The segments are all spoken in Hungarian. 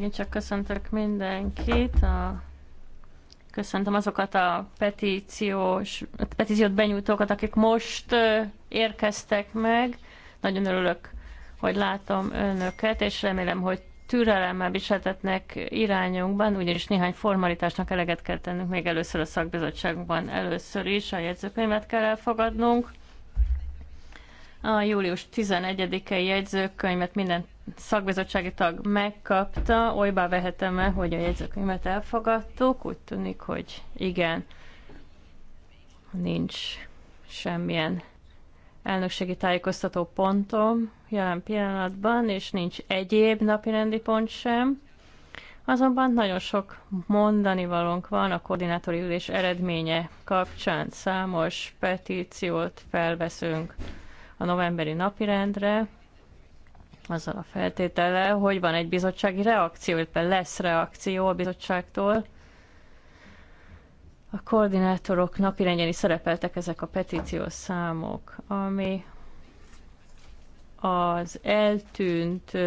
Én csak köszöntök mindenkit. A... Köszöntöm azokat a petíciós, petíciót benyújtókat, akik most érkeztek meg. Nagyon örülök, hogy látom önöket, és remélem, hogy türelemmel viseltetnek irányunkban, ugyanis néhány formalitásnak eleget kell tennünk még először a szakbizottságban, Először is a jegyzőkönyvet kell elfogadnunk. A július 11-i jegyzőkönyvet minden szakbizottsági tag megkapta. Olybá vehetem-e, hogy a jegyzőkönyvet elfogadtuk? Úgy tűnik, hogy igen. Nincs semmilyen elnökségi tájékoztató pontom jelen pillanatban, és nincs egyéb rendi pont sem. Azonban nagyon sok mondani valónk van a koordinátori ülés eredménye kapcsán. Számos petíciót felveszünk a novemberi napirendre, azzal a feltétele, hogy van egy bizottsági reakció, illetve lesz reakció a bizottságtól. A koordinátorok napirendjén is szerepeltek ezek a petíciós számok, ami az eltűnt,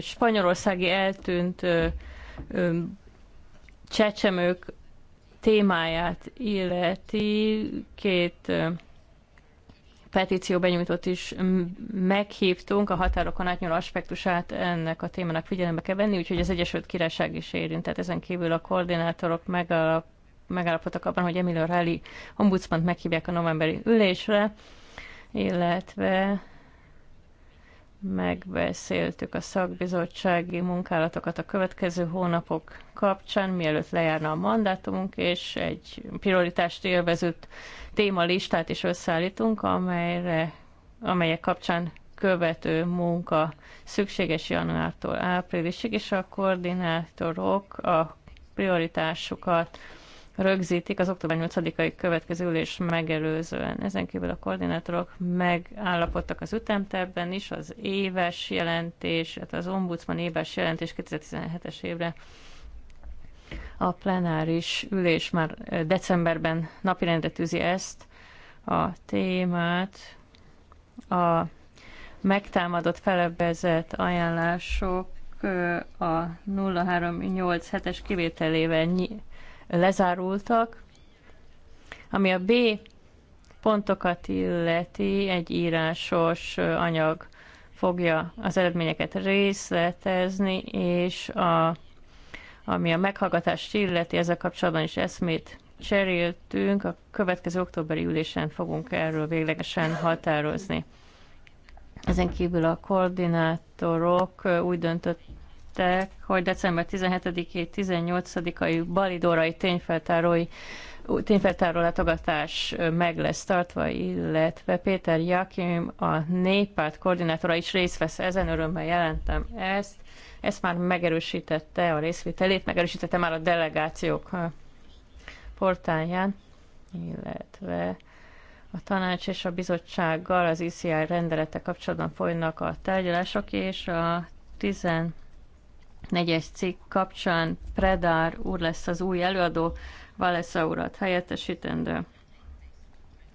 spanyolországi eltűnt csecsemők témáját illeti két petíció benyújtott is meghívtunk, a határokon átnyúló aspektusát ennek a témának figyelembe kell venni, úgyhogy az Egyesült Királyság is érintett. Ezen kívül a koordinátorok megállapodtak abban, hogy Emilio Rally ombudsman meghívják a novemberi ülésre, illetve megbeszéltük a szakbizottsági munkálatokat a következő hónapok kapcsán, mielőtt lejárna a mandátumunk, és egy prioritást élvezőt témalistát is összeállítunk, amelyre, amelyek kapcsán követő munka szükséges januártól áprilisig, és a koordinátorok a prioritásukat rögzítik az október 8-ai következő ülés megelőzően. Ezen kívül a koordinátorok megállapodtak az ütemterben is, az éves jelentés, tehát az ombudsman éves jelentés 2017-es évre a plenáris ülés már decemberben napirendre tűzi ezt a témát. A megtámadott felebezett ajánlások a 0387-es kivételével lezárultak. Ami a B pontokat illeti, egy írásos anyag fogja az eredményeket részletezni, és a, ami a meghallgatást illeti, ezzel kapcsolatban is eszmét cseréltünk, a következő októberi ülésen fogunk erről véglegesen határozni. Ezen kívül a koordinátorok úgy döntött, kértek, hogy december 17 ét 18-ai balidorai tényfeltárói tényfeltáró látogatás meg lesz tartva, illetve Péter Jakim, a néppárt koordinátora is részt vesz ezen, örömmel jelentem ezt. Ezt már megerősítette a részvételét, megerősítette már a delegációk portáján, illetve a tanács és a bizottsággal az ICI rendelete kapcsolatban folynak a tárgyalások, és a 10 negyes cikk kapcsán Predár úr lesz az új előadó, Valesza urat helyettesítendő.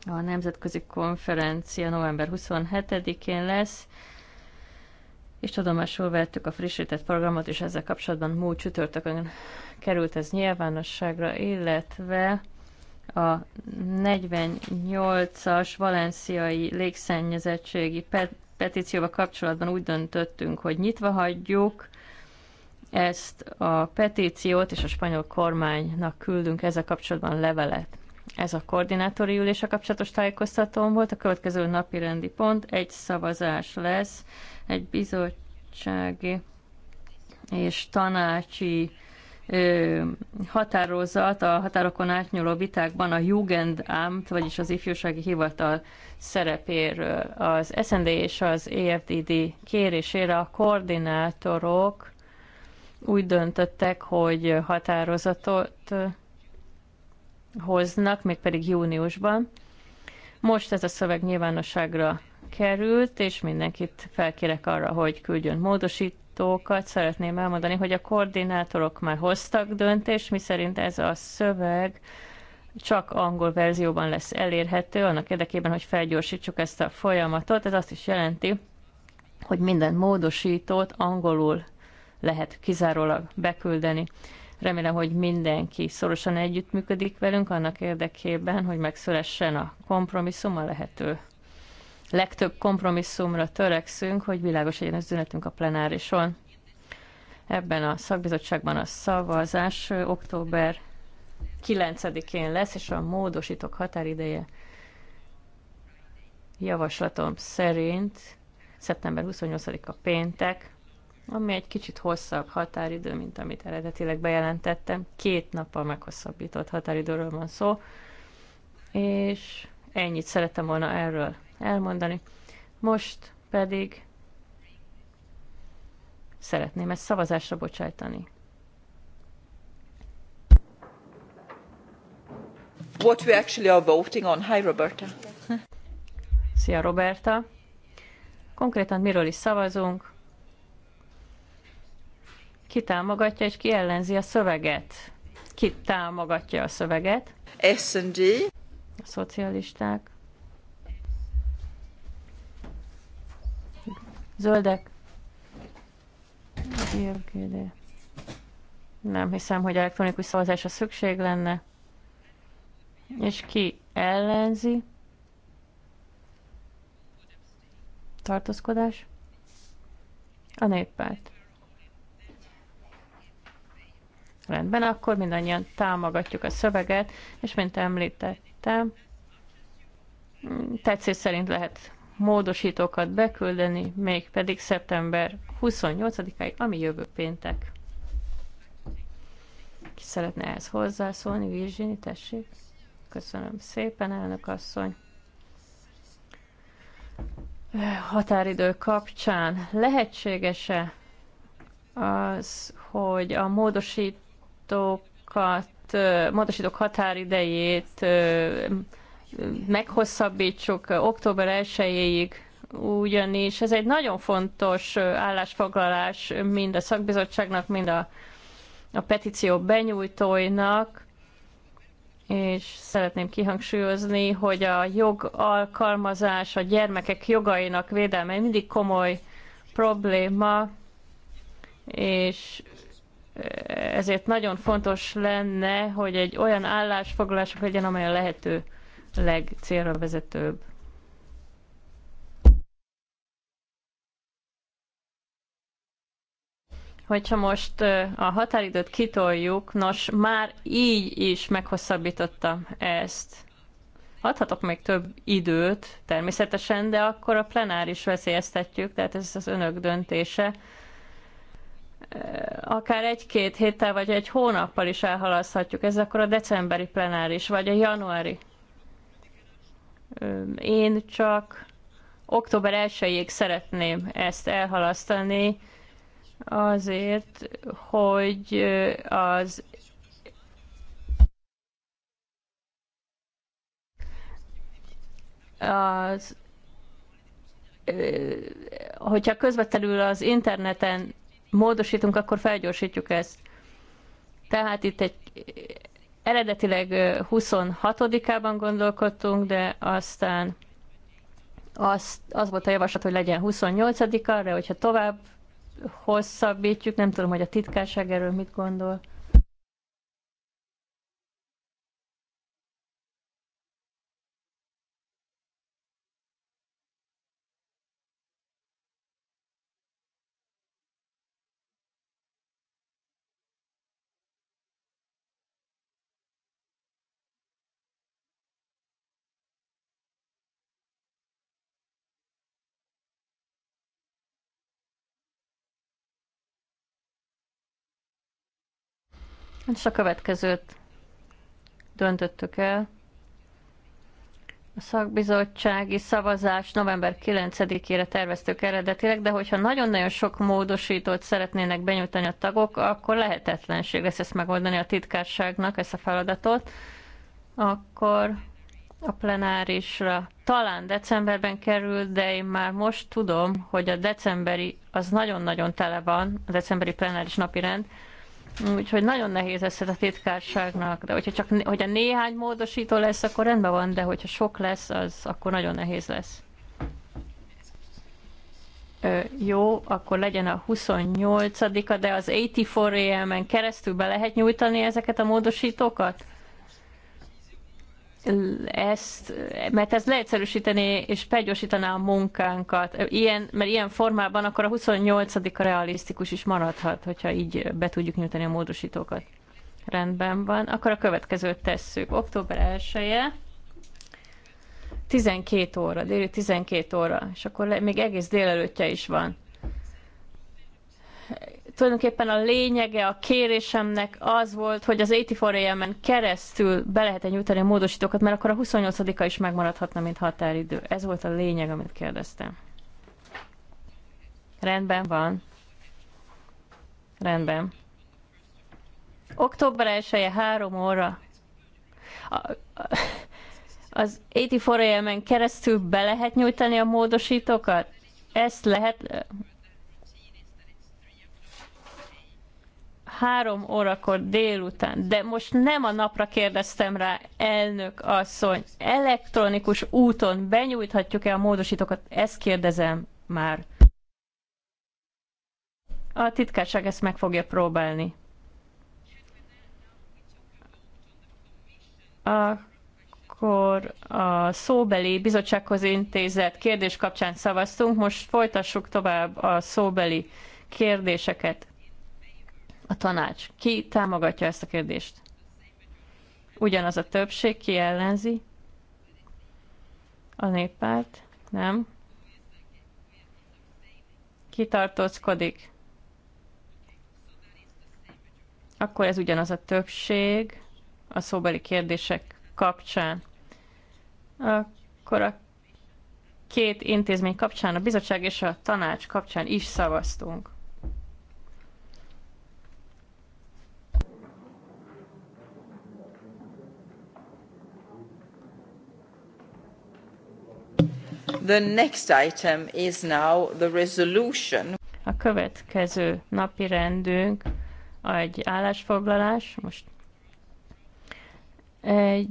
A nemzetközi konferencia november 27-én lesz, és tudomásul vettük a frissített programot, és ezzel kapcsolatban múlt csütörtökön került ez nyilvánosságra, illetve a 48-as valenciai légszennyezettségi pet- petícióval kapcsolatban úgy döntöttünk, hogy nyitva hagyjuk ezt a petíciót és a spanyol kormánynak küldünk ezzel kapcsolatban levelet. Ez a koordinátori ülése kapcsolatos tájékoztatón volt. A következő napi rendi pont egy szavazás lesz, egy bizottsági és tanácsi határozat a határokon átnyúló vitákban a Jugendamt, vagyis az ifjúsági hivatal szerepéről. Az SND és az EFDD kérésére a koordinátorok úgy döntöttek, hogy határozatot hoznak, mégpedig júniusban. Most ez a szöveg nyilvánosságra került, és mindenkit felkérek arra, hogy küldjön módosítókat. Szeretném elmondani, hogy a koordinátorok már hoztak döntést, miszerint ez a szöveg csak angol verzióban lesz elérhető, annak érdekében, hogy felgyorsítsuk ezt a folyamatot. Ez azt is jelenti, hogy minden módosítót angolul lehet kizárólag beküldeni. Remélem, hogy mindenki szorosan együttműködik velünk annak érdekében, hogy megszülessen a kompromisszum a lehető. Legtöbb kompromisszumra törekszünk, hogy világos legyen az üzenetünk a plenárison. Ebben a szakbizottságban a szavazás október 9-én lesz, és a módosítók határideje javaslatom szerint szeptember 28-a péntek ami egy kicsit hosszabb határidő, mint amit eredetileg bejelentettem. Két nappal meghosszabbított határidőről van szó, és ennyit szerettem volna erről elmondani. Most pedig szeretném ezt szavazásra bocsájtani. What we actually are voting on. Hi, Roberta. Szia, Roberta. Konkrétan miről is szavazunk? Ki támogatja és ki ellenzi a szöveget? Ki támogatja a szöveget? S&G. A szocialisták. Zöldek. Nem hiszem, hogy elektronikus szavazásra szükség lenne. És ki ellenzi? Tartózkodás? A néppárt. Rendben, akkor mindannyian támogatjuk a szöveget, és mint említettem, tetszés szerint lehet módosítókat beküldeni, pedig szeptember 28-áig, ami jövő péntek. Ki szeretne ehhez hozzászólni? Virginie, tessék. Köszönöm szépen, elnök asszony. Határidő kapcsán lehetséges-e az, hogy a módosít módosítókat, módosítók határidejét meghosszabbítsuk október 1 ugyanis ez egy nagyon fontos állásfoglalás mind a szakbizottságnak, mind a, a petíció benyújtóinak, és szeretném kihangsúlyozni, hogy a jogalkalmazás, a gyermekek jogainak védelme mindig komoly probléma, és ezért nagyon fontos lenne, hogy egy olyan állásfoglalások legyen, amely a lehető legcélra vezetőbb. hogyha most a határidőt kitoljuk, nos, már így is meghosszabbítottam ezt. Adhatok még több időt, természetesen, de akkor a plenáris veszélyeztetjük, tehát ez az önök döntése akár egy-két héttel vagy egy hónappal is elhalaszthatjuk. Ez akkor a decemberi plenáris, vagy a januári. Én csak október 1-ig szeretném ezt elhalasztani, azért, hogy az az hogyha közvetlenül az interneten módosítunk, akkor felgyorsítjuk ezt. Tehát itt egy eredetileg 26-ában gondolkodtunk, de aztán az, az volt a javaslat, hogy legyen 28-ára, hogyha tovább hosszabbítjuk, nem tudom, hogy a titkárság erről mit gondol. És a következőt döntöttük el. A szakbizottsági szavazás november 9-ére terveztük eredetileg, de hogyha nagyon-nagyon sok módosítót szeretnének benyújtani a tagok, akkor lehetetlenség lesz ezt megoldani a titkárságnak, ezt a feladatot. Akkor a plenárisra talán decemberben kerül, de én már most tudom, hogy a decemberi az nagyon-nagyon tele van, a decemberi plenáris napirend, Úgyhogy nagyon nehéz ezt a titkárságnak, de hogyha csak hogyha néhány módosító lesz, akkor rendben van, de hogyha sok lesz, az akkor nagyon nehéz lesz. Ö, jó, akkor legyen a 28-a, de az 84 AM-en keresztül be lehet nyújtani ezeket a módosítókat? ezt, mert ez leegyszerűsítené és begyorsítaná a munkánkat. Ilyen, mert ilyen formában akkor a 28 a realisztikus is maradhat, hogyha így be tudjuk nyújtani a módosítókat. Rendben van. Akkor a következőt tesszük. Október 1 -e, 12 óra, déli 12 óra, és akkor még egész délelőttje is van tulajdonképpen a lényege a kérésemnek az volt, hogy az 84 keresztül be lehet -e nyújtani a módosítókat, mert akkor a 28-a is megmaradhatna, mint határidő. Ez volt a lényeg, amit kérdeztem. Rendben van. Rendben. Október 1 -e, 3 óra. A, a, az 84 keresztül be lehet nyújtani a módosítókat? Ezt lehet három órakor délután, de most nem a napra kérdeztem rá, elnök asszony, elektronikus úton benyújthatjuk-e a módosítókat? Ezt kérdezem már. A titkárság ezt meg fogja próbálni. Akkor a szóbeli bizottsághoz intézett kérdés kapcsán szavaztunk, most folytassuk tovább a szóbeli kérdéseket a tanács? Ki támogatja ezt a kérdést? Ugyanaz a többség, ki ellenzi? A néppárt? Nem. Ki tartózkodik? Akkor ez ugyanaz a többség a szóbeli kérdések kapcsán. Akkor a két intézmény kapcsán, a bizottság és a tanács kapcsán is szavaztunk. The next item is now the resolution. A következő napi rendünk egy állásfoglalás, most egy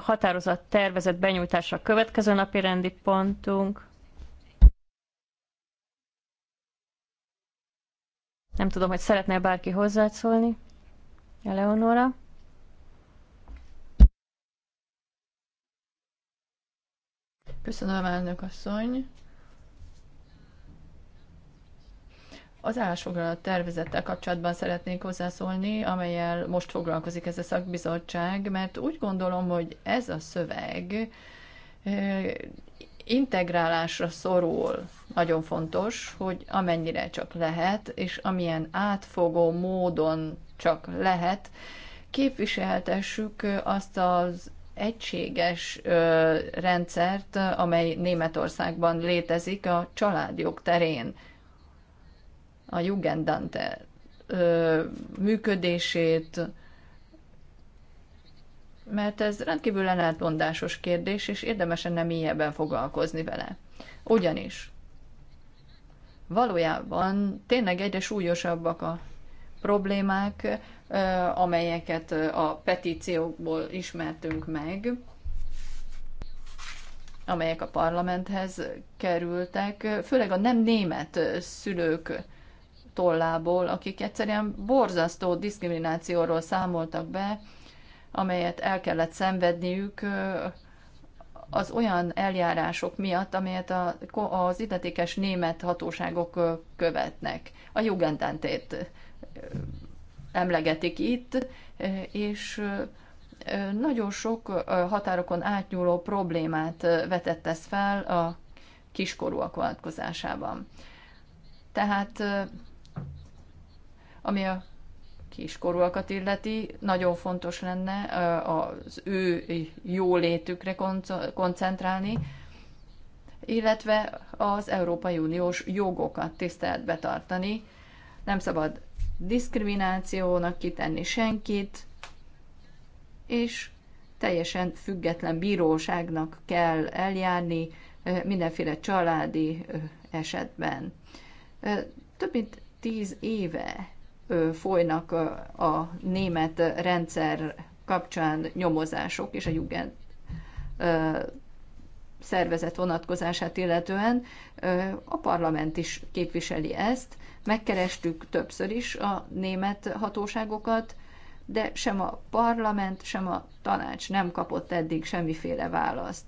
határozat tervezett benyújtása a következő napi rendi pontunk. Nem tudom, hogy szeretne bárki hozzászólni. Eleonora? Köszönöm, elnök asszony. Az állásfoglalat tervezettel kapcsolatban szeretnék hozzászólni, amelyel most foglalkozik ez a szakbizottság, mert úgy gondolom, hogy ez a szöveg integrálásra szorul. Nagyon fontos, hogy amennyire csak lehet, és amilyen átfogó módon csak lehet, képviseltessük azt az egységes rendszert, amely Németországban létezik a családjog terén. A ö, működését, mert ez rendkívül ellentmondásos kérdés, és érdemes nem mélyebben foglalkozni vele. Ugyanis valójában tényleg egyre súlyosabbak a problémák, amelyeket a petíciókból ismertünk meg, amelyek a parlamenthez kerültek, főleg a nem német szülők tollából, akik egyszerűen borzasztó diszkriminációról számoltak be, amelyet el kellett szenvedniük az olyan eljárások miatt, amelyet az illetékes német hatóságok követnek. A Jugendantét emlegetik itt, eh, és eh, eh, nagyon sok határokon átnyúló problémát vetett ez fel a kiskorúak vonatkozásában. Tehát ami a kiskorúakat illeti, nagyon fontos lenne az ő jólétükre koncentrálni, illetve az Európai Uniós jogokat tiszteletbe tartani. Nem szabad diszkriminációnak kitenni senkit, és teljesen független bíróságnak kell eljárni mindenféle családi esetben. Több mint tíz éve folynak a német rendszer kapcsán nyomozások és a Jugend szervezet vonatkozását illetően. A parlament is képviseli ezt, Megkerestük többször is a német hatóságokat, de sem a parlament, sem a tanács nem kapott eddig semmiféle választ.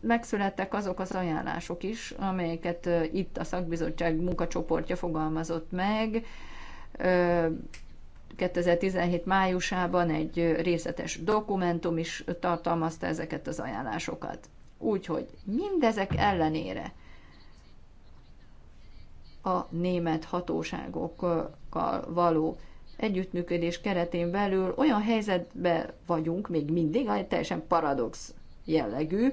Megszülettek azok az ajánlások is, amelyeket itt a szakbizottság munkacsoportja fogalmazott meg. 2017 májusában egy részletes dokumentum is tartalmazta ezeket az ajánlásokat. Úgyhogy mindezek ellenére a német hatóságokkal való együttműködés keretén belül olyan helyzetben vagyunk még mindig, ami teljesen paradox jellegű.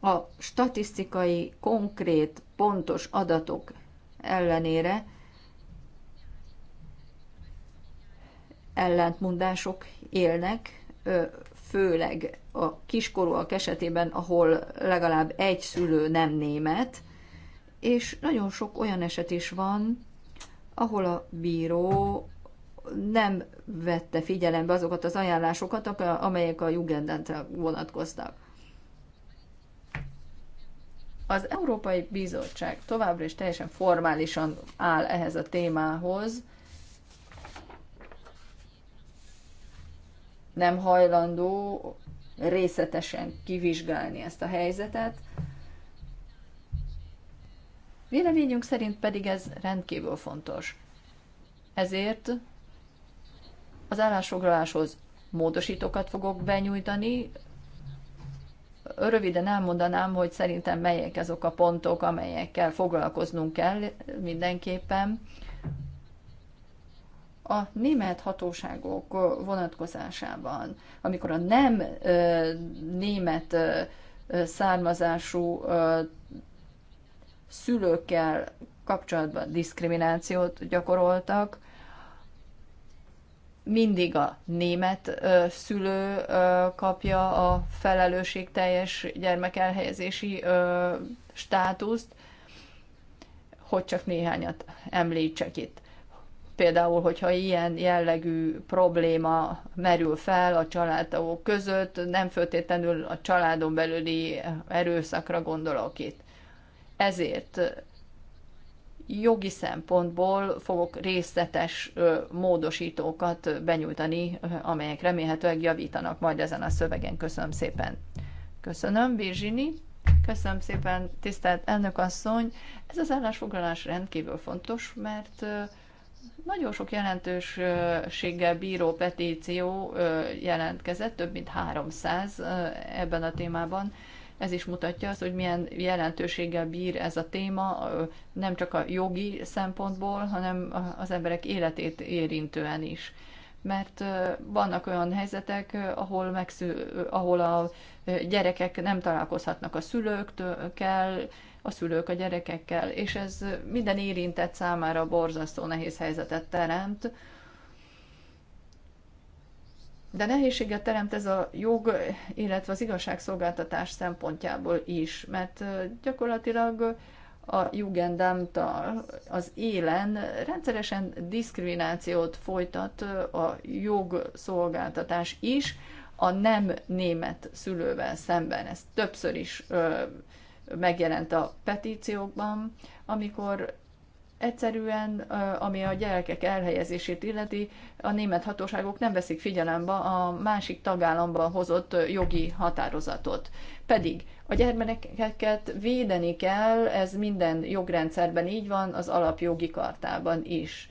A statisztikai, konkrét, pontos adatok ellenére ellentmondások élnek, főleg a kiskorúak esetében, ahol legalább egy szülő nem német, és nagyon sok olyan eset is van, ahol a bíró nem vette figyelembe azokat az ajánlásokat, amelyek a Jugendentre vonatkoztak. Az Európai Bizottság továbbra is teljesen formálisan áll ehhez a témához, nem hajlandó részletesen kivizsgálni ezt a helyzetet, Véleményünk szerint pedig ez rendkívül fontos. Ezért az állásfoglaláshoz módosítókat fogok benyújtani. Röviden elmondanám, hogy szerintem melyek azok a pontok, amelyekkel foglalkoznunk kell mindenképpen. A német hatóságok vonatkozásában, amikor a nem német származású szülőkkel kapcsolatban diszkriminációt gyakoroltak. Mindig a német szülő kapja a felelősségteljes gyermekelhelyezési státuszt, hogy csak néhányat említsek itt. Például, hogyha ilyen jellegű probléma merül fel a családtagok között, nem föltétlenül a családon belüli erőszakra gondolok itt. Ezért jogi szempontból fogok részletes módosítókat benyújtani, amelyek remélhetőleg javítanak majd ezen a szövegen. Köszönöm szépen. Köszönöm, Virzsini. Köszönöm szépen, tisztelt elnök asszony. Ez az állásfoglalás rendkívül fontos, mert nagyon sok jelentőséggel bíró petíció jelentkezett, több mint 300 ebben a témában. Ez is mutatja azt, hogy milyen jelentőséggel bír ez a téma, nem csak a jogi szempontból, hanem az emberek életét érintően is. Mert vannak olyan helyzetek, ahol, megszül, ahol a gyerekek nem találkozhatnak a szülőkkel, a szülők a gyerekekkel, és ez minden érintett számára borzasztó nehéz helyzetet teremt, de nehézséget teremt ez a jog, illetve az igazságszolgáltatás szempontjából is, mert gyakorlatilag a Jugendamt az élen rendszeresen diszkriminációt folytat a jogszolgáltatás is a nem német szülővel szemben. Ez többször is megjelent a petíciókban, amikor Egyszerűen, ami a gyerekek elhelyezését illeti, a német hatóságok nem veszik figyelembe a másik tagállamban hozott jogi határozatot. Pedig a gyermekeket védeni kell, ez minden jogrendszerben így van, az alapjogi kartában is.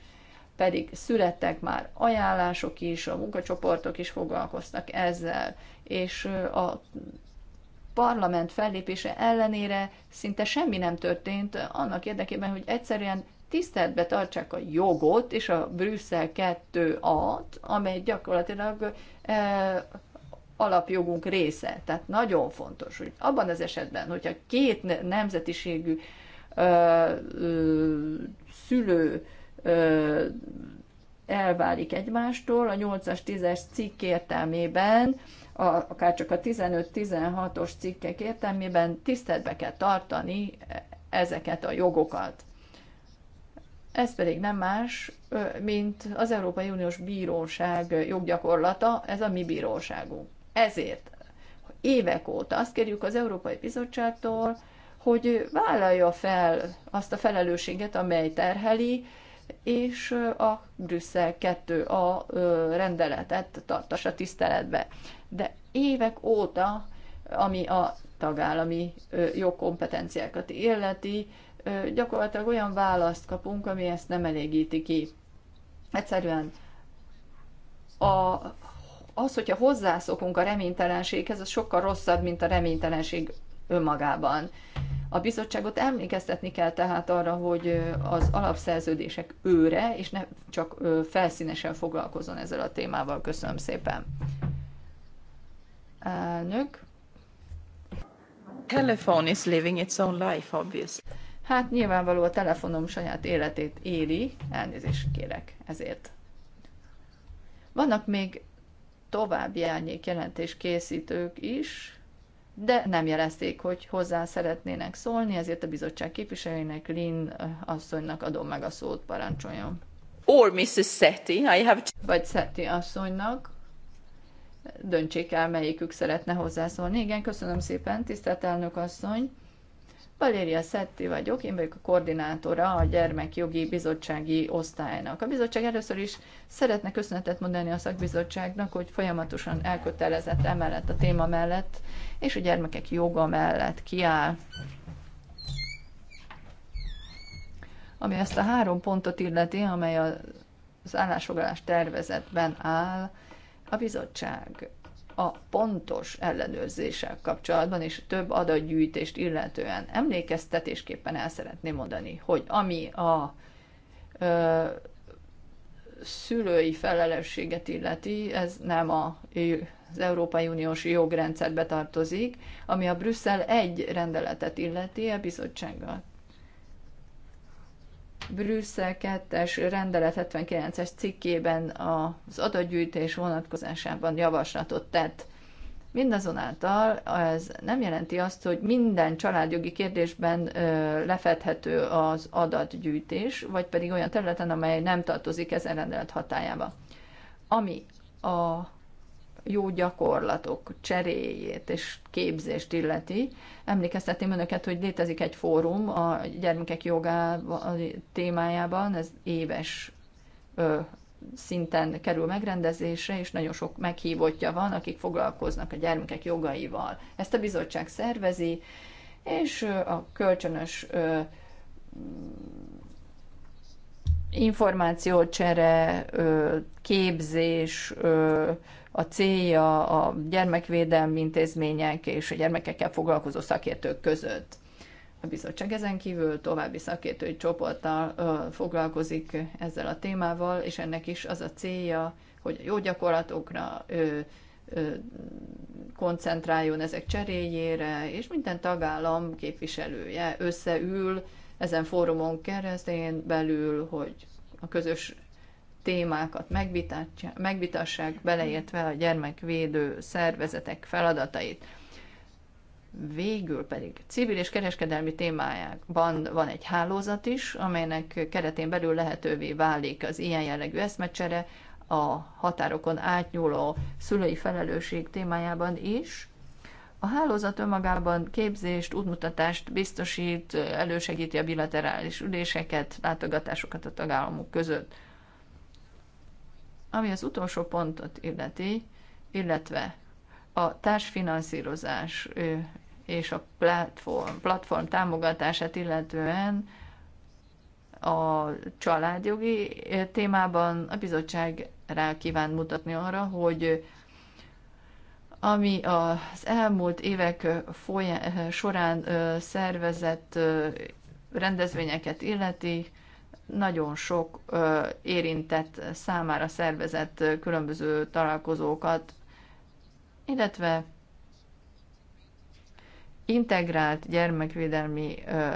Pedig születtek már ajánlások is, a munkacsoportok is foglalkoztak ezzel, és a parlament fellépése ellenére szinte semmi nem történt annak érdekében, hogy egyszerűen tiszteletbe tartsák a jogot és a Brüsszel 2-at, amely gyakorlatilag e, alapjogunk része. Tehát nagyon fontos, hogy abban az esetben, hogyha két nemzetiségű e, e, szülő e, elválik egymástól, a 8-as, 10-es cikk értelmében, a, akár csak a 15-16-os cikkek értelmében tiszteletbe kell tartani e, ezeket a jogokat. Ez pedig nem más, mint az Európai Uniós Bíróság joggyakorlata, ez a mi bíróságunk. Ezért évek óta azt kérjük az Európai Bizottságtól, hogy vállalja fel azt a felelősséget, amely terheli, és a Brüsszel 2A rendeletet tartassa tiszteletbe. De évek óta, ami a tagállami jogkompetenciákat illeti, gyakorlatilag olyan választ kapunk, ami ezt nem elégíti ki. Egyszerűen a, az, hogyha hozzászokunk a reménytelenséghez, az sokkal rosszabb, mint a reménytelenség önmagában. A bizottságot emlékeztetni kell tehát arra, hogy az alapszerződések őre, és ne csak felszínesen foglalkozon ezzel a témával. Köszönöm szépen. Elnök. Telefon is living its own life, obviously. Hát nyilvánvaló a telefonom saját életét éli, elnézést kérek ezért. Vannak még további árnyék jelentés készítők is, de nem jelezték, hogy hozzá szeretnének szólni, ezért a bizottság képviselőinek, Lynn eh, asszonynak adom meg a szót, parancsoljon. Or Mrs. Seti, I have... Vagy Seti asszonynak. Döntsék el, melyikük szeretne hozzászólni. Igen, köszönöm szépen, tisztelt elnök asszony Valéria Szetti vagyok, én vagyok a koordinátora a Gyermekjogi Bizottsági Osztálynak. A bizottság először is szeretne köszönetet mondani a szakbizottságnak, hogy folyamatosan elkötelezett emellett a téma mellett, és a gyermekek joga mellett kiáll. Ami ezt a három pontot illeti, amely az állásfoglalás tervezetben áll, a bizottság a pontos ellenőrzéssel kapcsolatban és több adatgyűjtést illetően emlékeztetésképpen el szeretném mondani, hogy ami a ö, szülői felelősséget illeti, ez nem a, az Európai Uniós jogrendszerbe tartozik, ami a Brüsszel egy rendeletet illeti, a bizottsággal Brüsszel 2-es rendelet 79-es cikkében az adatgyűjtés vonatkozásában javaslatot tett. Mindazonáltal ez nem jelenti azt, hogy minden családjogi kérdésben lefedhető az adatgyűjtés, vagy pedig olyan területen, amely nem tartozik ezen rendelet hatájába. Ami a jó gyakorlatok cseréjét és képzést illeti. Emlékeztetném önöket, hogy létezik egy fórum a gyermekek jogá témájában, ez éves szinten kerül megrendezésre, és nagyon sok meghívottja van, akik foglalkoznak a gyermekek jogaival. Ezt a bizottság szervezi, és a kölcsönös információcsere, képzés, a célja a gyermekvédelmi intézmények és a gyermekekkel foglalkozó szakértők között. A bizottság ezen kívül további szakértői csoporttal ö, foglalkozik ezzel a témával, és ennek is az a célja, hogy a jó gyakorlatokra ö, ö, koncentráljon ezek cseréjére, és minden tagállam képviselője összeül ezen fórumon keresztén belül, hogy a közös témákat megvitassák, beleértve a gyermekvédő szervezetek feladatait. Végül pedig civil és kereskedelmi témájában van egy hálózat is, amelynek keretén belül lehetővé válik az ilyen jellegű eszmecsere, a határokon átnyúló szülői felelősség témájában is. A hálózat önmagában képzést, útmutatást biztosít, elősegíti a bilaterális üléseket, látogatásokat a tagállamok között. Ami az utolsó pontot illeti, illetve a társfinanszírozás és a platform, platform támogatását illetően a családjogi témában a bizottság rá kíván mutatni arra, hogy ami az elmúlt évek folyá- során szervezett rendezvényeket illeti, nagyon sok ö, érintett számára szervezett ö, különböző találkozókat, illetve integrált gyermekvédelmi ö,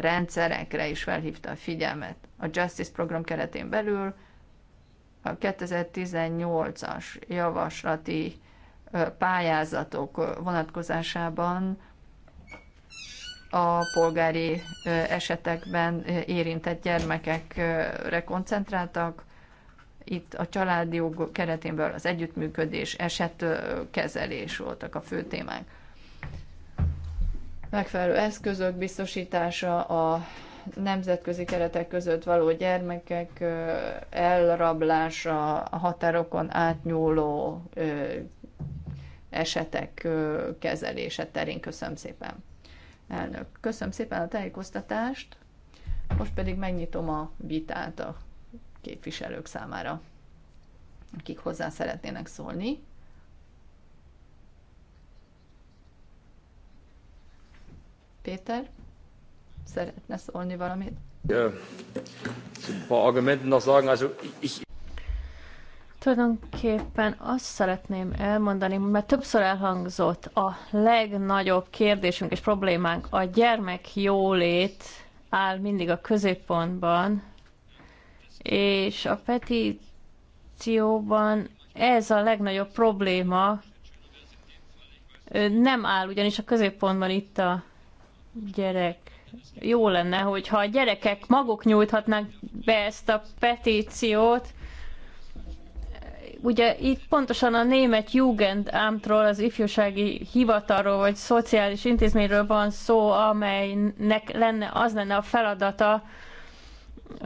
rendszerekre is felhívta a figyelmet a Justice program keretén belül. A 2018-as javaslati ö, pályázatok vonatkozásában a polgári esetekben érintett gyermekekre koncentráltak. Itt a családi jog keretén belül az együttműködés, esetkezelés voltak a fő témák. Megfelelő eszközök biztosítása, a nemzetközi keretek között való gyermekek elrablása, a határokon átnyúló esetek kezelése terén. Köszönöm szépen! Elnök, köszönöm szépen a tájékoztatást, most pedig megnyitom a vitát a képviselők számára, akik hozzá szeretnének szólni. Péter, szeretne szólni valamit? Ja, ein paar Argumenten noch sagen. Also ich Tulajdonképpen azt szeretném elmondani, mert többször elhangzott a legnagyobb kérdésünk és problémánk, a gyermek jólét áll mindig a középpontban, és a petícióban ez a legnagyobb probléma nem áll ugyanis a középpontban itt a gyerek. Jó lenne, hogyha a gyerekek maguk nyújthatnák be ezt a petíciót, ugye itt pontosan a német Jugendamtról, az ifjúsági hivatalról, vagy szociális intézményről van szó, amelynek lenne, az lenne a feladata,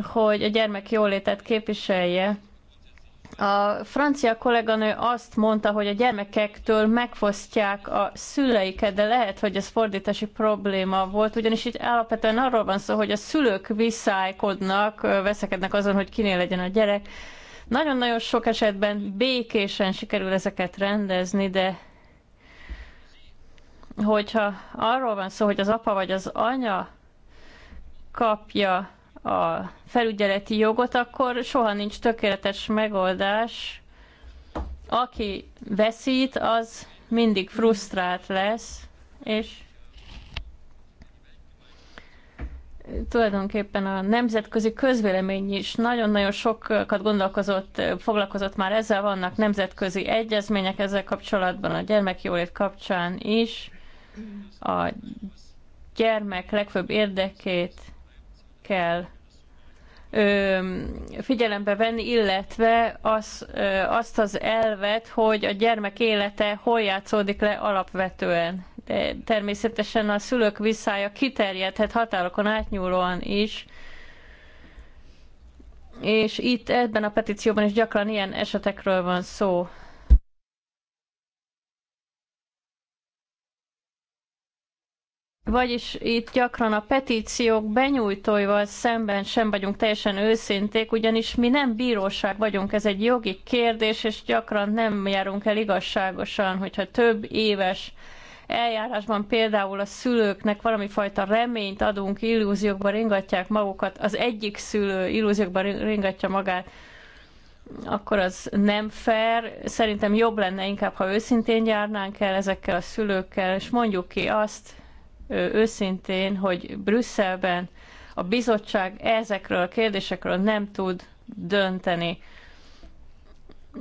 hogy a gyermek jólétet képviselje. A francia kolléganő azt mondta, hogy a gyermekektől megfosztják a szüleiket, de lehet, hogy ez fordítási probléma volt, ugyanis itt alapvetően arról van szó, hogy a szülők visszájkodnak, veszekednek azon, hogy kinél legyen a gyerek, nagyon-nagyon sok esetben békésen sikerül ezeket rendezni, de hogyha arról van szó, hogy az apa vagy az anya kapja a felügyeleti jogot, akkor soha nincs tökéletes megoldás. Aki veszít, az mindig frusztrált lesz, és tulajdonképpen a nemzetközi közvélemény is nagyon-nagyon sokat gondolkozott, foglalkozott már ezzel, vannak nemzetközi egyezmények ezzel kapcsolatban, a gyermekjólét kapcsán is. A gyermek legfőbb érdekét kell ö, figyelembe venni, illetve az, ö, azt az elvet, hogy a gyermek élete hol játszódik le alapvetően de természetesen a szülők visszája kiterjedhet határokon átnyúlóan is, és itt ebben a petícióban is gyakran ilyen esetekről van szó. Vagyis itt gyakran a petíciók benyújtóival szemben sem vagyunk teljesen őszinték, ugyanis mi nem bíróság vagyunk, ez egy jogi kérdés, és gyakran nem járunk el igazságosan, hogyha több éves eljárásban például a szülőknek valami fajta reményt adunk, illúziókba ringatják magukat, az egyik szülő illúziókba ringatja magát, akkor az nem fair. Szerintem jobb lenne inkább, ha őszintén járnánk el ezekkel a szülőkkel, és mondjuk ki azt őszintén, hogy Brüsszelben a bizottság ezekről a kérdésekről nem tud dönteni.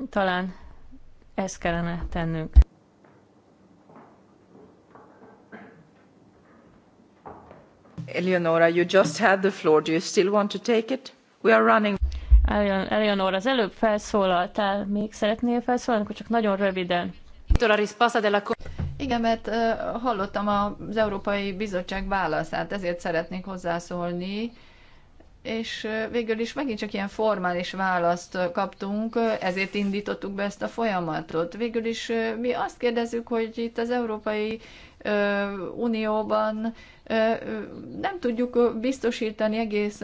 Talán ezt kellene tennünk. Eleonora, you just had the floor. Do you still want to take it? We are running. Eleonora, az előbb felszólaltál, még szeretnél felszólalni, akkor csak nagyon röviden. Igen, mert uh, hallottam az Európai Bizottság válaszát, ezért szeretnék hozzászólni, és uh, végül is megint csak ilyen formális választ kaptunk, uh, ezért indítottuk be ezt a folyamatot. Végül is uh, mi azt kérdezzük, hogy itt az Európai Unióban nem tudjuk biztosítani egész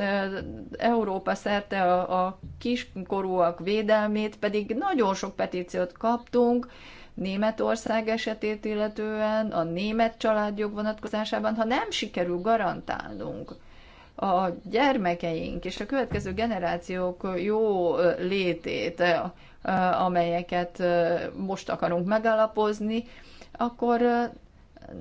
Európa szerte a, kiskorúak védelmét, pedig nagyon sok petíciót kaptunk, Németország esetét illetően, a német családjog vonatkozásában, ha nem sikerül garantálnunk a gyermekeink és a következő generációk jó létét, amelyeket most akarunk megalapozni, akkor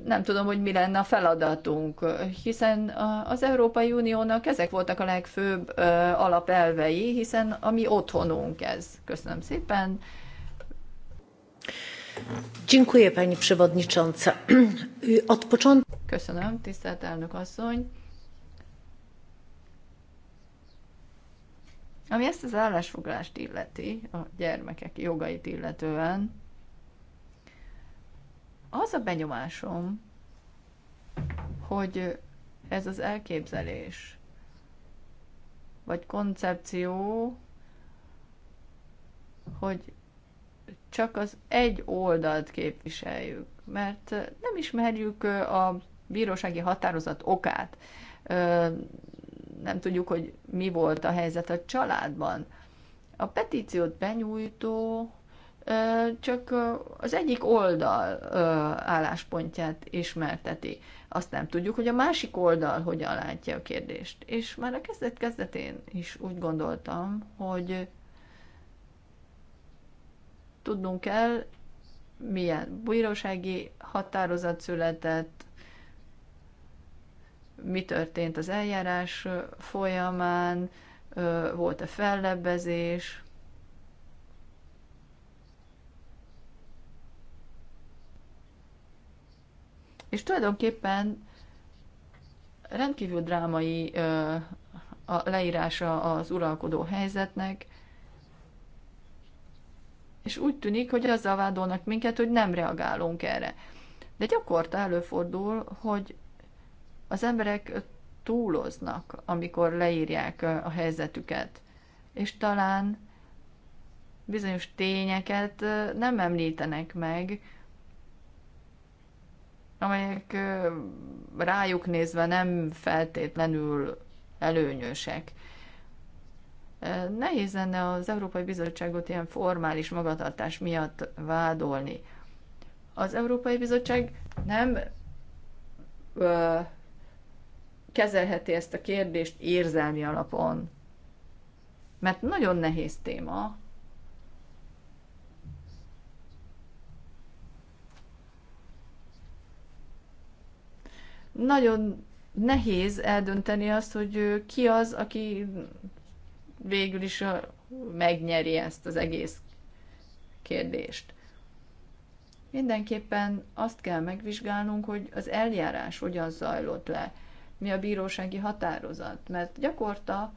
nem tudom, hogy mi lenne a feladatunk, hiszen az Európai Uniónak ezek voltak a legfőbb alapelvei, hiszen a mi otthonunk ez. Köszönöm szépen. Dziękuję Pani Przewodnicząca. Od początku... Köszönöm, tisztelt elnök asszony. Ami ezt az állásfoglást illeti, a gyermekek jogait illetően, az a benyomásom, hogy ez az elképzelés, vagy koncepció, hogy csak az egy oldalt képviseljük, mert nem ismerjük a bírósági határozat okát, nem tudjuk, hogy mi volt a helyzet a családban. A petíciót benyújtó csak az egyik oldal álláspontját ismerteti. Azt nem tudjuk, hogy a másik oldal hogyan látja a kérdést. És már a kezdet kezdetén is úgy gondoltam, hogy tudnunk kell, milyen bírósági határozat született, mi történt az eljárás folyamán, volt-e fellebbezés, És tulajdonképpen rendkívül drámai a leírása az uralkodó helyzetnek, és úgy tűnik, hogy azzal vádolnak minket, hogy nem reagálunk erre. De gyakorta előfordul, hogy az emberek túloznak, amikor leírják a helyzetüket, és talán bizonyos tényeket nem említenek meg, amelyek rájuk nézve nem feltétlenül előnyösek. Nehéz lenne az Európai Bizottságot ilyen formális magatartás miatt vádolni. Az Európai Bizottság nem ö, kezelheti ezt a kérdést érzelmi alapon, mert nagyon nehéz téma, Nagyon nehéz eldönteni azt, hogy ki az, aki végül is megnyeri ezt az egész kérdést. Mindenképpen azt kell megvizsgálnunk, hogy az eljárás hogyan zajlott le, mi a bírósági határozat, mert gyakorta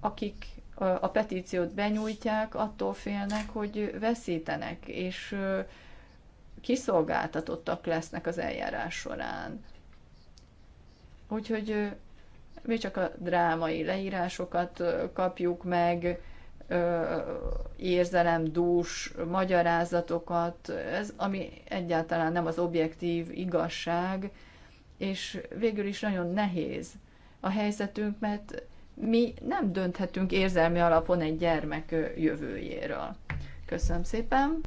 akik a petíciót benyújtják, attól félnek, hogy veszítenek, és kiszolgáltatottak lesznek az eljárás során. Úgyhogy mi csak a drámai leírásokat kapjuk meg, dús, magyarázatokat, ez, ami egyáltalán nem az objektív igazság, és végül is nagyon nehéz a helyzetünk, mert mi nem dönthetünk érzelmi alapon egy gyermek jövőjéről. Köszönöm szépen.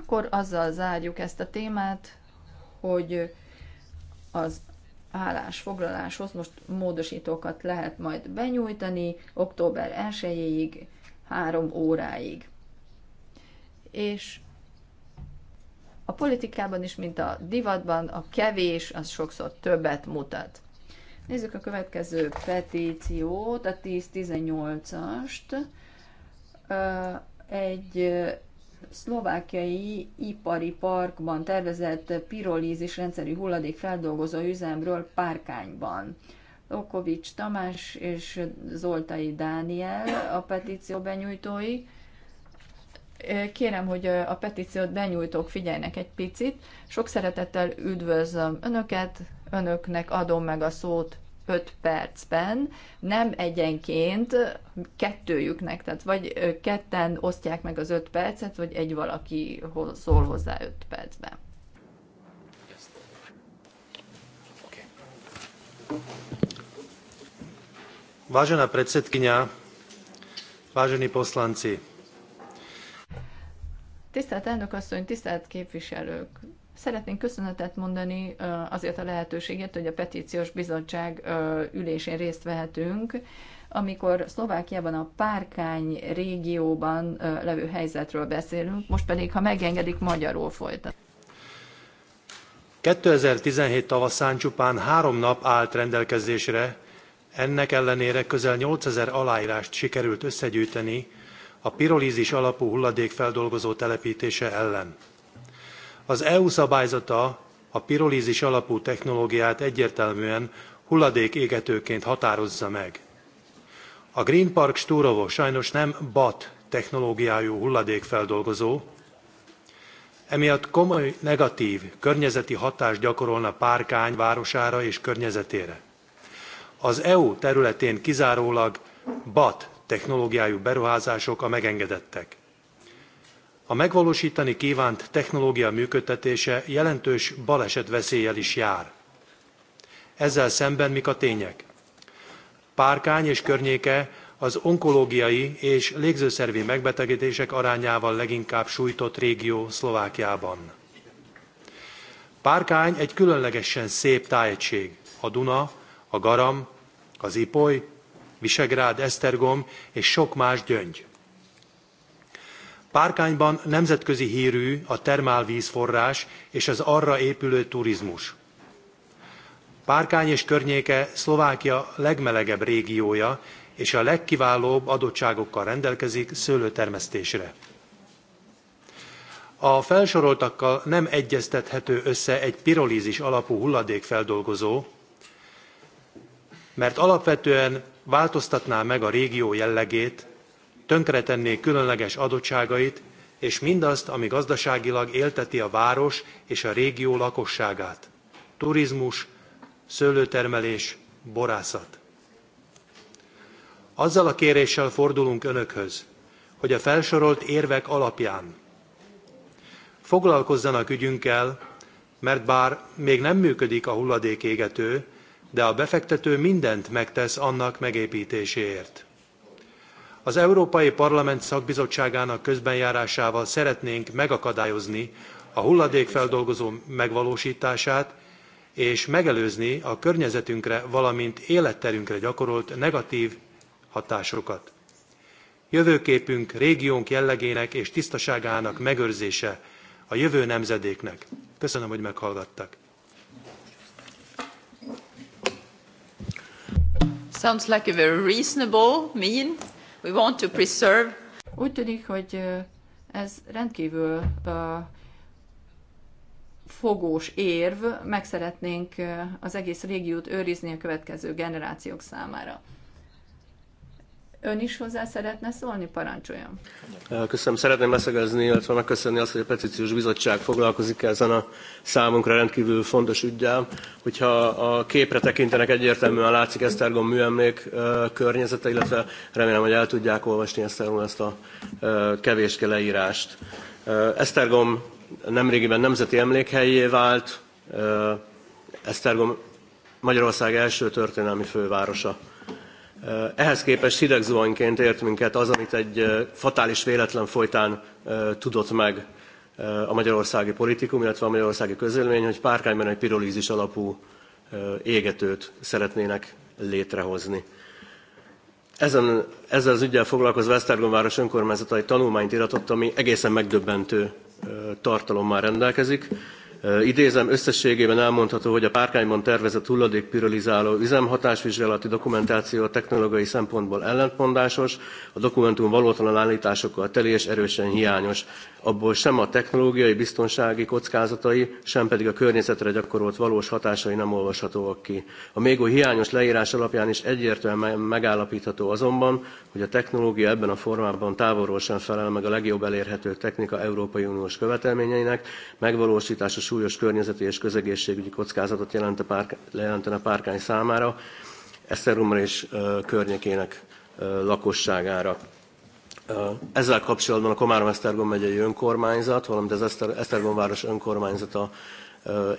Akkor azzal zárjuk ezt a témát, hogy az állásfoglaláshoz most módosítókat lehet majd benyújtani október 1-ig, három óráig. És a politikában is, mint a divatban, a kevés az sokszor többet mutat. Nézzük a következő petíciót, a 10-18-ast. Egy szlovákiai ipari parkban tervezett pirolízis rendszerű hulladék feldolgozó üzemről Párkányban. Okovics Tamás és Zoltai Dániel a petíció benyújtói. Kérem, hogy a petíciót benyújtók figyeljenek egy picit. Sok szeretettel üdvözlöm Önöket, Önöknek adom meg a szót 5 percben, nem egyenként, kettőjüknek, tehát vagy ketten osztják meg az 5 percet, vagy egy valaki szól hozzá 5 percben. Vážená predsedkynia, vážení poslanci. Tisztelt elnök asszony, tisztelt képviselők, Szeretnénk köszönetet mondani azért a lehetőséget, hogy a petíciós bizottság ülésén részt vehetünk, amikor Szlovákiában a Párkány régióban levő helyzetről beszélünk, most pedig, ha megengedik, magyarul folytat. 2017 tavaszán csupán három nap állt rendelkezésre, ennek ellenére közel 8000 aláírást sikerült összegyűjteni a pirolízis alapú hulladékfeldolgozó telepítése ellen. Az EU szabályzata a pirolízis alapú technológiát egyértelműen hulladékégetőként határozza meg. A Green Park Stúrovo sajnos nem BAT technológiájú hulladékfeldolgozó, emiatt komoly negatív környezeti hatást gyakorolna Párkány városára és környezetére. Az EU területén kizárólag BAT technológiájú beruházások a megengedettek. A megvalósítani kívánt technológia működtetése jelentős balesetveszéllyel is jár. Ezzel szemben mik a tények? Párkány és környéke az onkológiai és légzőszervi megbetegedések arányával leginkább sújtott régió Szlovákiában. Párkány egy különlegesen szép tájegység. A Duna, a Garam, az Ipoly, Visegrád, Esztergom és sok más gyöngy. Párkányban nemzetközi hírű a termálvízforrás és az arra épülő turizmus. Párkány és környéke Szlovákia legmelegebb régiója, és a legkiválóbb adottságokkal rendelkezik szőlőtermesztésre. A felsoroltakkal nem egyeztethető össze egy pirolízis alapú hulladékfeldolgozó, mert alapvetően változtatná meg a régió jellegét, tönkretenné különleges adottságait és mindazt, ami gazdaságilag élteti a város és a régió lakosságát. Turizmus, szőlőtermelés, borászat. Azzal a kéréssel fordulunk Önökhöz, hogy a felsorolt érvek alapján foglalkozzanak ügyünkkel, mert bár még nem működik a hulladékégető, de a befektető mindent megtesz annak megépítéséért. Az Európai Parlament szakbizottságának közbenjárásával szeretnénk megakadályozni a hulladékfeldolgozó megvalósítását, és megelőzni a környezetünkre, valamint életterünkre gyakorolt negatív hatásokat. Jövőképünk, régiónk jellegének és tisztaságának megőrzése a jövő nemzedéknek. Köszönöm, hogy meghallgattak. Sounds like a very reasonable, mean We want to preserve. Úgy tűnik, hogy ez rendkívül fogós érv, meg szeretnénk az egész régiót őrizni a következő generációk számára. Ön is hozzá szeretne szólni? Parancsoljon. Köszönöm. Szeretném leszögezni, illetve megköszönni azt, hogy a Petíciós Bizottság foglalkozik ezen a számunkra rendkívül fontos ügyel. Hogyha a képre tekintenek egyértelműen látszik Esztergom műemlék környezete, illetve remélem, hogy el tudják olvasni Esztergom ezt a kevéske leírást. Esztergom nemrégiben nemzeti emlékhelyé vált, Esztergom Magyarország első történelmi fővárosa. Ehhez képest hidegzuhanyként ért minket az, amit egy fatális véletlen folytán tudott meg a magyarországi politikum, illetve a magyarországi közélmény, hogy párkányban egy pirolízis alapú égetőt szeretnének létrehozni. Ezen, ezzel az ügyel foglalkozva Esztergom város önkormányzata egy tanulmányt iratott, ami egészen megdöbbentő tartalommal rendelkezik. Idézem, összességében elmondható, hogy a párkányban tervezett hulladékpirolizáló üzemhatásvizsgálati dokumentáció a technológiai szempontból ellentmondásos, a dokumentum valótlan állításokkal teli és erősen hiányos. Abból sem a technológiai biztonsági kockázatai, sem pedig a környezetre gyakorolt valós hatásai nem olvashatóak ki. A még hiányos leírás alapján is egyértelműen megállapítható azonban, hogy a technológia ebben a formában távolról sem felel meg a legjobb elérhető technika Európai Uniós követelményeinek, megvalósítása súlyos környezeti és közegészségügyi kockázatot jelent a pár, jelentene a párkány számára, Eszerumra és környékének lakosságára. Ezzel kapcsolatban a Komárom-Esztergom megyei önkormányzat, valamint az Esztergom város önkormányzata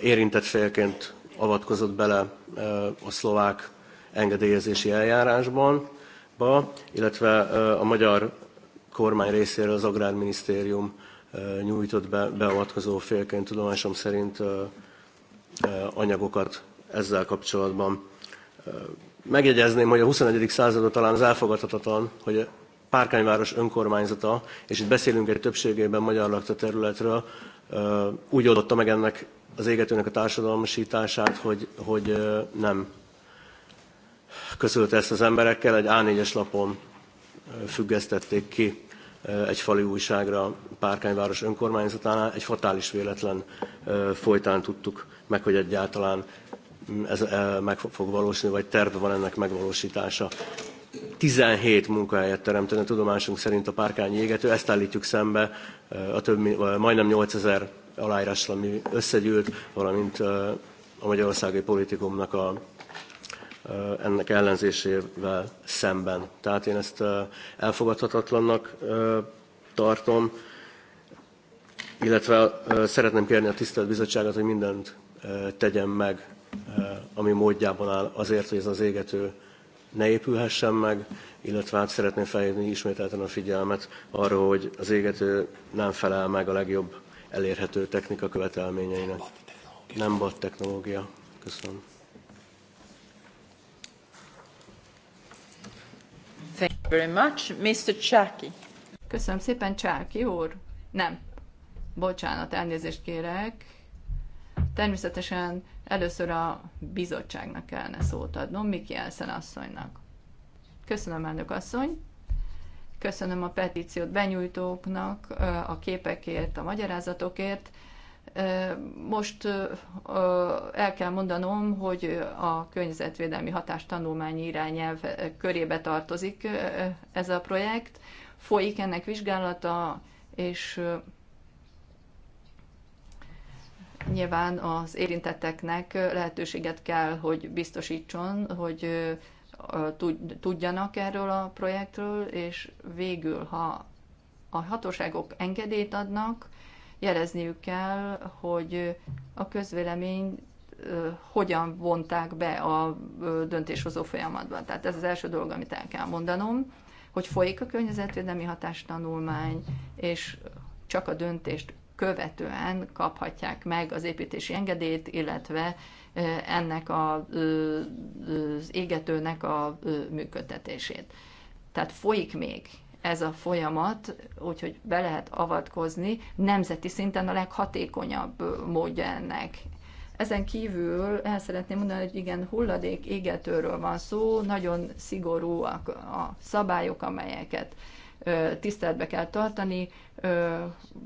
érintett félként avatkozott bele a szlovák engedélyezési eljárásban ba, illetve a magyar kormány részéről az Agrárminisztérium nyújtott be, beavatkozó félként tudomásom szerint anyagokat ezzel kapcsolatban. Megjegyezném, hogy a 21. Századot talán az elfogadhatatlan, hogy Párkányváros önkormányzata, és itt beszélünk egy többségében magyar lakta területről, úgy oldotta meg ennek az égetőnek a társadalmasítását, hogy, hogy nem közölte ezt az emberekkel, egy A4-es lapon függesztették ki egy fali újságra Párkányváros önkormányzatánál. Egy fatális véletlen folytán tudtuk meg, hogy egyáltalán mm, ez meg fog valósulni, vagy terv van ennek megvalósítása. 17 munkahelyet teremtene tudomásunk szerint a párkányi égető, ezt állítjuk szembe a több, majdnem 8000 aláírásra, ami összegyűlt, valamint a magyarországi politikumnak a ennek ellenzésével szemben. Tehát én ezt elfogadhatatlannak tartom, illetve szeretném kérni a tisztelt bizottságot, hogy mindent tegyen meg, ami módjában áll azért, hogy ez az égető ne épülhessen meg, illetve hát szeretném felhívni ismételten a figyelmet arra, hogy az égető nem felel meg a legjobb elérhető technika követelményeinek. Nem bad technológia. Köszönöm. Thank you very much. Mr. Köszönöm szépen, Csáki úr. Nem. Bocsánat, elnézést kérek. Természetesen először a bizottságnak kellene szót adnom, Miki Elszen asszonynak. Köszönöm, elnök asszony. Köszönöm a petíciót benyújtóknak a képekért, a magyarázatokért. Most el kell mondanom, hogy a környezetvédelmi hatástanulmányi irányelv körébe tartozik ez a projekt. Folyik ennek vizsgálata, és nyilván az érintetteknek lehetőséget kell, hogy biztosítson, hogy tudjanak erről a projektről, és végül, ha a hatóságok engedélyt adnak, jelezniük kell, hogy a közvélemény hogyan vonták be a döntéshozó folyamatban. Tehát ez az első dolog, amit el kell mondanom, hogy folyik a környezetvédelmi hatástanulmány, és csak a döntést követően kaphatják meg az építési engedélyt, illetve ennek a, az égetőnek a működtetését. Tehát folyik még ez a folyamat, úgyhogy be lehet avatkozni, nemzeti szinten a leghatékonyabb módja ennek. Ezen kívül el szeretném mondani, hogy igen, hulladék égetőről van szó, nagyon szigorúak a szabályok, amelyeket tiszteletbe kell tartani,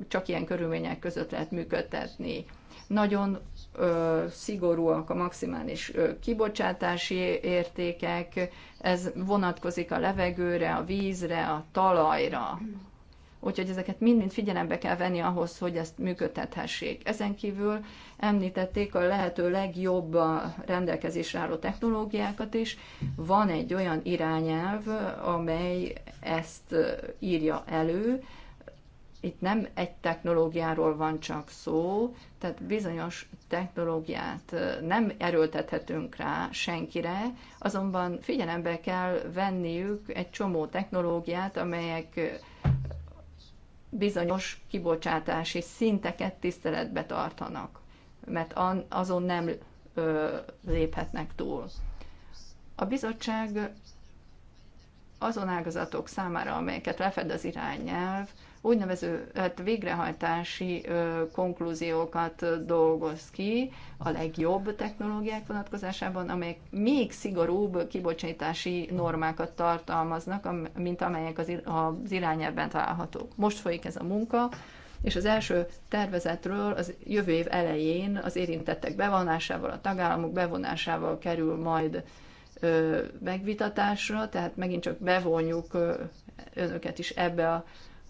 csak ilyen körülmények között lehet működtetni. Nagyon szigorúak a maximális kibocsátási értékek, ez vonatkozik a levegőre, a vízre, a talajra. Úgyhogy ezeket mind-mind figyelembe kell venni ahhoz, hogy ezt működtethessék. Ezen kívül említették a lehető legjobb a rendelkezésre álló technológiákat is. Van egy olyan irányelv, amely ezt írja elő, itt nem egy technológiáról van csak szó, tehát bizonyos technológiát nem erőltethetünk rá senkire, azonban figyelembe kell venniük egy csomó technológiát, amelyek bizonyos kibocsátási szinteket tiszteletbe tartanak, mert azon nem léphetnek túl. A bizottság azon ágazatok számára, amelyeket lefed az irányelv, úgynevező hát végrehajtási ö, konklúziókat dolgoz ki a legjobb technológiák vonatkozásában, amelyek még szigorúbb kibocsátási normákat tartalmaznak, mint amelyek az, ir- az irányelben találhatók. Most folyik ez a munka, és az első tervezetről az jövő év elején az érintettek bevonásával, a tagállamok bevonásával kerül majd ö, megvitatásra, tehát megint csak bevonjuk ö, önöket is ebbe a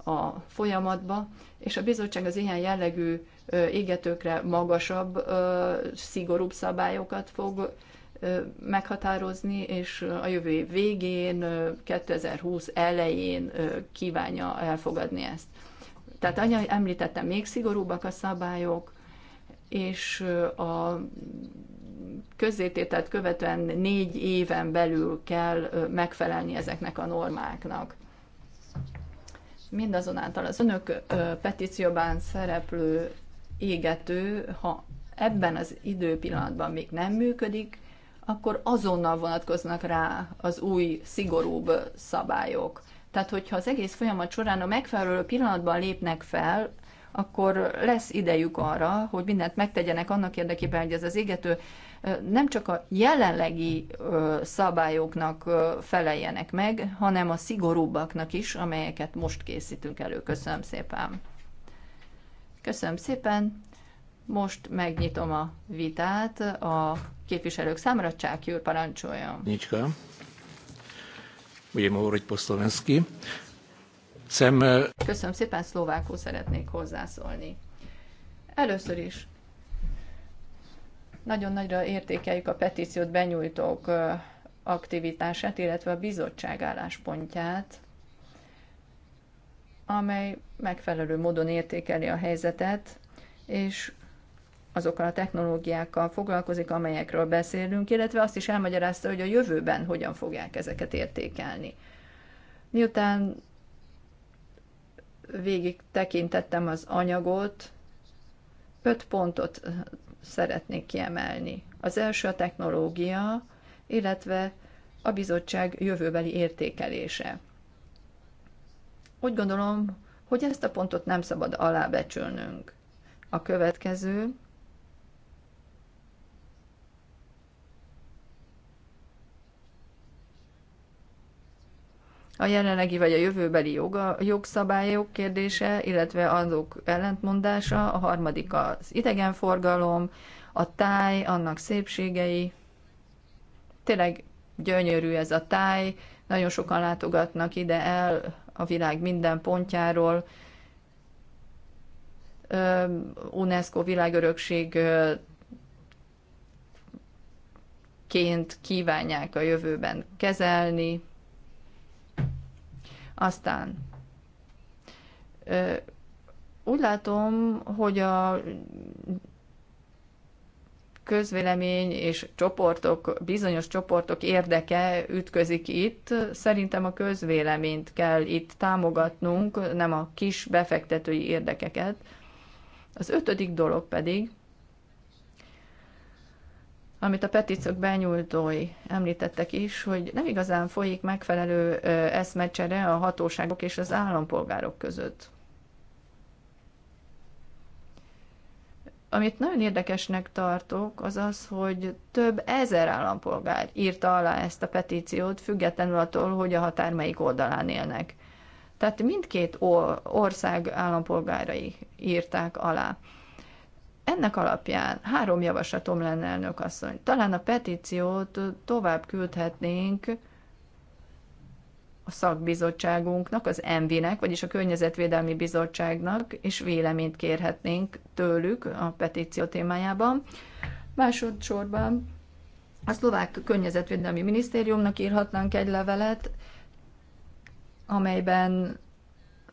a folyamatba, és a bizottság az ilyen jellegű égetőkre magasabb, szigorúbb szabályokat fog meghatározni, és a jövő év végén, 2020 elején kívánja elfogadni ezt. Tehát anya említette, még szigorúbbak a szabályok, és a közzétételt követően négy éven belül kell megfelelni ezeknek a normáknak. Mindazonáltal az önök petícióban szereplő égető, ha ebben az időpillanatban még nem működik, akkor azonnal vonatkoznak rá az új, szigorúbb szabályok. Tehát, hogyha az egész folyamat során a megfelelő pillanatban lépnek fel, akkor lesz idejük arra, hogy mindent megtegyenek annak érdekében, hogy ez az égető nem csak a jelenlegi szabályoknak feleljenek meg, hanem a szigorúbbaknak is, amelyeket most készítünk elő. Köszönöm szépen! Köszönöm szépen! Most megnyitom a vitát a képviselők számára. Csák úr, parancsoljon! Nicska. Ugye ma hogy Posztolenszki. Szem... Köszönöm szépen, szlovákul szeretnék hozzászólni. Először is nagyon nagyra értékeljük a petíciót benyújtók aktivitását, illetve a bizottság álláspontját, amely megfelelő módon értékeli a helyzetet, és azokkal a technológiákkal foglalkozik, amelyekről beszélünk, illetve azt is elmagyarázta, hogy a jövőben hogyan fogják ezeket értékelni. Miután végig tekintettem az anyagot, öt pontot szeretnék kiemelni. Az első a technológia, illetve a bizottság jövőbeli értékelése. Úgy gondolom, hogy ezt a pontot nem szabad alábecsülnünk. A következő a jelenlegi vagy a jövőbeli joga, jogszabályok kérdése, illetve azok ellentmondása, a harmadik az idegenforgalom, a táj, annak szépségei. Tényleg gyönyörű ez a táj, nagyon sokan látogatnak ide el a világ minden pontjáról. UNESCO világörökség ként kívánják a jövőben kezelni. Aztán úgy látom, hogy a közvélemény és csoportok, bizonyos csoportok érdeke ütközik itt. Szerintem a közvéleményt kell itt támogatnunk, nem a kis befektetői érdekeket. Az ötödik dolog pedig, amit a petíciók benyújtói említettek is, hogy nem igazán folyik megfelelő eszmecsere a hatóságok és az állampolgárok között. Amit nagyon érdekesnek tartok, az az, hogy több ezer állampolgár írta alá ezt a petíciót, függetlenül attól, hogy a határ melyik oldalán élnek. Tehát mindkét ország állampolgárai írták alá. Ennek alapján három javaslatom lenne, elnök asszony. Talán a petíciót tovább küldhetnénk a szakbizottságunknak, az ENVI-nek, vagyis a Környezetvédelmi Bizottságnak, és véleményt kérhetnénk tőlük a petíció témájában. Másodszorban a szlovák környezetvédelmi minisztériumnak írhatnánk egy levelet, amelyben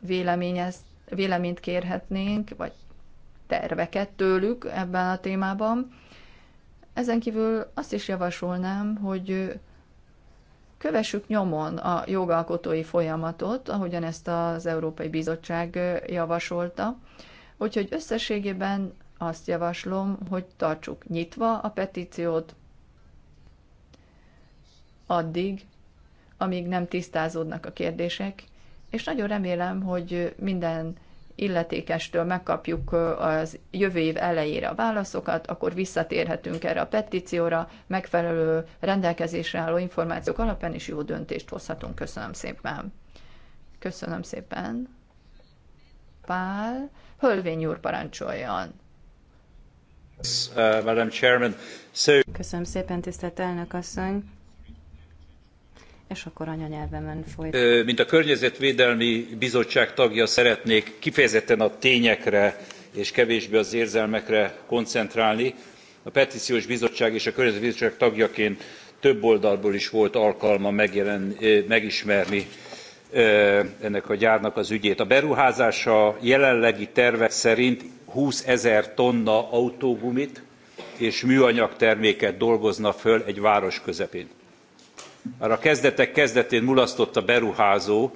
véleményezt, véleményt kérhetnénk, vagy terveket tőlük ebben a témában. Ezen kívül azt is javasolnám, hogy kövessük nyomon a jogalkotói folyamatot, ahogyan ezt az Európai Bizottság javasolta. Úgyhogy összességében azt javaslom, hogy tartsuk nyitva a petíciót addig, amíg nem tisztázódnak a kérdések, és nagyon remélem, hogy minden illetékestől megkapjuk az jövő év elejére a válaszokat, akkor visszatérhetünk erre a petícióra, megfelelő rendelkezésre álló információk alapján is jó döntést hozhatunk. Köszönöm szépen. Köszönöm szépen. Pál, Hölvény úr parancsoljon. Uh, Köszönöm szépen, tisztelt elnök asszony és akkor anyanyelvemen folyt. Mint a Környezetvédelmi Bizottság tagja szeretnék kifejezetten a tényekre és kevésbé az érzelmekre koncentrálni. A Petíciós Bizottság és a Környezetvédelmi Bizottság tagjaként több oldalból is volt alkalma megjelen, megismerni ennek a gyárnak az ügyét. A beruházása jelenlegi tervek szerint 20 ezer tonna autógumit és műanyag terméket dolgozna föl egy város közepén már a kezdetek kezdetén mulasztott a beruházó,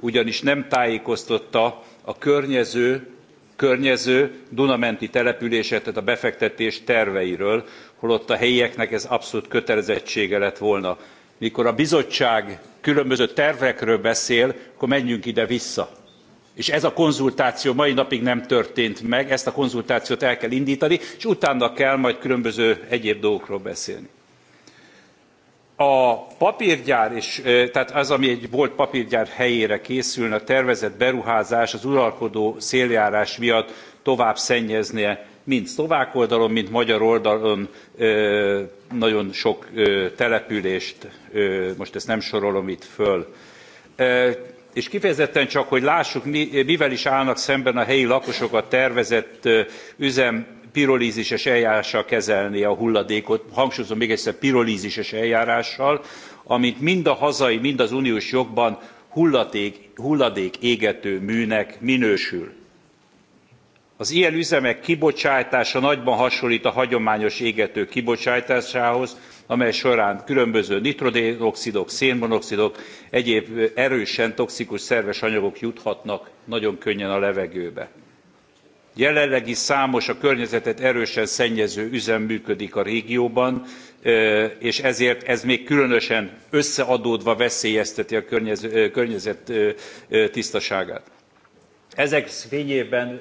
ugyanis nem tájékoztatta a környező, környező Dunamenti településeket tehát a befektetés terveiről, holott a helyieknek ez abszolút kötelezettsége lett volna. Mikor a bizottság különböző tervekről beszél, akkor menjünk ide-vissza. És ez a konzultáció mai napig nem történt meg, ezt a konzultációt el kell indítani, és utána kell majd különböző egyéb dolgokról beszélni a papírgyár, és, tehát az, ami egy volt papírgyár helyére készülne, a tervezett beruházás az uralkodó széljárás miatt tovább szennyeznie mind szlovák oldalon, mind magyar oldalon nagyon sok települést, most ezt nem sorolom itt föl. És kifejezetten csak, hogy lássuk, mivel is állnak szemben a helyi lakosok a tervezett üzem pirolízises eljárással kezelni a hulladékot, hangsúlyozom még egyszer pirolízises eljárással, amit mind a hazai, mind az uniós jogban hulladék, hulladék égető műnek minősül. Az ilyen üzemek kibocsátása nagyban hasonlít a hagyományos égető kibocsátásához, amely során különböző nitrodioxidok, szénmonoxidok, egyéb erősen toxikus szerves anyagok juthatnak nagyon könnyen a levegőbe jelenleg is számos a környezetet erősen szennyező üzem működik a régióban és ezért ez még különösen összeadódva veszélyezteti a környezet tisztaságát. ezek fényében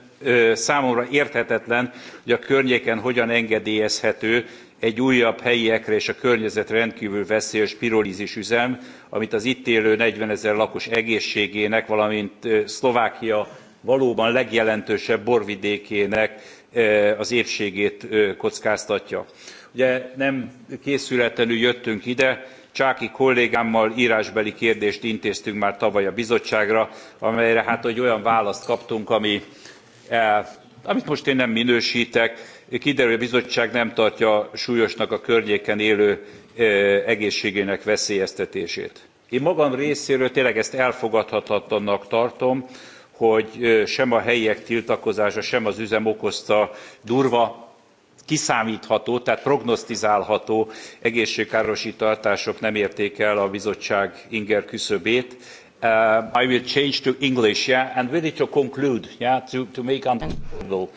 számomra érthetetlen hogy a környéken hogyan engedélyezhető egy újabb helyiekre és a környezetre rendkvül veszélyes pirolzis üzem amit az itt élő forty ezer lakos egészségének valamint szlovákia valóban legjelentősebb borvidékének e, az épségét e, kockáztatja. ugye nem készületlenül jöttünk ide csáky kollégámmal rásbeli kérdést intéztünk már tavaly a bizottságra amelyre hát egy olyan választ kaptunk ami, e, amit most én nem minőstek kiderül hogy a bizottság nem tartja súlyosnak a környéken élő egészségének veszélyeztetését. én magam részéről tényleg ezt elfogadhatatlannak tartom hogy sem a helyiek tiltakozása, sem az üzem okozta durva, kiszámítható, tehát prognosztizálható egészségkárosító hatások nem érték el a bizottság inger küszöbét. Uh, I will change to English, yeah, and really to conclude, yeah, to, to make understandable.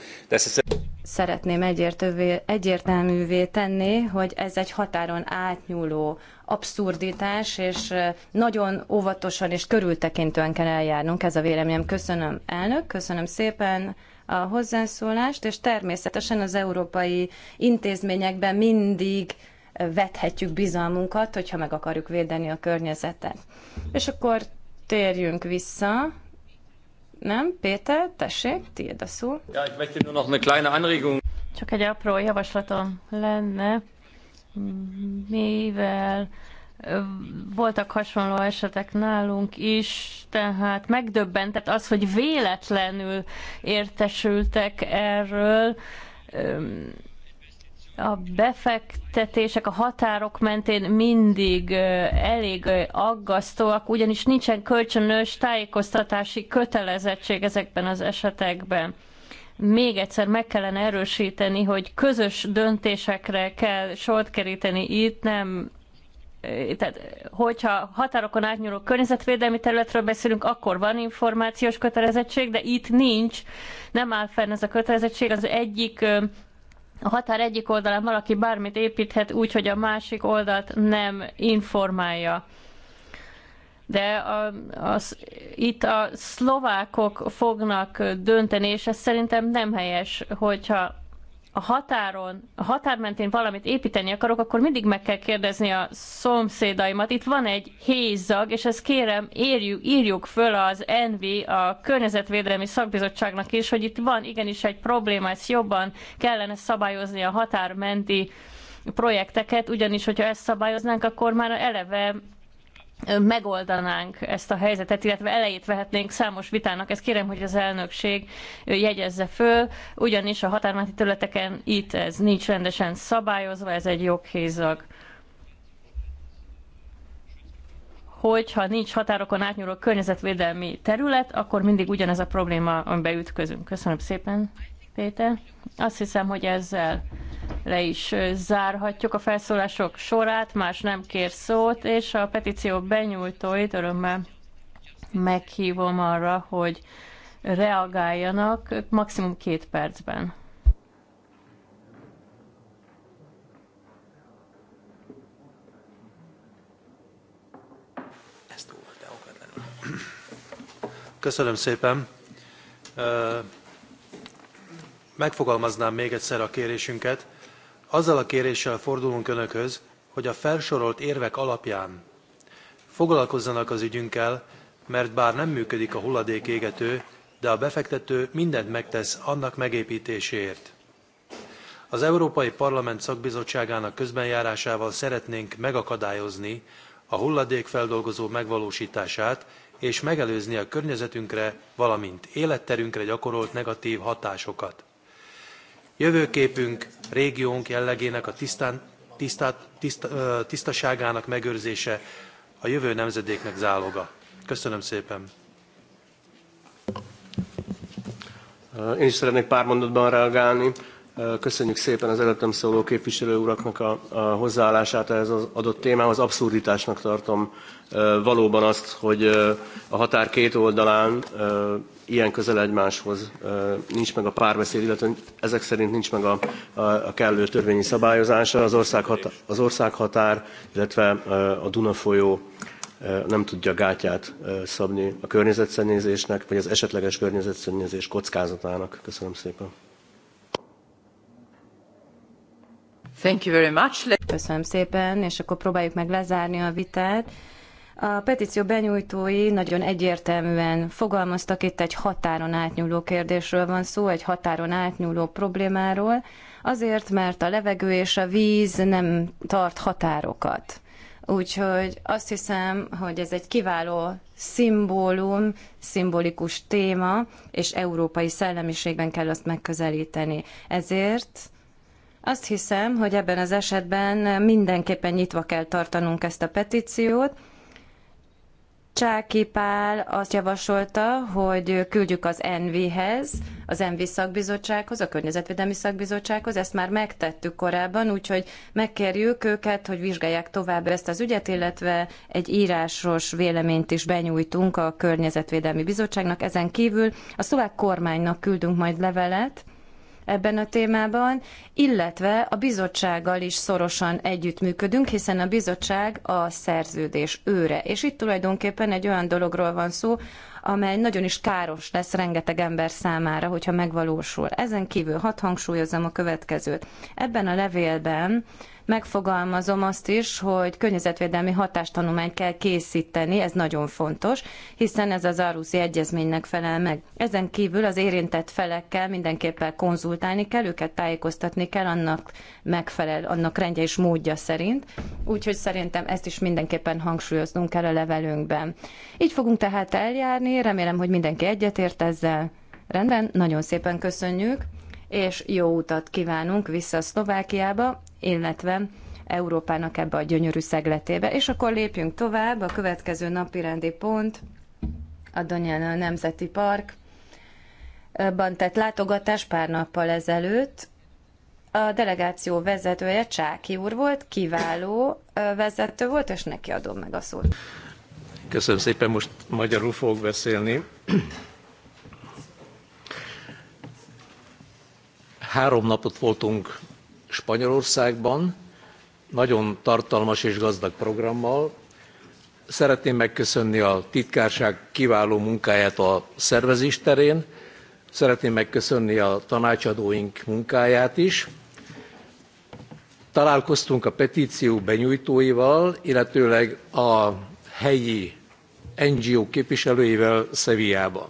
Szeretném egyértelművé tenni, hogy ez egy határon átnyúló abszurditás, és nagyon óvatosan és körültekintően kell eljárnunk, ez a véleményem. Köszönöm, elnök, köszönöm szépen a hozzászólást, és természetesen az európai intézményekben mindig vethetjük bizalmunkat, hogyha meg akarjuk védeni a környezetet. És akkor térjünk vissza. Nem, Péter, tessék, tiéd a szó. Csak egy apró javaslatom lenne mivel voltak hasonló esetek nálunk is, tehát megdöbbentett az, hogy véletlenül értesültek erről, a befektetések a határok mentén mindig elég aggasztóak, ugyanis nincsen kölcsönös tájékoztatási kötelezettség ezekben az esetekben még egyszer meg kellene erősíteni, hogy közös döntésekre kell sort keríteni itt, nem tehát, hogyha határokon átnyúló környezetvédelmi területről beszélünk, akkor van információs kötelezettség, de itt nincs, nem áll fenn ez a kötelezettség. Az egyik a határ egyik oldalán valaki bármit építhet úgy, hogy a másik oldalt nem informálja de a, az, itt a szlovákok fognak dönteni, és ez szerintem nem helyes, hogyha a határon, a határ mentén valamit építeni akarok, akkor mindig meg kell kérdezni a szomszédaimat. Itt van egy hézzag, és ezt kérem, érjük, írjuk föl az ENVI, a Környezetvédelmi Szakbizottságnak is, hogy itt van igenis egy probléma, ezt jobban kellene szabályozni a határmenti projekteket, ugyanis hogyha ezt szabályoznánk, akkor már eleve megoldanánk ezt a helyzetet, illetve elejét vehetnénk számos vitának. Ezt kérem, hogy az elnökség jegyezze föl, ugyanis a határmenti területeken itt ez nincs rendesen szabályozva, ez egy joghézag. Hogyha nincs határokon átnyúló környezetvédelmi terület, akkor mindig ugyanez a probléma, amiben ütközünk. Köszönöm szépen, Péter. Azt hiszem, hogy ezzel le is zárhatjuk a felszólások sorát, más nem kér szót, és a petíció benyújtóit örömmel meghívom arra, hogy reagáljanak maximum két percben. Köszönöm szépen. Megfogalmaznám még egyszer a kérésünket azzal a kéréssel fordulunk Önökhöz, hogy a felsorolt érvek alapján foglalkozzanak az ügyünkkel, mert bár nem működik a hulladékégető, de a befektető mindent megtesz annak megépítéséért. Az Európai Parlament szakbizottságának közbenjárásával szeretnénk megakadályozni a hulladékfeldolgozó megvalósítását és megelőzni a környezetünkre, valamint életterünkre gyakorolt negatív hatásokat. Jövőképünk, régiónk jellegének a tisztán, tisztaságának megőrzése a jövő nemzedéknek záloga. Köszönöm szépen! Én is szeretnék pár mondatban reagálni. Köszönjük szépen az előttem szóló képviselő uraknak a, a hozzáállását ehhez az adott témához. Abszurditásnak tartom valóban azt, hogy a határ két oldalán ilyen közel egymáshoz nincs meg a párbeszéd, illetve ezek szerint nincs meg a, a kellő törvényi szabályozása. Az ország, határ, az illetve a Duna folyó nem tudja gátját szabni a környezetszennyezésnek, vagy az esetleges környezetszennyezés kockázatának. Köszönöm szépen. Thank you very much. Köszönöm szépen, és akkor próbáljuk meg lezárni a vitát. A petíció benyújtói nagyon egyértelműen fogalmaztak, itt egy határon átnyúló kérdésről van szó, egy határon átnyúló problémáról, azért, mert a levegő és a víz nem tart határokat. Úgyhogy azt hiszem, hogy ez egy kiváló szimbólum, szimbolikus téma, és európai szellemiségben kell azt megközelíteni. Ezért azt hiszem, hogy ebben az esetben mindenképpen nyitva kell tartanunk ezt a petíciót, Csáki Pál azt javasolta, hogy küldjük az env hez az ENVI szakbizottsághoz, a Környezetvédelmi Szakbizottsághoz, ezt már megtettük korábban, úgyhogy megkérjük őket, hogy vizsgálják tovább ezt az ügyet, illetve egy írásos véleményt is benyújtunk a Környezetvédelmi Bizottságnak. Ezen kívül a szlovák kormánynak küldünk majd levelet, ebben a témában, illetve a bizottsággal is szorosan együttműködünk, hiszen a bizottság a szerződés őre. És itt tulajdonképpen egy olyan dologról van szó, amely nagyon is káros lesz rengeteg ember számára, hogyha megvalósul. Ezen kívül hat hangsúlyozzam a következőt. Ebben a levélben megfogalmazom azt is, hogy környezetvédelmi hatástanulmányt kell készíteni, ez nagyon fontos, hiszen ez az Aruszi Egyezménynek felel meg. Ezen kívül az érintett felekkel mindenképpen konzultálni kell, őket tájékoztatni kell, annak megfelel, annak rendje és módja szerint. Úgyhogy szerintem ezt is mindenképpen hangsúlyoznunk kell a levelünkben. Így fogunk tehát eljárni, Remélem, hogy mindenki egyetért ezzel. Rendben, nagyon szépen köszönjük, és jó utat kívánunk vissza a Szlovákiába, illetve Európának ebbe a gyönyörű szegletébe. És akkor lépjünk tovább, a következő napi rendi pont, a Donyana Nemzeti Park, ban tett látogatás pár nappal ezelőtt. A delegáció vezetője Csáki úr volt, kiváló vezető volt, és neki adom meg a szót. Köszönöm szépen, most magyarul fogok beszélni. Három napot voltunk Spanyolországban, nagyon tartalmas és gazdag programmal. Szeretném megköszönni a titkárság kiváló munkáját a szervezés terén, szeretném megköszönni a tanácsadóink munkáját is. Találkoztunk a petíció benyújtóival, illetőleg a helyi NGO képviselőivel Szeviában.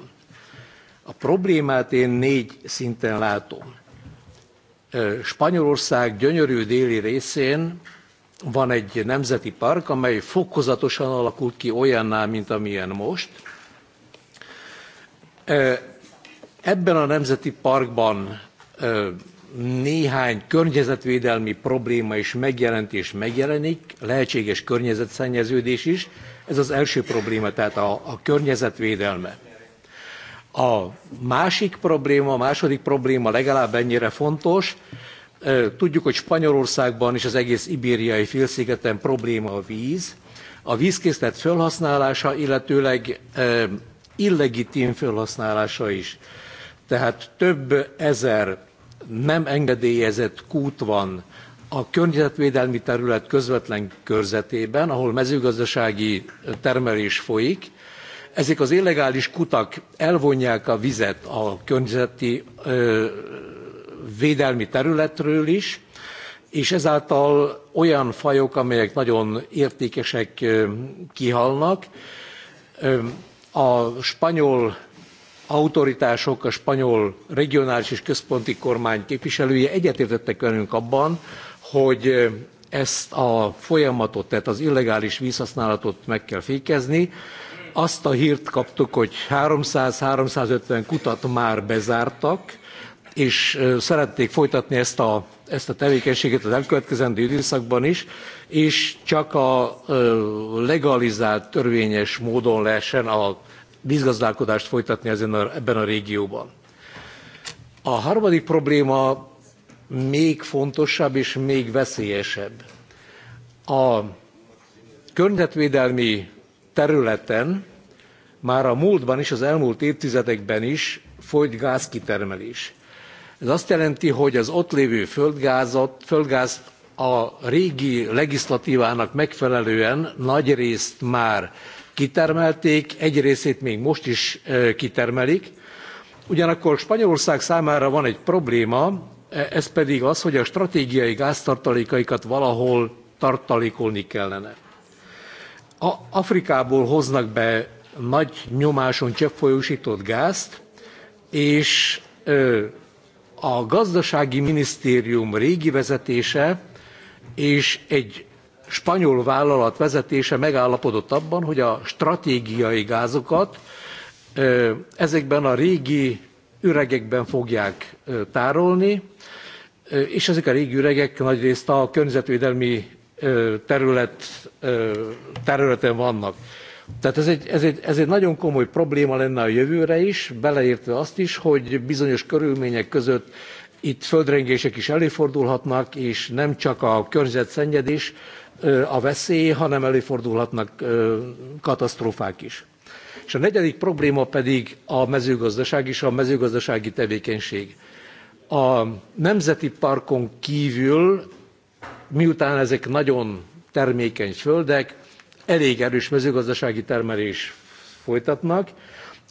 A problémát én négy szinten látom. Spanyolország gyönyörű déli részén van egy nemzeti park, amely fokozatosan alakult ki olyanná, mint amilyen most. Ebben a nemzeti parkban néhány környezetvédelmi probléma is megjelent és megjelenik, lehetséges környezetszennyeződés is, ez az első probléma, tehát a, a környezetvédelme. A másik probléma, a második probléma legalább ennyire fontos, Tudjuk, hogy Spanyolországban és az egész ibériai félszigeten probléma a víz, a vízkészlet felhasználása, illetőleg illegitim felhasználása is. Tehát több ezer nem engedélyezett kút van a környezetvédelmi terület közvetlen körzetében, ahol mezőgazdasági termelés folyik, ezek az illegális kutak elvonják a vizet a környezeti ö, védelmi területről is, és ezáltal olyan fajok, amelyek nagyon értékesek kihalnak. A spanyol autoritások, a spanyol regionális és központi kormány képviselői egyetértettek velünk abban, hogy ezt a folyamatot, tehát az illegális vízhasználatot meg kell fékezni. Azt a hírt kaptuk, hogy 300-350 kutat már bezártak, és szeretnék folytatni ezt a, ezt a tevékenységet az elkövetkezendő időszakban is, és csak a legalizált, törvényes módon lehessen a vízgazdálkodást folytatni ezen a, ebben a régióban. A harmadik probléma még fontosabb és még veszélyesebb. A környezetvédelmi területen már a múltban is, az elmúlt évtizedekben is folyt gázkitermelés. Ez azt jelenti, hogy az ott lévő földgázat, földgázt a régi legislatívának megfelelően nagy részt már kitermelték, egy részét még most is kitermelik. Ugyanakkor Spanyolország számára van egy probléma, E, ez pedig az, hogy a stratégiai gáztartalékaikat valahol tartalékolni kellene. A Afrikából hoznak be nagy nyomáson cseppfolyósított gázt, és a gazdasági minisztérium régi vezetése és egy spanyol vállalat vezetése megállapodott abban, hogy a stratégiai gázokat ezekben a régi üregekben fogják tárolni, és ezek a régi üregek nagyrészt a környezetvédelmi terület, területen vannak. Tehát ez egy, ez, egy, ez egy nagyon komoly probléma lenne a jövőre is, beleértve azt is, hogy bizonyos körülmények között itt földrengések is előfordulhatnak, és nem csak a környezetszennyedés a veszély, hanem előfordulhatnak katasztrófák is. És a negyedik probléma pedig a mezőgazdaság és a mezőgazdasági tevékenység. A nemzeti parkon kívül, miután ezek nagyon termékeny földek, elég erős mezőgazdasági termelés folytatnak,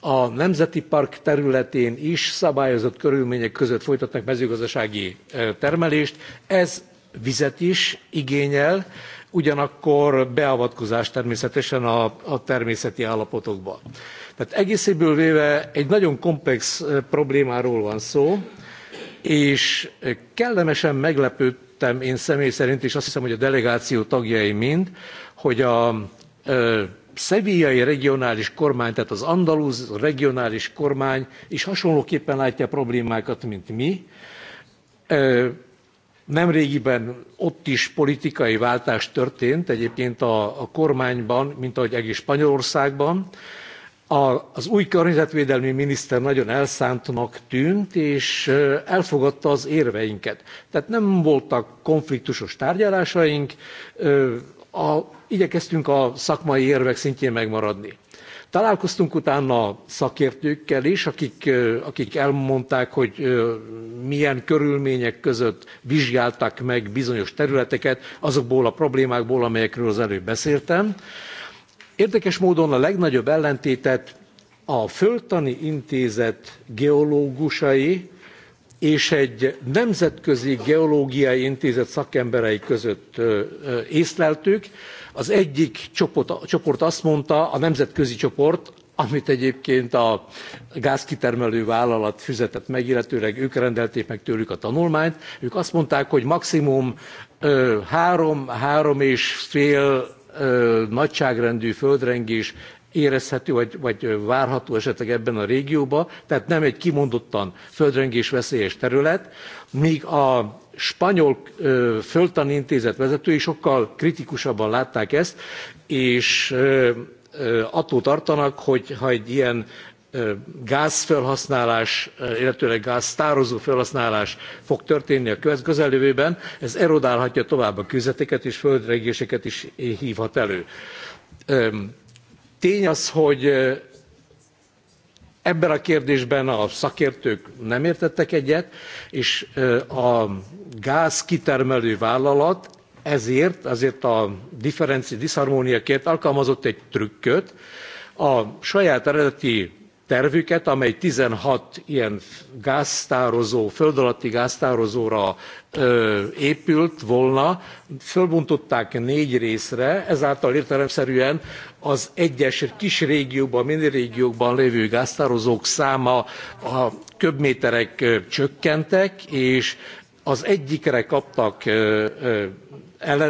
a Nemzeti Park területén is szabályozott körülmények között folytatnak mezőgazdasági termelést. Ez vizet is igényel, ugyanakkor beavatkozás természetesen a, a természeti állapotokba. Tehát egészéből véve egy nagyon komplex problémáról van szó, és kellemesen meglepődtem én személy szerint, és azt hiszem, hogy a delegáció tagjai mind, hogy a szevíjai regionális kormány, tehát az andalúz regionális kormány is hasonlóképpen látja a problémákat, mint mi. Nemrégiben ott is politikai váltás történt, egyébként a, a kormányban, mint ahogy egész Spanyolországban, a, az új környezetvédelmi miniszter nagyon elszántnak tűnt, és elfogadta az érveinket. Tehát nem voltak konfliktusos tárgyalásaink, a, igyekeztünk a szakmai érvek szintjén megmaradni. Találkoztunk utána szakértőkkel is, akik, akik elmondták, hogy milyen körülmények között vizsgáltak meg bizonyos területeket, azokból a problémákból, amelyekről az előbb beszéltem. Érdekes módon a legnagyobb ellentétet a Földtani Intézet geológusai és egy nemzetközi geológiai intézet szakemberei között észleltük. Az egyik csoport, csoport azt mondta, a nemzetközi csoport, amit egyébként a gázkitermelő vállalat fizetett meg, illetőleg ők rendelték meg tőlük a tanulmányt. Ők azt mondták, hogy maximum három, három és fél ö, nagyságrendű földrengés érezhető vagy, vagy várható esetleg ebben a régióban, tehát nem egy kimondottan földrengés veszélyes terület, míg a spanyol ö, földtani intézet vezetői sokkal kritikusabban látták ezt, és ö, attól tartanak, hogy ha egy ilyen gázfelhasználás, illetőleg gáztározó felhasználás fog történni a közeljövőben, ez erodálhatja tovább a kőzeteket és földrengéseket is hívhat elő. Tény az, hogy ebben a kérdésben a szakértők nem értettek egyet, és a gáz kitermelő vállalat ezért, azért a differenci diszharmóniakért alkalmazott egy trükköt, a saját eredeti tervüket, amely 16 ilyen gáztározó, föld alatti gáztározóra épült volna, fölbontották négy részre, ezáltal értelemszerűen az egyes kis régióban, mini régiókban lévő gáztározók száma a köbméterek csökkentek, és az egyikre kaptak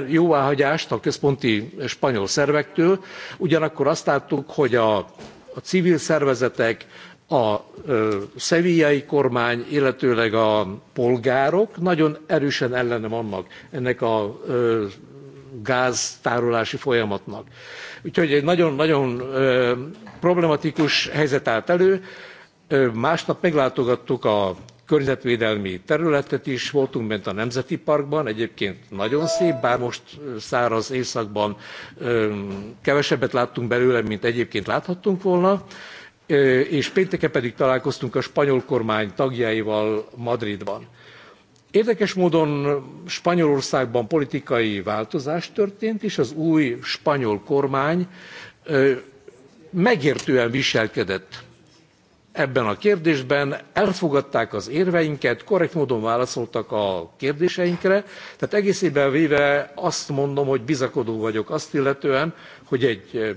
jóváhagyást a központi spanyol szervektől, ugyanakkor azt láttuk, hogy a a civil szervezetek, a szevíjai kormány, illetőleg a polgárok nagyon erősen ellene vannak ennek a gáztárolási folyamatnak. Úgyhogy egy nagyon-nagyon problematikus helyzet állt elő. Másnap meglátogattuk a környezetvédelmi területet is, voltunk bent a Nemzeti Parkban, egyébként nagyon szép, bár most száraz évszakban kevesebbet láttunk belőle, mint egyébként láthattunk volna és pénteken pedig találkoztunk a spanyol kormány tagjaival Madridban. Érdekes módon Spanyolországban politikai változás történt, és az új spanyol kormány megértően viselkedett ebben a kérdésben, elfogadták az érveinket, korrekt módon válaszoltak a kérdéseinkre, tehát egészében véve azt mondom, hogy bizakodó vagyok azt illetően, hogy egy eh,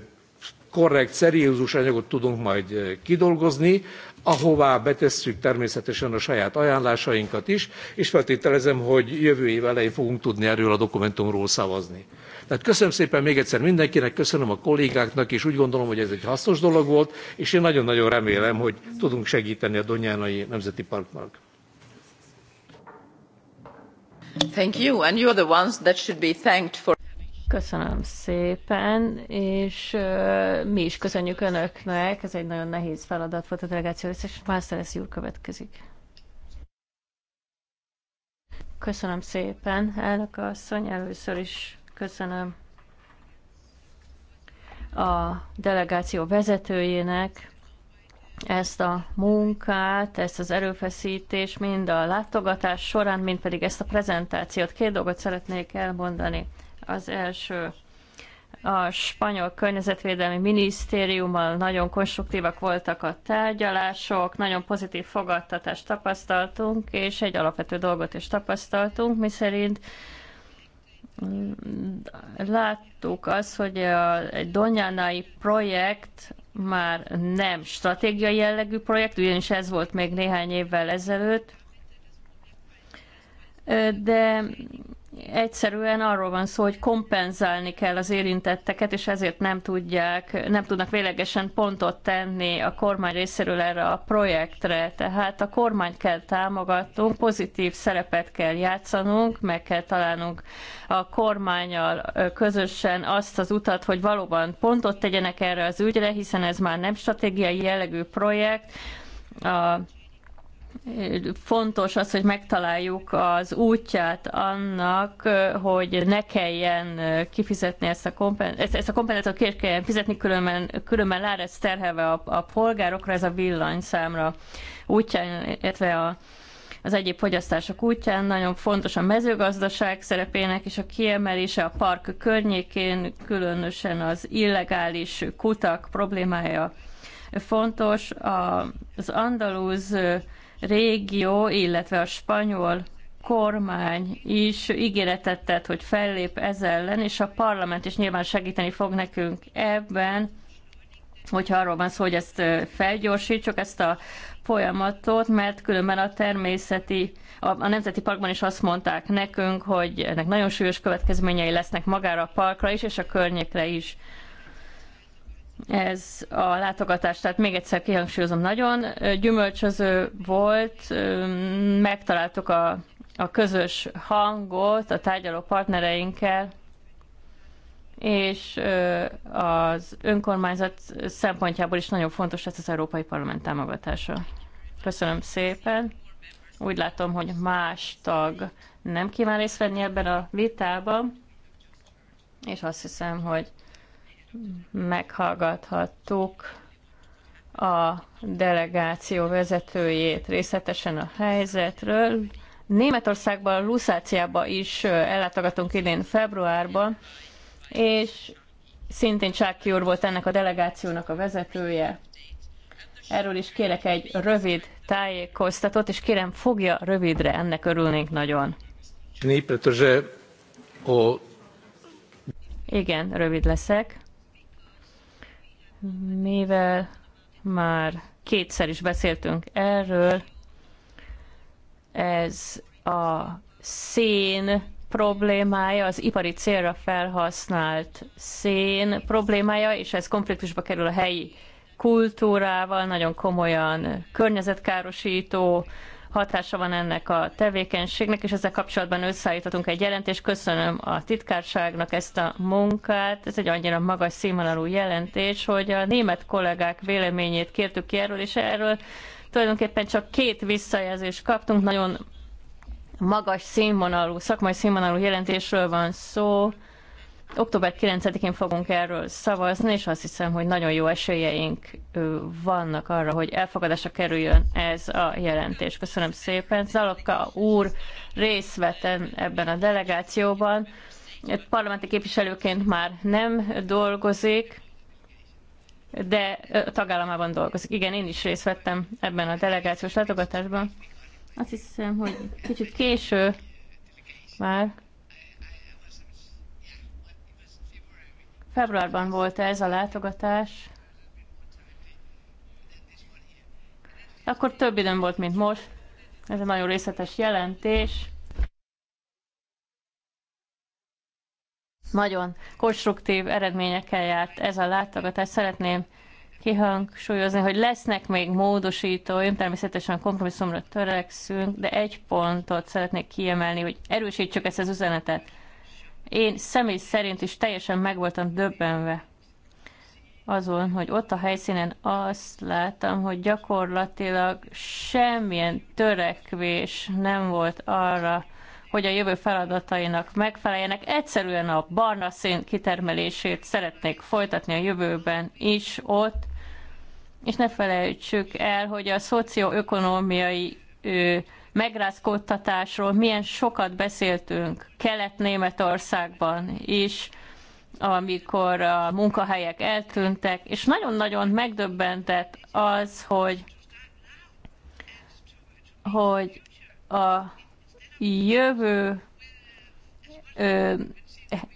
korrekt, szeriózus anyagot tudunk majd eh, kidolgozni, ahová betesszük természetesen a saját ajánlásainkat is, és feltételezem, hogy jövő év elején fogunk tudni erről a dokumentumról szavazni. Tehát köszönöm szépen még egyszer mindenkinek, köszönöm a kollégáknak, és úgy gondolom, hogy ez egy hasznos dolog volt, és én nagyon-nagyon remélem, hogy tudunk segíteni a Donyánai Nemzeti Parknak. Thank you, and you're the ones that should be thanked for... Köszönöm szépen, és uh, mi is köszönjük Önöknek. Ez egy nagyon nehéz feladat volt a delegáció részéről, és Mászteres úr következik. Köszönöm szépen, elnök asszony, először is Köszönöm a delegáció vezetőjének ezt a munkát, ezt az erőfeszítést, mind a látogatás során, mind pedig ezt a prezentációt. Két dolgot szeretnék elmondani. Az első, a spanyol környezetvédelmi minisztériummal nagyon konstruktívak voltak a tárgyalások, nagyon pozitív fogadtatást tapasztaltunk, és egy alapvető dolgot is tapasztaltunk, miszerint láttuk azt, hogy a, egy Donyánai projekt már nem stratégiai jellegű projekt, ugyanis ez volt még néhány évvel ezelőtt, de egyszerűen arról van szó, hogy kompenzálni kell az érintetteket, és ezért nem tudják, nem tudnak véglegesen pontot tenni a kormány részéről erre a projektre. Tehát a kormányt kell támogatnunk, pozitív szerepet kell játszanunk, meg kell találnunk a kormányal közösen azt az utat, hogy valóban pontot tegyenek erre az ügyre, hiszen ez már nem stratégiai jellegű projekt, a fontos az, hogy megtaláljuk az útját annak, hogy ne kelljen kifizetni ezt a, kompen- ezt, a kompenzációt, ki kelljen fizetni, különben, különben lár ez terhelve a, a polgárokra, ez a villanyszámra útján, illetve a, az egyéb fogyasztások útján. Nagyon fontos a mezőgazdaság szerepének és a kiemelése a park környékén, különösen az illegális kutak problémája fontos. A, az andalúz régió, illetve a spanyol kormány is ígéretet tett, hogy fellép ez ellen, és a parlament is nyilván segíteni fog nekünk ebben, hogyha arról van szó, hogy ezt felgyorsítsuk, ezt a folyamatot, mert különben a természeti, a, a Nemzeti Parkban is azt mondták nekünk, hogy ennek nagyon súlyos következményei lesznek magára a parkra is, és a környékre is ez a látogatás, tehát még egyszer kihangsúlyozom, nagyon gyümölcsöző volt, megtaláltuk a, a közös hangot a tárgyaló partnereinkkel, és az önkormányzat szempontjából is nagyon fontos lesz az Európai Parlament támogatása. Köszönöm szépen. Úgy látom, hogy más tag nem kíván részt venni ebben a vitában, és azt hiszem, hogy meghallgathattuk a delegáció vezetőjét részletesen a helyzetről. Németországban, Luszáciában is ellátogatunk idén februárban, és szintén Csáki úr volt ennek a delegációnak a vezetője. Erről is kérek egy rövid tájékoztatót, és kérem, fogja rövidre, ennek örülnénk nagyon. Igen, rövid leszek mivel már kétszer is beszéltünk erről, ez a szén problémája, az ipari célra felhasznált szén problémája, és ez konfliktusba kerül a helyi kultúrával, nagyon komolyan környezetkárosító hatása van ennek a tevékenységnek, és ezzel kapcsolatban összeállítottunk egy jelentést. Köszönöm a titkárságnak ezt a munkát. Ez egy annyira magas színvonalú jelentés, hogy a német kollégák véleményét kértük ki erről, és erről tulajdonképpen csak két visszajelzést kaptunk. Nagyon magas színvonalú, szakmai színvonalú jelentésről van szó Október 9-én fogunk erről szavazni, és azt hiszem, hogy nagyon jó esélyeink vannak arra, hogy elfogadásra kerüljön ez a jelentés. Köszönöm szépen. Zalokka úr részt vett ebben a delegációban. Parlamenti képviselőként már nem dolgozik, de tagállamában dolgozik. Igen, én is részt vettem ebben a delegációs látogatásban. Azt hiszem, hogy kicsit késő már Februárban volt ez a látogatás. Akkor több időm volt, mint most. Ez egy nagyon részletes jelentés. Nagyon konstruktív eredményekkel járt ez a látogatás. Szeretném kihangsúlyozni, hogy lesznek még módosítóim, természetesen kompromisszumra törekszünk, de egy pontot szeretnék kiemelni, hogy erősítsük ezt az üzenetet én személy szerint is teljesen meg voltam döbbenve azon, hogy ott a helyszínen azt láttam, hogy gyakorlatilag semmilyen törekvés nem volt arra, hogy a jövő feladatainak megfeleljenek. Egyszerűen a barna szín kitermelését szeretnék folytatni a jövőben is ott, és ne felejtsük el, hogy a szocioökonomiai megrázkódtatásról milyen sokat beszéltünk Kelet-Németországban is, amikor a munkahelyek eltűntek, és nagyon-nagyon megdöbbentett az, hogy, hogy a jövő ö,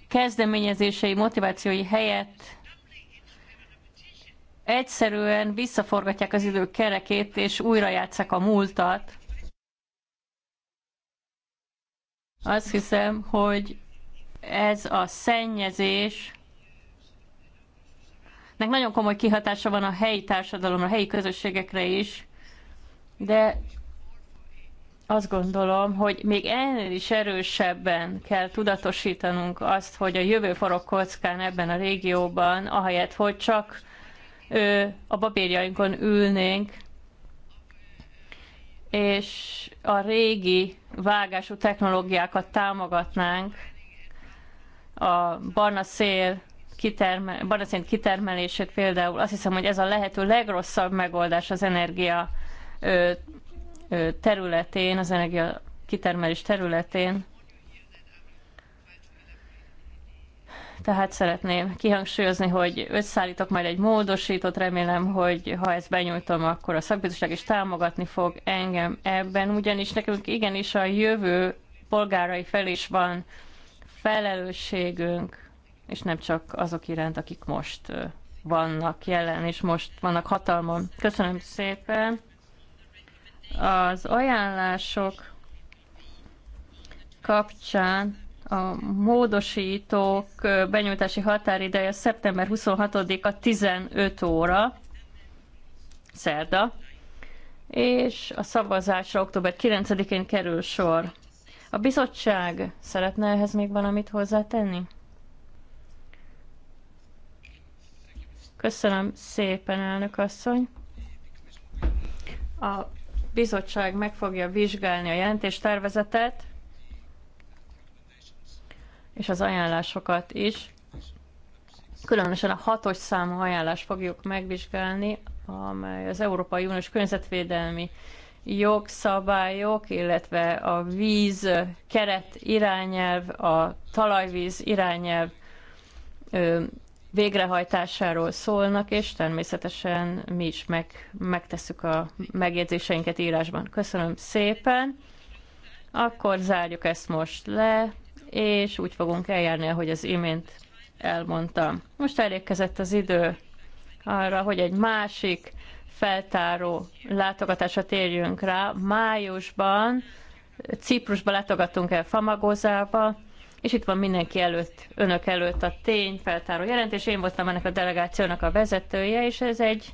kezdeményezései, motivációi helyett egyszerűen visszaforgatják az idő kerekét, és újra játszák a múltat, Azt hiszem, hogy ez a szennyezés nek nagyon komoly kihatása van a helyi társadalomra, a helyi közösségekre is, de azt gondolom, hogy még ennél is erősebben kell tudatosítanunk azt, hogy a jövő forog kockán ebben a régióban, ahelyett, hogy csak ö, a papírjainkon ülnénk, és a régi vágású technológiákat támogatnánk, a barna szél kiterme, barna szél kitermelését például, azt hiszem, hogy ez a lehető legrosszabb megoldás az energia ö, ö, területén, az energia kitermelés területén. Tehát szeretném kihangsúlyozni, hogy összeállítok majd egy módosítót, remélem, hogy ha ezt benyújtom, akkor a szakbizottság is támogatni fog engem ebben, ugyanis nekünk igenis a jövő polgárai fel is van felelősségünk, és nem csak azok iránt, akik most vannak jelen, és most vannak hatalmon. Köszönöm szépen. Az ajánlások kapcsán a módosítók benyújtási határideje szeptember 26-a 15 óra, szerda, és a szavazásra október 9-én kerül sor. A bizottság szeretne ehhez még valamit hozzátenni? Köszönöm szépen, elnök asszony. A bizottság meg fogja vizsgálni a jelentéstervezetet, és az ajánlásokat is. Különösen a hatos számú ajánlás fogjuk megvizsgálni, amely az Európai Uniós környezetvédelmi jogszabályok, illetve a víz keret irányelv, a talajvíz irányelv végrehajtásáról szólnak, és természetesen mi is meg, megtesszük a megjegyzéseinket írásban. Köszönöm szépen! Akkor zárjuk ezt most le és úgy fogunk eljárni, ahogy az imént elmondtam. Most elérkezett az idő arra, hogy egy másik feltáró látogatásra térjünk rá. Májusban Ciprusba látogatunk el Famagozába, és itt van mindenki előtt, önök előtt a feltáró jelentés. Én voltam ennek a delegációnak a vezetője, és ez egy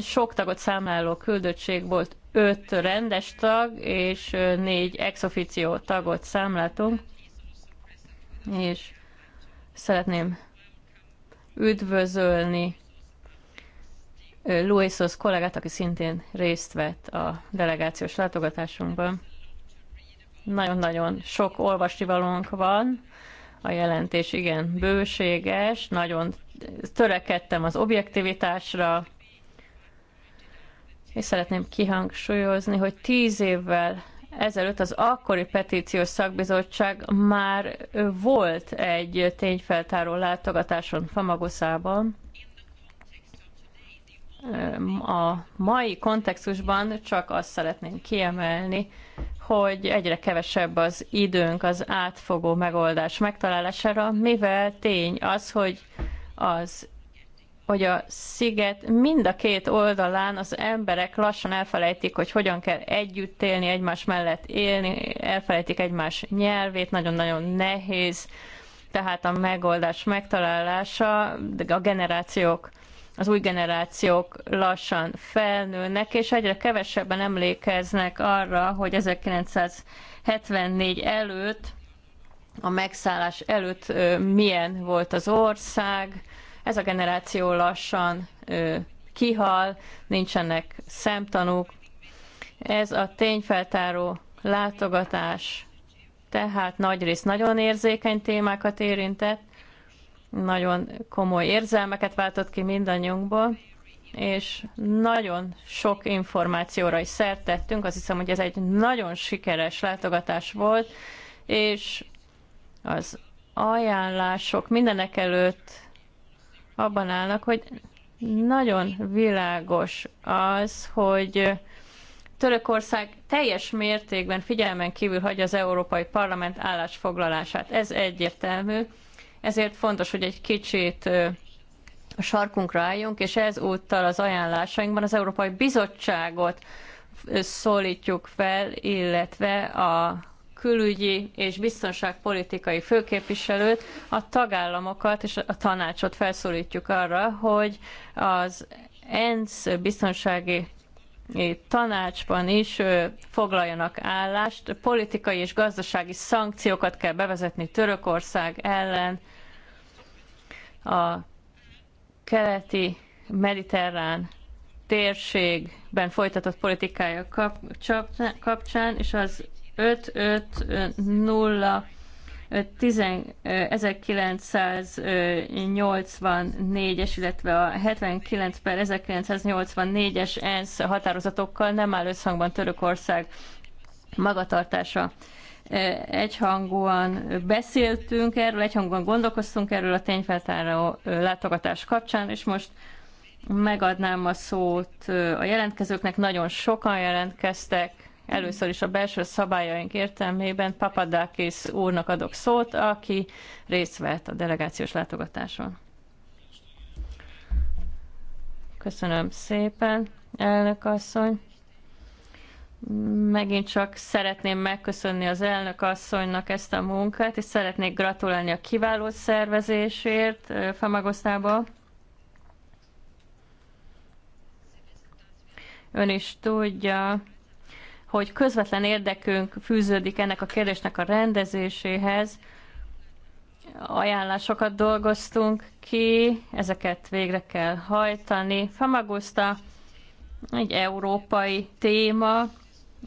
sok tagot számláló küldöttség volt, öt rendes tag és négy ex officio tagot számlátunk, és szeretném üdvözölni Luisos kollégát, aki szintén részt vett a delegációs látogatásunkban. Nagyon-nagyon sok olvasnivalónk van, a jelentés igen bőséges, nagyon törekedtem az objektivitásra, és szeretném kihangsúlyozni, hogy tíz évvel ezelőtt az akkori petíciós szakbizottság már volt egy tényfeltáró látogatáson Famagoszában. A mai kontextusban csak azt szeretném kiemelni, hogy egyre kevesebb az időnk az átfogó megoldás megtalálására, mivel tény az, hogy az hogy a sziget mind a két oldalán az emberek lassan elfelejtik, hogy hogyan kell együtt élni, egymás mellett élni, elfelejtik egymás nyelvét, nagyon-nagyon nehéz, tehát a megoldás megtalálása, de a generációk az új generációk lassan felnőnek, és egyre kevesebben emlékeznek arra, hogy 1974 előtt, a megszállás előtt milyen volt az ország, ez a generáció lassan ö, kihal, nincsenek szemtanúk. Ez a tényfeltáró látogatás tehát nagyrészt nagyon érzékeny témákat érintett, nagyon komoly érzelmeket váltott ki mindannyiunkból, és nagyon sok információra is szert tettünk. Azt hiszem, hogy ez egy nagyon sikeres látogatás volt, és az ajánlások mindenek előtt abban állnak, hogy nagyon világos az, hogy Törökország teljes mértékben figyelmen kívül hagyja az Európai Parlament állásfoglalását. Ez egyértelmű, ezért fontos, hogy egy kicsit a sarkunkra álljunk, és ezúttal az ajánlásainkban az Európai Bizottságot szólítjuk fel, illetve a külügyi és biztonságpolitikai főképviselőt, a tagállamokat és a tanácsot felszólítjuk arra, hogy az ENSZ biztonsági tanácsban is foglaljanak állást. Politikai és gazdasági szankciókat kell bevezetni Törökország ellen a keleti mediterrán térségben folytatott politikája kapcsán, és az 550 1984-es, illetve a 79 per 1984-es ENSZ határozatokkal nem áll összhangban Törökország magatartása. Egyhangúan beszéltünk erről, egyhangúan gondolkoztunk erről a tényfeltáró látogatás kapcsán, és most megadnám a szót a jelentkezőknek, nagyon sokan jelentkeztek, Először is a belső szabályaink értelmében Papadakis úrnak adok szót, aki részt vett a delegációs látogatáson. Köszönöm szépen, elnök asszony. Megint csak szeretném megköszönni az elnök asszonynak ezt a munkát, és szeretnék gratulálni a kiváló szervezésért Famagosztába. Ön is tudja, hogy közvetlen érdekünk fűződik ennek a kérdésnek a rendezéséhez. Ajánlásokat dolgoztunk ki, ezeket végre kell hajtani. Famagusta egy európai téma,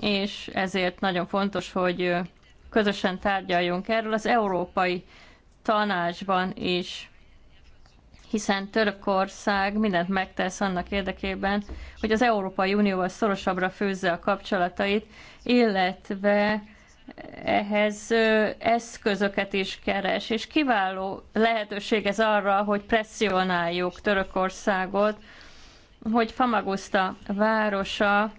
és ezért nagyon fontos, hogy közösen tárgyaljunk erről az európai tanácsban is hiszen Törökország mindent megtesz annak érdekében, hogy az Európai Unióval szorosabbra főzze a kapcsolatait, illetve ehhez eszközöket is keres, és kiváló lehetőség ez arra, hogy presszionáljuk Törökországot, hogy Famagusta városa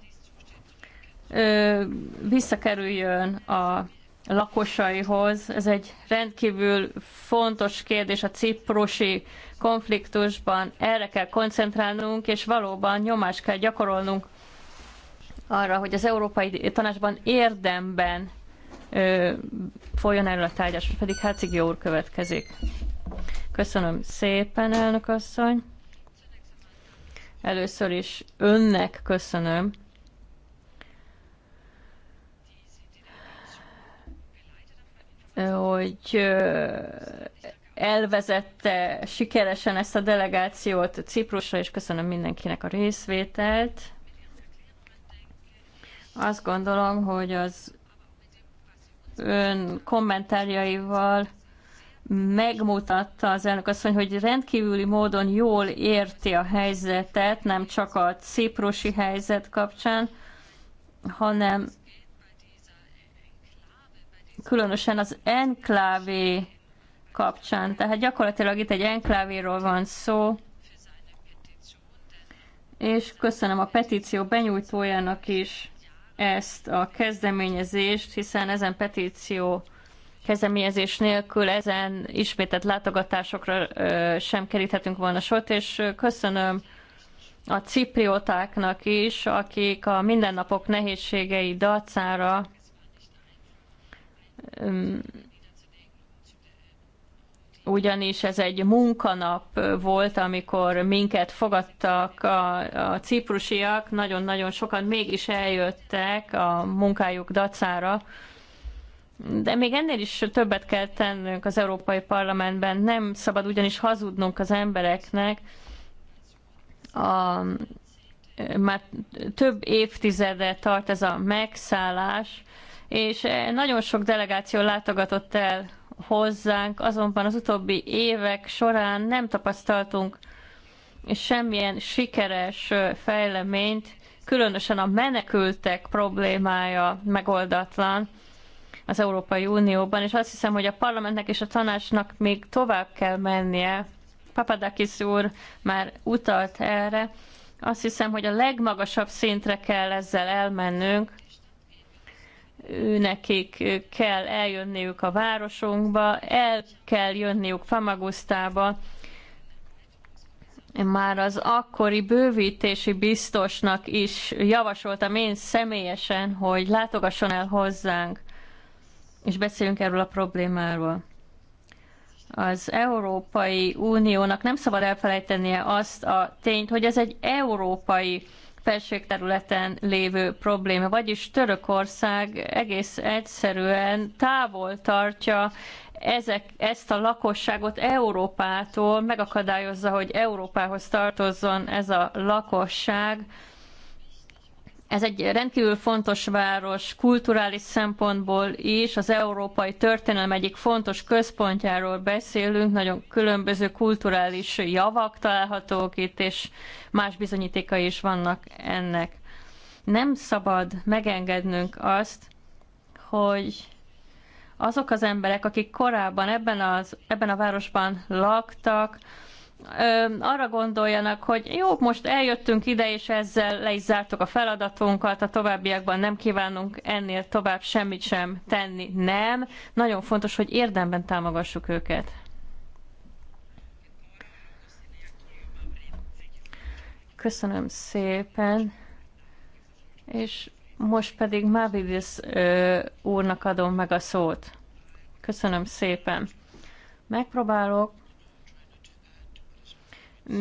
visszakerüljön a lakosaihoz. Ez egy rendkívül fontos kérdés a ciprusi konfliktusban. Erre kell koncentrálnunk, és valóban nyomást kell gyakorolnunk arra, hogy az Európai Tanácsban érdemben ö, folyjon erről a tárgyás, pedig Herceg úr következik. Köszönöm szépen, elnök asszony. Először is önnek köszönöm hogy elvezette sikeresen ezt a delegációt Ciprusra, és köszönöm mindenkinek a részvételt. Azt gondolom, hogy az ön kommentárjaival megmutatta az elnök asszony, hogy rendkívüli módon jól érti a helyzetet, nem csak a ciprusi helyzet kapcsán, hanem különösen az enklávé kapcsán. Tehát gyakorlatilag itt egy enklávéról van szó, és köszönöm a petíció benyújtójának is ezt a kezdeményezést, hiszen ezen petíció kezdeményezés nélkül ezen ismétett látogatásokra sem keríthetünk volna sort, és köszönöm a ciprióták is, akik a mindennapok nehézségei dacára ugyanis ez egy munkanap volt, amikor minket fogadtak a, a ciprusiak, nagyon-nagyon sokan mégis eljöttek a munkájuk dacára, de még ennél is többet kell tennünk az Európai Parlamentben, nem szabad ugyanis hazudnunk az embereknek, a, már több évtizede tart ez a megszállás, és eh, nagyon sok delegáció látogatott el hozzánk, azonban az utóbbi évek során nem tapasztaltunk semmilyen sikeres eh, fejleményt, különösen a menekültek problémája megoldatlan az Európai Unióban, és azt hiszem, hogy a parlamentnek és a tanácsnak még tovább kell mennie. Papadakis úr már utalt erre. Azt hiszem, hogy a legmagasabb szintre kell ezzel elmennünk, nekik kell eljönniük a városunkba, el kell jönniük Famagusztába, már az akkori bővítési biztosnak is javasoltam én személyesen, hogy látogasson el hozzánk, és beszéljünk erről a problémáról. Az Európai Uniónak nem szabad elfelejtenie azt a tényt, hogy ez egy európai területen lévő probléma, vagyis Törökország egész egyszerűen távol tartja ezek, ezt a lakosságot Európától, megakadályozza, hogy Európához tartozzon ez a lakosság, ez egy rendkívül fontos város kulturális szempontból is, az európai történelem egyik fontos központjáról beszélünk, nagyon különböző kulturális javak találhatók itt, és más bizonyítékai is vannak ennek. Nem szabad megengednünk azt, hogy azok az emberek, akik korábban ebben, az, ebben a városban laktak, arra gondoljanak, hogy jó, most eljöttünk ide, és ezzel le is zártuk a feladatunkat, a továbbiakban nem kívánunk ennél tovább semmit sem tenni. Nem. Nagyon fontos, hogy érdemben támogassuk őket. Köszönöm szépen. És most pedig Mavidis úrnak adom meg a szót. Köszönöm szépen. Megpróbálok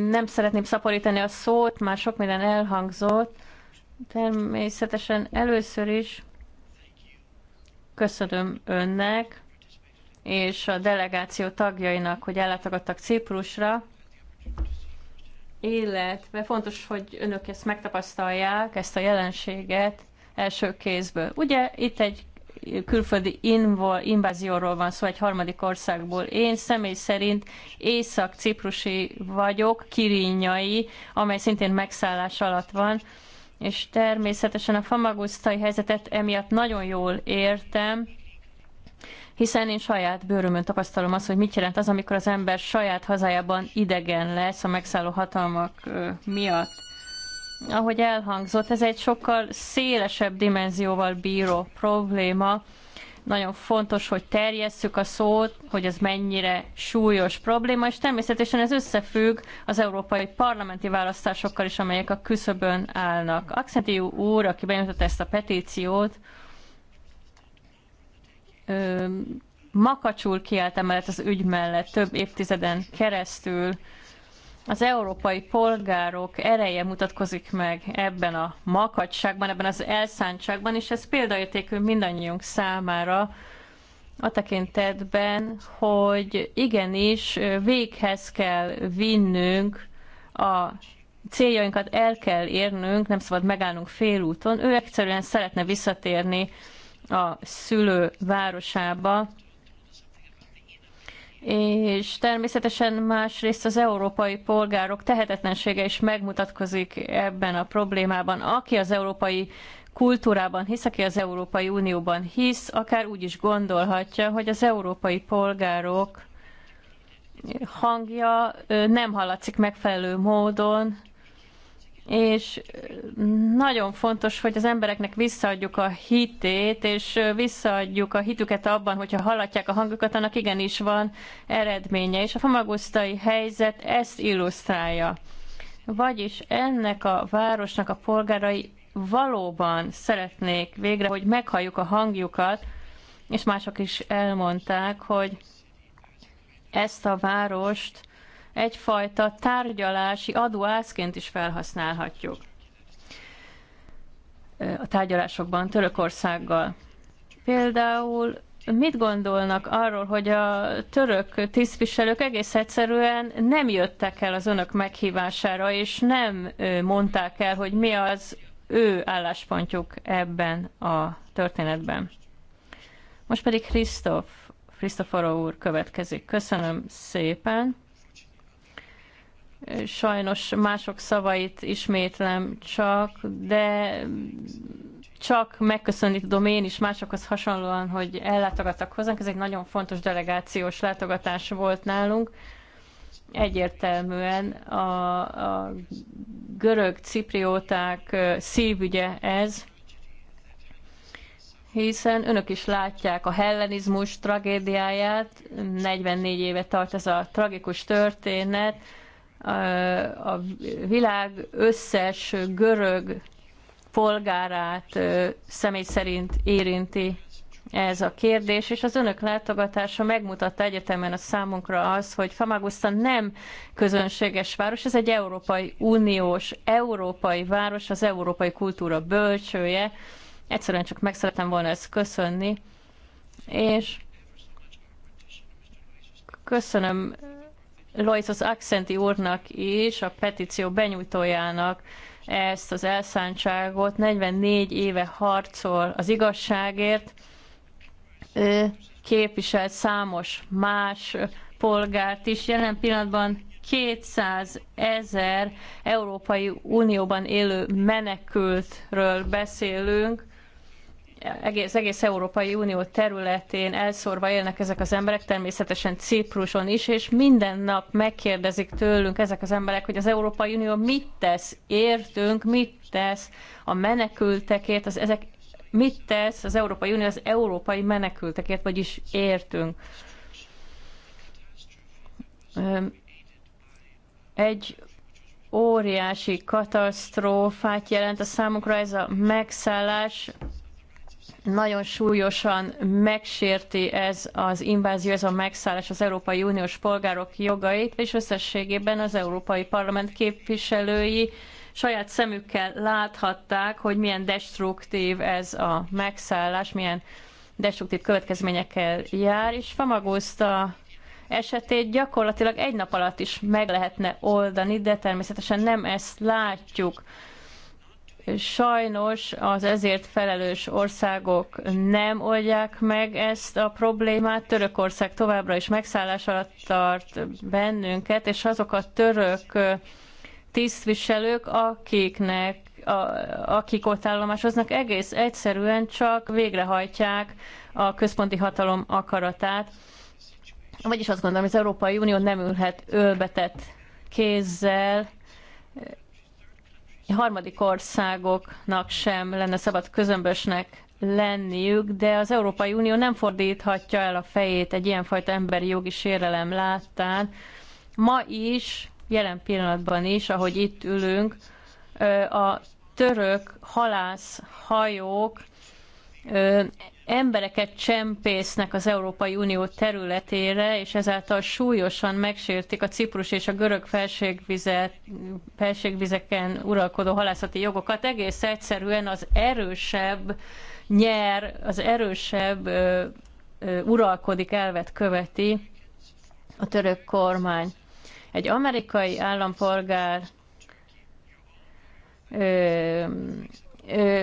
nem szeretném szaporítani a szót, már sok minden elhangzott. Természetesen először is köszönöm önnek és a delegáció tagjainak, hogy ellátogattak Ciprusra, illetve fontos, hogy önök ezt megtapasztalják, ezt a jelenséget első kézből. Ugye itt egy külföldi invol, invázióról van szó egy harmadik országból. Én személy szerint észak-ciprusi vagyok, kirinyai, amely szintén megszállás alatt van, és természetesen a famagusztai helyzetet emiatt nagyon jól értem, hiszen én saját bőrömön tapasztalom azt, hogy mit jelent az, amikor az ember saját hazájában idegen lesz a megszálló hatalmak miatt ahogy elhangzott, ez egy sokkal szélesebb dimenzióval bíró probléma. Nagyon fontos, hogy terjesszük a szót, hogy ez mennyire súlyos probléma, és természetesen ez összefügg az európai parlamenti választásokkal is, amelyek a küszöbön állnak. Akszenti úr, aki bejutott ezt a petíciót, ö, makacsul kiállt emellett az ügy mellett több évtizeden keresztül, az európai polgárok ereje mutatkozik meg ebben a makacságban, ebben az elszántságban, és ez példaértékű mindannyiunk számára a tekintetben, hogy igenis véghez kell vinnünk a céljainkat el kell érnünk, nem szabad megállnunk félúton. Ő egyszerűen szeretne visszatérni a szülő városába, és természetesen másrészt az európai polgárok tehetetlensége is megmutatkozik ebben a problémában. Aki az európai kultúrában hisz, aki az Európai Unióban hisz, akár úgy is gondolhatja, hogy az európai polgárok hangja nem hallatszik megfelelő módon és nagyon fontos, hogy az embereknek visszaadjuk a hitét, és visszaadjuk a hitüket abban, hogyha hallatják a hangjukat, annak igenis van eredménye, és a famagusztai helyzet ezt illusztrálja. Vagyis ennek a városnak a polgárai valóban szeretnék végre, hogy meghalljuk a hangjukat, és mások is elmondták, hogy ezt a várost egyfajta tárgyalási adóászként is felhasználhatjuk a tárgyalásokban Törökországgal. Például mit gondolnak arról, hogy a török tisztviselők egész egyszerűen nem jöttek el az önök meghívására, és nem mondták el, hogy mi az ő álláspontjuk ebben a történetben. Most pedig Krisztof, Krisztoforó úr következik. Köszönöm szépen sajnos mások szavait ismétlem csak, de csak megköszönni tudom én is másokhoz hasonlóan, hogy ellátogattak hozzánk. Ez egy nagyon fontos delegációs látogatás volt nálunk. Egyértelműen a, a görög ciprióták szívügye ez, hiszen önök is látják a hellenizmus tragédiáját, 44 éve tart ez a tragikus történet, a világ összes görög polgárát személy szerint érinti ez a kérdés, és az önök látogatása megmutatta egyetemen a számunkra az, hogy Famagusta nem közönséges város, ez egy Európai Uniós, európai város, az európai kultúra bölcsője. Egyszerűen csak meg szeretem volna ezt köszönni, és köszönöm Loisos Accenti úrnak is, a petíció benyújtójának ezt az elszántságot. 44 éve harcol az igazságért. Ő képviselt számos más polgárt is. Jelen pillanatban 200 ezer Európai Unióban élő menekültről beszélünk, egész, egész Európai Unió területén elszórva élnek ezek az emberek, természetesen Cipruson is, és minden nap megkérdezik tőlünk ezek az emberek, hogy az Európai Unió mit tesz értünk, mit tesz a menekültekért, az, ezek mit tesz az Európai Unió az európai menekültekért, vagyis értünk. Egy óriási katasztrófát jelent a számukra ez a megszállás, nagyon súlyosan megsérti ez az invázió, ez a megszállás az Európai Uniós polgárok jogait, és összességében az Európai Parlament képviselői saját szemükkel láthatták, hogy milyen destruktív ez a megszállás, milyen destruktív következményekkel jár, és Famagusta esetét gyakorlatilag egy nap alatt is meg lehetne oldani, de természetesen nem ezt látjuk. Sajnos az ezért felelős országok nem oldják meg ezt a problémát. Törökország továbbra is megszállás alatt tart bennünket, és azok a török tisztviselők, akiknek a, akik ott állomásoznak, egész egyszerűen csak végrehajtják a központi hatalom akaratát. Vagyis azt gondolom, hogy az Európai Unió nem ülhet ölbetett kézzel, harmadik országoknak sem lenne szabad közömbösnek lenniük, de az Európai Unió nem fordíthatja el a fejét egy ilyenfajta emberi jogi sérelem láttán. Ma is, jelen pillanatban is, ahogy itt ülünk, a török halászhajók embereket csempésznek az Európai Unió területére, és ezáltal súlyosan megsértik a Ciprus és a görög felségvizeken uralkodó halászati jogokat. Egész egyszerűen az erősebb nyer, az erősebb ö, ö, uralkodik elvet követi a török kormány. Egy amerikai állampolgár ö,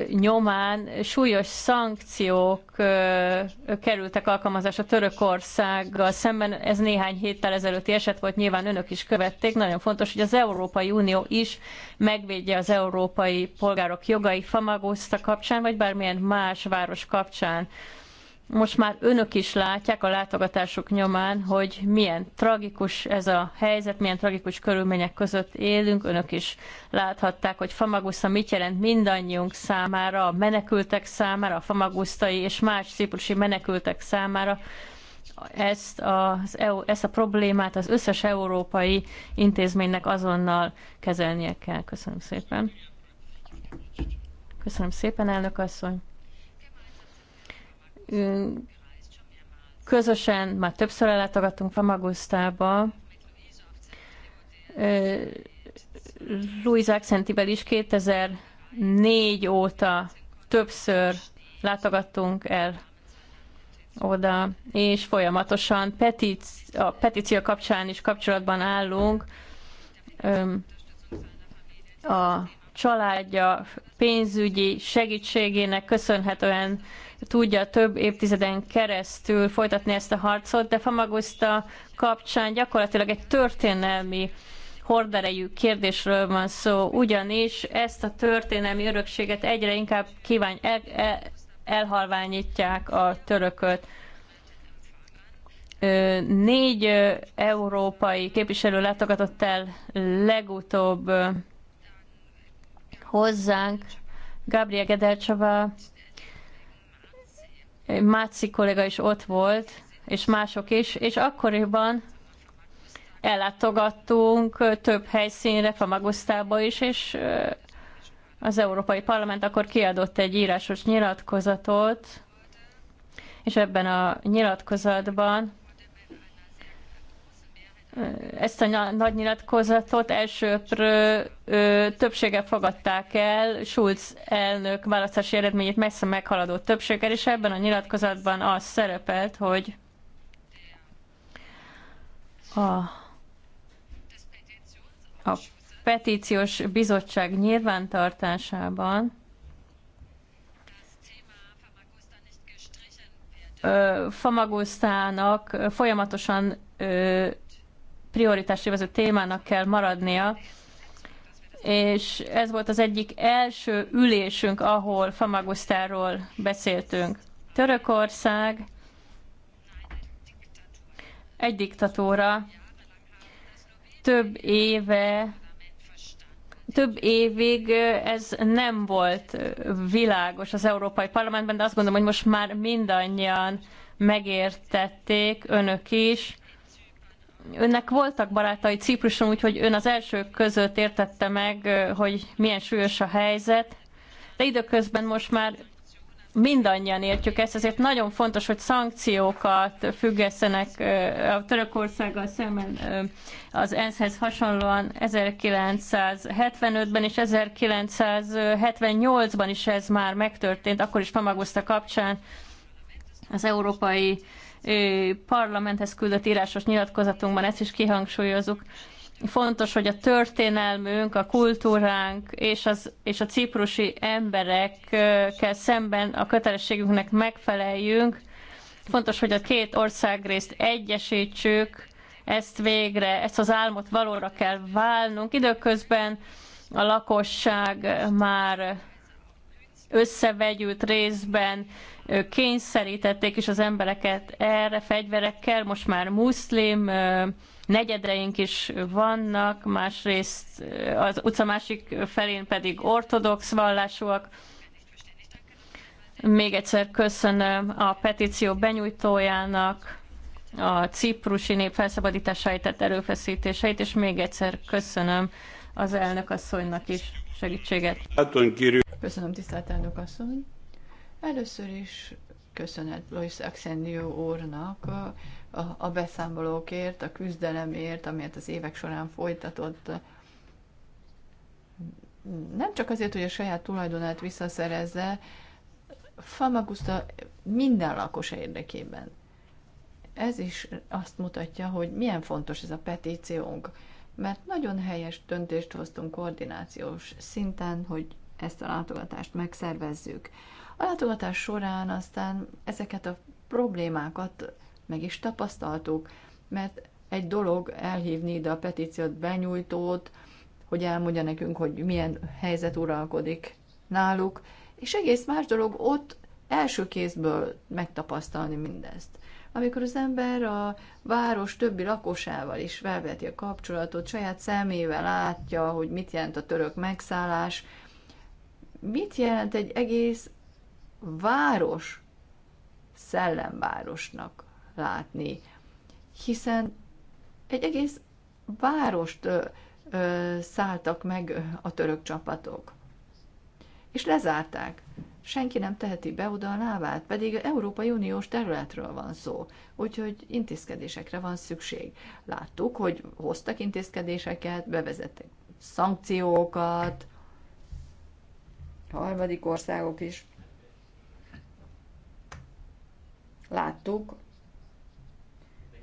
nyomán súlyos szankciók kerültek alkalmazásra Törökországgal szemben. Ez néhány héttel ezelőtti eset volt, nyilván önök is követték. Nagyon fontos, hogy az Európai Unió is megvédje az európai polgárok jogai Famagusta kapcsán, vagy bármilyen más város kapcsán most már önök is látják a látogatások nyomán, hogy milyen tragikus ez a helyzet, milyen tragikus körülmények között élünk. Önök is láthatták, hogy Famagusza mit jelent mindannyiunk számára, a menekültek számára, a famagusztai és más ciprusi menekültek számára. Ezt, az, e ezt a problémát az összes európai intézménynek azonnal kezelnie kell. Köszönöm szépen. Köszönöm szépen, elnök asszony közösen már többször ellátogattunk Famagusztába, Louis Accentivel is 2004 óta többször látogattunk el oda, és folyamatosan petíci- a petíció kapcsán is kapcsolatban állunk. A családja pénzügyi segítségének köszönhetően tudja több évtizeden keresztül folytatni ezt a harcot, de Famagusta kapcsán gyakorlatilag egy történelmi horderejű kérdésről van szó, ugyanis ezt a történelmi örökséget egyre inkább kívánj, el, el, elhalványítják a törököt. Négy európai képviselő látogatott el legutóbb hozzánk, Gabriel Gedelcsava, Máci kollega is ott volt, és mások is, és akkoriban ellátogattunk több helyszínre, Famagusztába is, és az Európai Parlament akkor kiadott egy írásos nyilatkozatot, és ebben a nyilatkozatban ezt a nagy nyilatkozatot elsőprő többséggel fogadták el, Schulz elnök választási eredményét messze meghaladó többséggel, és ebben a nyilatkozatban az szerepelt, hogy a, a petíciós bizottság nyilvántartásában Famagusztának folyamatosan prioritási vezető témának kell maradnia, és ez volt az egyik első ülésünk, ahol Famagusztáról beszéltünk. Törökország egy diktatúra több éve több évig ez nem volt világos az Európai Parlamentben, de azt gondolom, hogy most már mindannyian megértették, önök is, önnek voltak barátai Cipruson, úgyhogy ön az elsők között értette meg, hogy milyen súlyos a helyzet, de időközben most már mindannyian értjük ezt, ezért nagyon fontos, hogy szankciókat függessenek a Törökországgal szemben az ENSZ-hez hasonlóan 1975-ben és 1978-ban is ez már megtörtént, akkor is Famagusta kapcsán az európai parlamenthez küldött írásos nyilatkozatunkban ezt is kihangsúlyozunk. Fontos, hogy a történelmünk, a kultúránk és, az, és a ciprusi emberekkel szemben a kötelességünknek megfeleljünk. Fontos, hogy a két országrészt egyesítsük, ezt végre, ezt az álmot valóra kell válnunk. Időközben a lakosság már összevegyült részben kényszerítették is az embereket erre fegyverekkel, most már muszlim negyedeink is vannak, másrészt az utca másik felén pedig ortodox vallásúak. Még egyszer köszönöm a petíció benyújtójának, a ciprusi nép felszabadításáért tett erőfeszítéseit, és még egyszer köszönöm az elnök asszonynak is segítséget. Köszönöm, tisztelt elnök asszony. Először is köszönet Lois Axenio úrnak a, a beszámolókért, a küzdelemért, amelyet az évek során folytatott. Nem csak azért, hogy a saját tulajdonát visszaszerezze, Famagusta minden lakos érdekében. Ez is azt mutatja, hogy milyen fontos ez a petíciónk mert nagyon helyes döntést hoztunk koordinációs szinten, hogy ezt a látogatást megszervezzük. A látogatás során aztán ezeket a problémákat meg is tapasztaltuk, mert egy dolog elhívni ide a petíciót benyújtót, hogy elmondja nekünk, hogy milyen helyzet uralkodik náluk, és egész más dolog ott első kézből megtapasztalni mindezt amikor az ember a város többi lakosával is felveti a kapcsolatot, saját szemével látja, hogy mit jelent a török megszállás, mit jelent egy egész város szellemvárosnak látni, hiszen egy egész várost ö, ö, szálltak meg a török csapatok, és lezárták senki nem teheti be oda a lábát, pedig Európai Uniós területről van szó, úgyhogy intézkedésekre van szükség. Láttuk, hogy hoztak intézkedéseket, bevezettek szankciókat, harmadik országok is. Láttuk,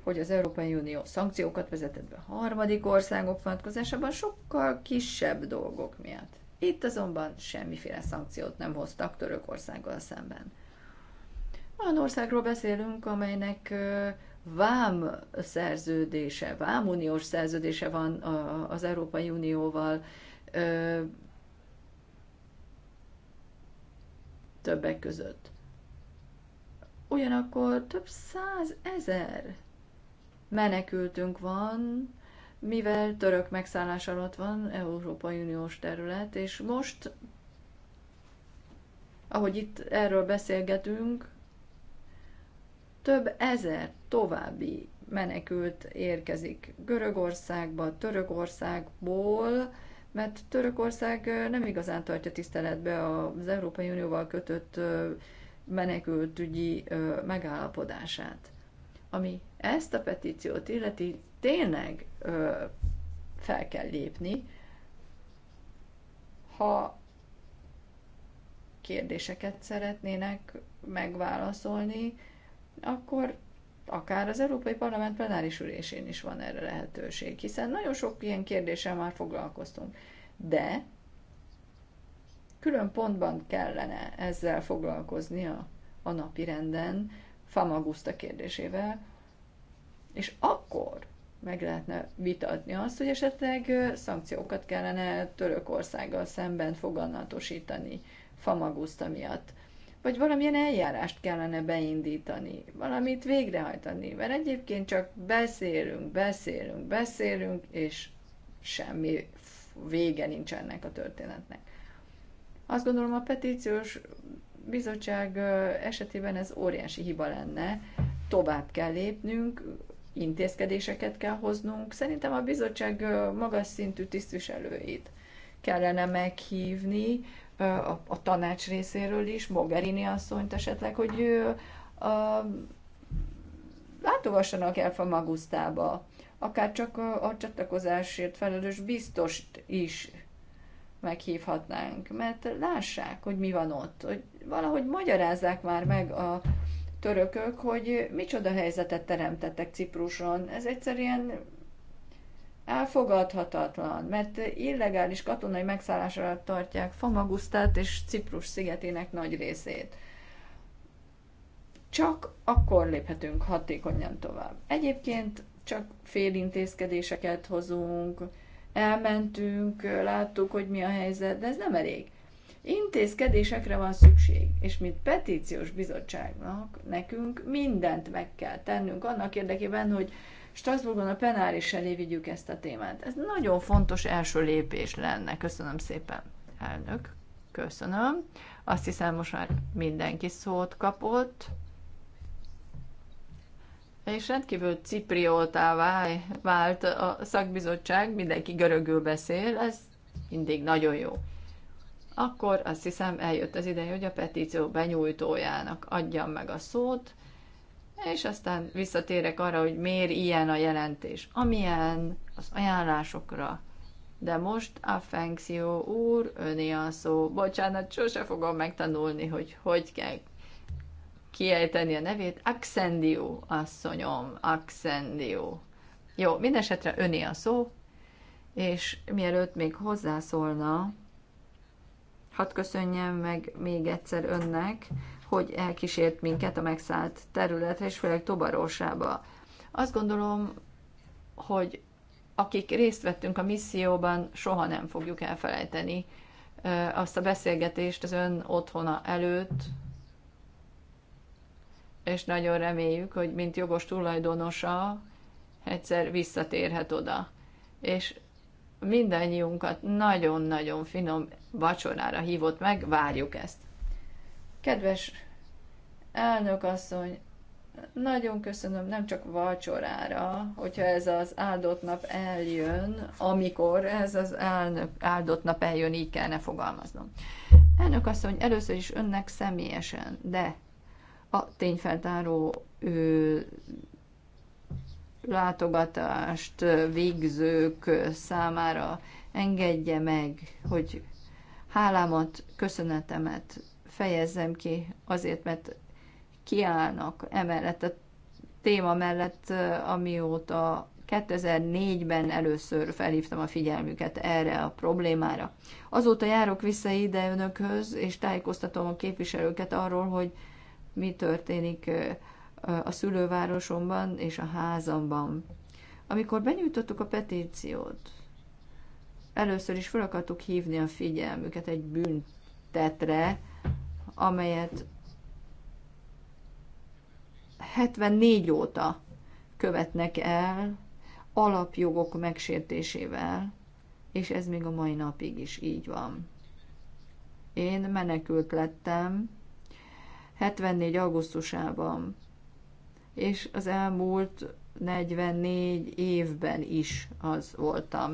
hogy az Európai Unió szankciókat vezetett be harmadik országok vonatkozásában sokkal kisebb dolgok miatt. Itt azonban semmiféle szankciót nem hoztak Törökországgal szemben. Olyan országról beszélünk, amelynek vám szerződése, uniós szerződése van az Európai Unióval, többek között. Ugyanakkor több száz menekültünk van, mivel török megszállás alatt van Európai Uniós terület, és most, ahogy itt erről beszélgetünk, több ezer további menekült érkezik Görögországba, Törökországból, mert Törökország nem igazán tartja tiszteletbe az Európai Unióval kötött menekültügyi megállapodását. Ami ezt a petíciót illeti, tényleg ö, fel kell lépni, ha kérdéseket szeretnének megválaszolni, akkor akár az Európai Parlament plenáris ülésén is van erre lehetőség, hiszen nagyon sok ilyen kérdéssel már foglalkoztunk. De külön pontban kellene ezzel foglalkozni a, a napi renden, Famagusta kérdésével, és akkor meg lehetne vitatni azt, hogy esetleg szankciókat kellene Törökországgal szemben fogalmatosítani famaguszta miatt. Vagy valamilyen eljárást kellene beindítani, valamit végrehajtani, mert egyébként csak beszélünk, beszélünk, beszélünk, és semmi vége nincs ennek a történetnek. Azt gondolom a petíciós bizottság esetében ez óriási hiba lenne, tovább kell lépnünk, intézkedéseket kell hoznunk. Szerintem a bizottság magas szintű tisztviselőit kellene meghívni, a tanács részéről is, Mogherini asszonyt esetleg, hogy ő, a, látogassanak el Famagusztába, akár csak a, a csatlakozásért felelős biztos is meghívhatnánk, mert lássák, hogy mi van ott, hogy valahogy magyarázzák már meg a törökök, hogy micsoda helyzetet teremtettek Cipruson. Ez egyszerűen elfogadhatatlan, mert illegális katonai megszállás alatt tartják Famagusztát és Ciprus szigetének nagy részét. Csak akkor léphetünk hatékonyan tovább. Egyébként csak félintézkedéseket hozunk, elmentünk, láttuk, hogy mi a helyzet, de ez nem elég. Intézkedésekre van szükség, és mint petíciós bizottságnak nekünk mindent meg kell tennünk annak érdekében, hogy Strasbourgon a penális elé vigyük ezt a témát. Ez nagyon fontos első lépés lenne. Köszönöm szépen, elnök. Köszönöm. Azt hiszem, most már mindenki szót kapott. És rendkívül cipriótá vált a szakbizottság, mindenki görögül beszél, ez mindig nagyon jó akkor azt hiszem eljött az ideje, hogy a petíció benyújtójának adjam meg a szót, és aztán visszatérek arra, hogy miért ilyen a jelentés, amilyen az ajánlásokra. De most a Fengxió úr, öné a szó. Bocsánat, sose fogom megtanulni, hogy hogy kell kiejteni a nevét. Axendió, asszonyom, Axendió. Jó, mindesetre öné a szó, és mielőtt még hozzászólna, Hadd köszönjem meg még egyszer önnek, hogy elkísért minket a megszállt területre, és főleg Tobarósába. Azt gondolom, hogy akik részt vettünk a misszióban, soha nem fogjuk elfelejteni azt a beszélgetést az ön otthona előtt, és nagyon reméljük, hogy mint jogos tulajdonosa egyszer visszatérhet oda. És mindannyiunkat nagyon-nagyon finom vacsorára hívott meg, várjuk ezt. Kedves elnök asszony, nagyon köszönöm nem csak vacsorára, hogyha ez az áldott nap eljön, amikor ez az elnök áldott nap eljön, így kellene fogalmaznom. Elnök asszony, először is önnek személyesen, de a tényfeltáró ő, látogatást végzők számára engedje meg, hogy hálámat, köszönetemet fejezzem ki azért, mert kiállnak emellett a téma mellett, amióta 2004-ben először felhívtam a figyelmüket erre a problémára. Azóta járok vissza ide önökhöz, és tájékoztatom a képviselőket arról, hogy mi történik a szülővárosomban és a házamban. Amikor benyújtottuk a petíciót, először is fel akartuk hívni a figyelmüket egy büntetre, amelyet 74 óta követnek el alapjogok megsértésével, és ez még a mai napig is így van. Én menekült lettem 74. augusztusában és az elmúlt 44 évben is az voltam.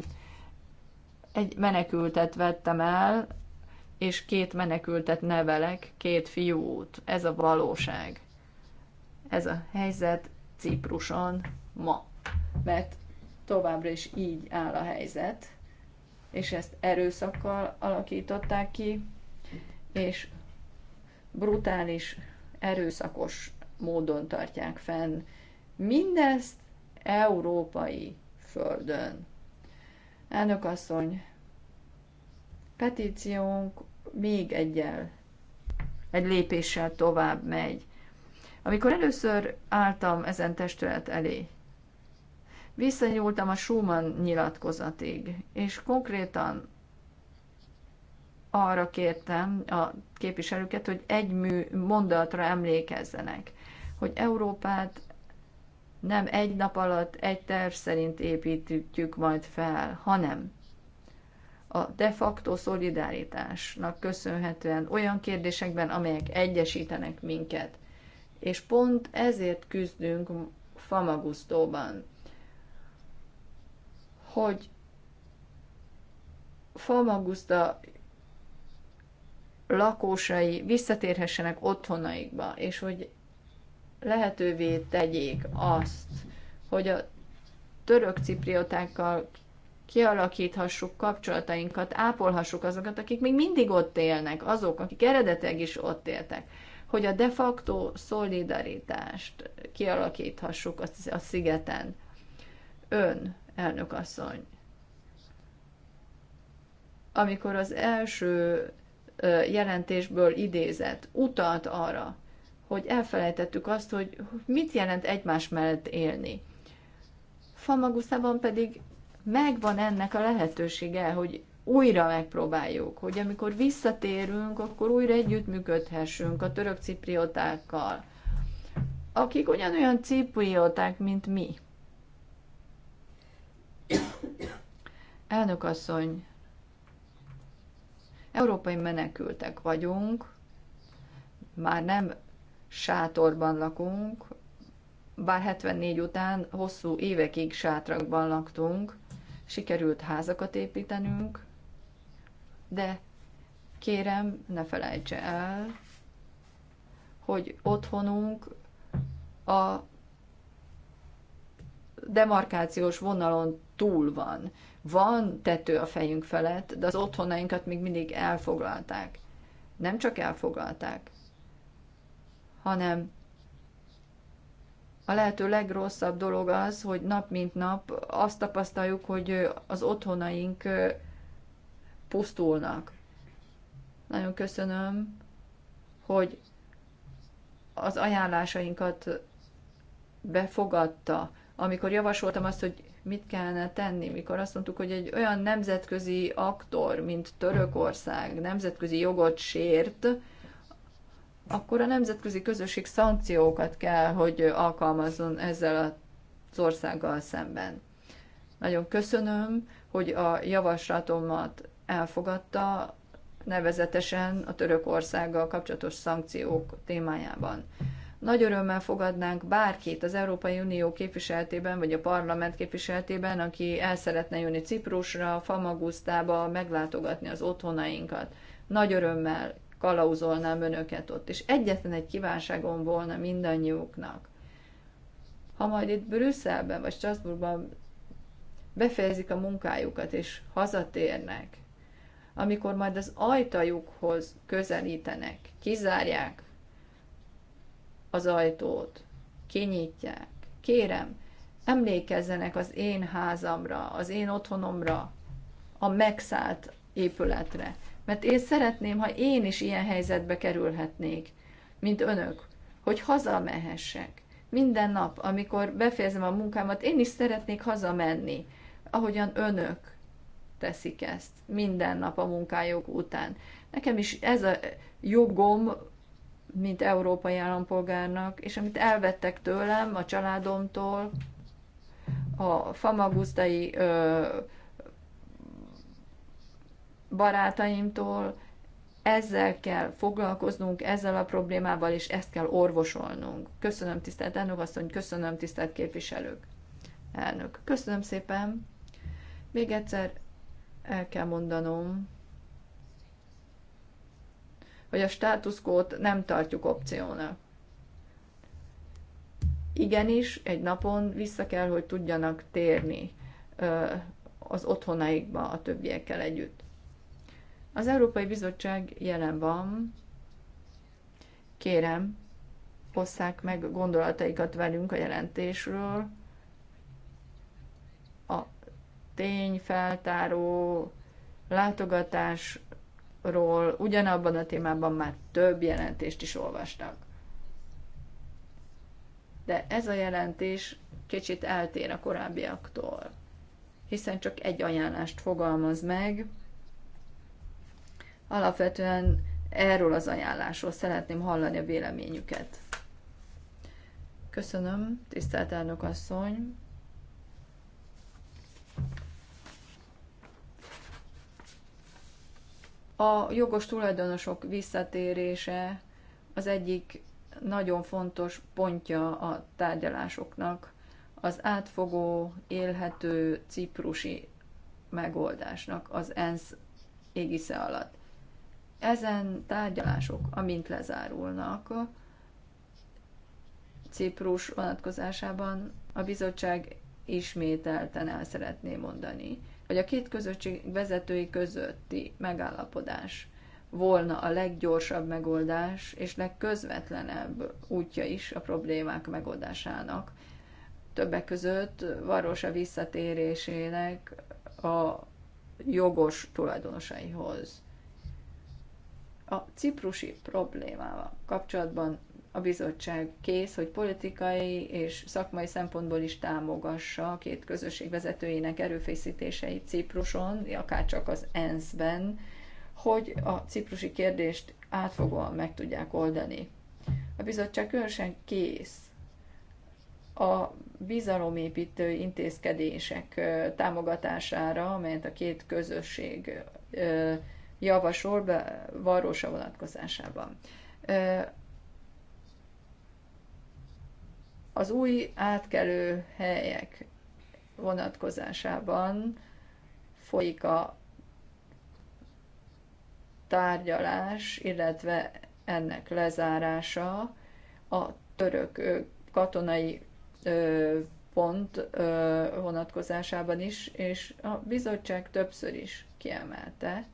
Egy menekültet vettem el, és két menekültet nevelek, két fiút. Ez a valóság. Ez a helyzet Cipruson ma. Mert továbbra is így áll a helyzet, és ezt erőszakkal alakították ki, és brutális, erőszakos módon tartják fenn. Mindezt európai földön. Elnök asszony, petíciónk még egyel, egy lépéssel tovább megy. Amikor először álltam ezen testület elé, visszanyúltam a Schumann nyilatkozatig, és konkrétan arra kértem a képviselőket, hogy egy mű mondatra emlékezzenek hogy Európát nem egy nap alatt, egy terv szerint építjük majd fel, hanem a de facto szolidaritásnak köszönhetően olyan kérdésekben, amelyek egyesítenek minket. És pont ezért küzdünk Famagusztóban, hogy Famagusta lakósai visszatérhessenek otthonaikba, és hogy lehetővé tegyék azt, hogy a török cipriotákkal kialakíthassuk kapcsolatainkat, ápolhassuk azokat, akik még mindig ott élnek, azok, akik eredetileg is ott éltek, hogy a de facto szolidaritást kialakíthassuk a szigeten. Ön, elnök asszony, amikor az első jelentésből idézett, utalt arra, hogy elfelejtettük azt, hogy mit jelent egymás mellett élni. Famaguszában pedig megvan ennek a lehetősége, hogy újra megpróbáljuk, hogy amikor visszatérünk, akkor újra együttműködhessünk a török cipriotákkal, akik ugyanolyan ciprioták, mint mi. Elnök asszony, európai menekültek vagyunk, már nem sátorban lakunk, bár 74 után hosszú évekig sátrakban laktunk, sikerült házakat építenünk, de kérem, ne felejtse el, hogy otthonunk a demarkációs vonalon túl van. Van tető a fejünk felett, de az otthonainkat még mindig elfoglalták. Nem csak elfoglalták, hanem a lehető legrosszabb dolog az, hogy nap mint nap azt tapasztaljuk, hogy az otthonaink pusztulnak. Nagyon köszönöm, hogy az ajánlásainkat befogadta. Amikor javasoltam azt, hogy mit kellene tenni, mikor azt mondtuk, hogy egy olyan nemzetközi aktor, mint Törökország, nemzetközi jogot sért, akkor a nemzetközi közösség szankciókat kell, hogy alkalmazzon ezzel az országgal szemben. Nagyon köszönöm, hogy a javaslatomat elfogadta, nevezetesen a országgal kapcsolatos szankciók témájában. Nagy örömmel fogadnánk bárkit az Európai Unió képviseltében, vagy a parlament képviseltében, aki el szeretne jönni Ciprusra, Famagusztába, meglátogatni az otthonainkat. Nagy örömmel kalauzolnám önöket ott. És egyetlen egy kívánságom volna mindannyiuknak. Ha majd itt Brüsszelben vagy Strasbourgban befejezik a munkájukat és hazatérnek, amikor majd az ajtajukhoz közelítenek, kizárják az ajtót, kinyitják. Kérem, emlékezzenek az én házamra, az én otthonomra, a megszállt épületre. Mert én szeretném, ha én is ilyen helyzetbe kerülhetnék, mint önök, hogy hazamehessek. Minden nap, amikor befejezem a munkámat, én is szeretnék hazamenni, ahogyan önök teszik ezt minden nap a munkájuk után. Nekem is ez a jogom, mint európai állampolgárnak, és amit elvettek tőlem, a családomtól, a famagusztai barátaimtól, ezzel kell foglalkoznunk, ezzel a problémával, és ezt kell orvosolnunk. Köszönöm, tisztelt elnök asszony, köszönöm, tisztelt képviselők. Elnök, köszönöm szépen. Még egyszer el kell mondanom, hogy a státuszkót nem tartjuk opciónak. Igenis, egy napon vissza kell, hogy tudjanak térni az otthonaikba a többiekkel együtt. Az Európai Bizottság jelen van. Kérem, osszák meg gondolataikat velünk a jelentésről. A tényfeltáró látogatásról ugyanabban a témában már több jelentést is olvastak. De ez a jelentés kicsit eltér a korábbiaktól, hiszen csak egy ajánlást fogalmaz meg, Alapvetően erről az ajánlásról szeretném hallani a véleményüket. Köszönöm, tisztelt elnök asszony. A jogos tulajdonosok visszatérése az egyik nagyon fontos pontja a tárgyalásoknak, az átfogó, élhető ciprusi megoldásnak az ENSZ égisze alatt. Ezen tárgyalások, amint lezárulnak, Ciprus vonatkozásában a bizottság ismételten el szeretné mondani, hogy a két közösség vezetői közötti megállapodás volna a leggyorsabb megoldás és legközvetlenebb útja is a problémák megoldásának. Többek között Varosa visszatérésének a jogos tulajdonosaihoz. A ciprusi problémával kapcsolatban a bizottság kész, hogy politikai és szakmai szempontból is támogassa a két közösség vezetőinek erőfészítéseit Cipruson, akár csak az ENSZ-ben, hogy a ciprusi kérdést átfogóan meg tudják oldani. A bizottság különösen kész a bizalomépítő intézkedések támogatására, amelyet a két közösség javasol be varrósa vonatkozásában. Az új átkelő helyek vonatkozásában folyik a tárgyalás, illetve ennek lezárása a török katonai pont vonatkozásában is, és a bizottság többször is kiemelte,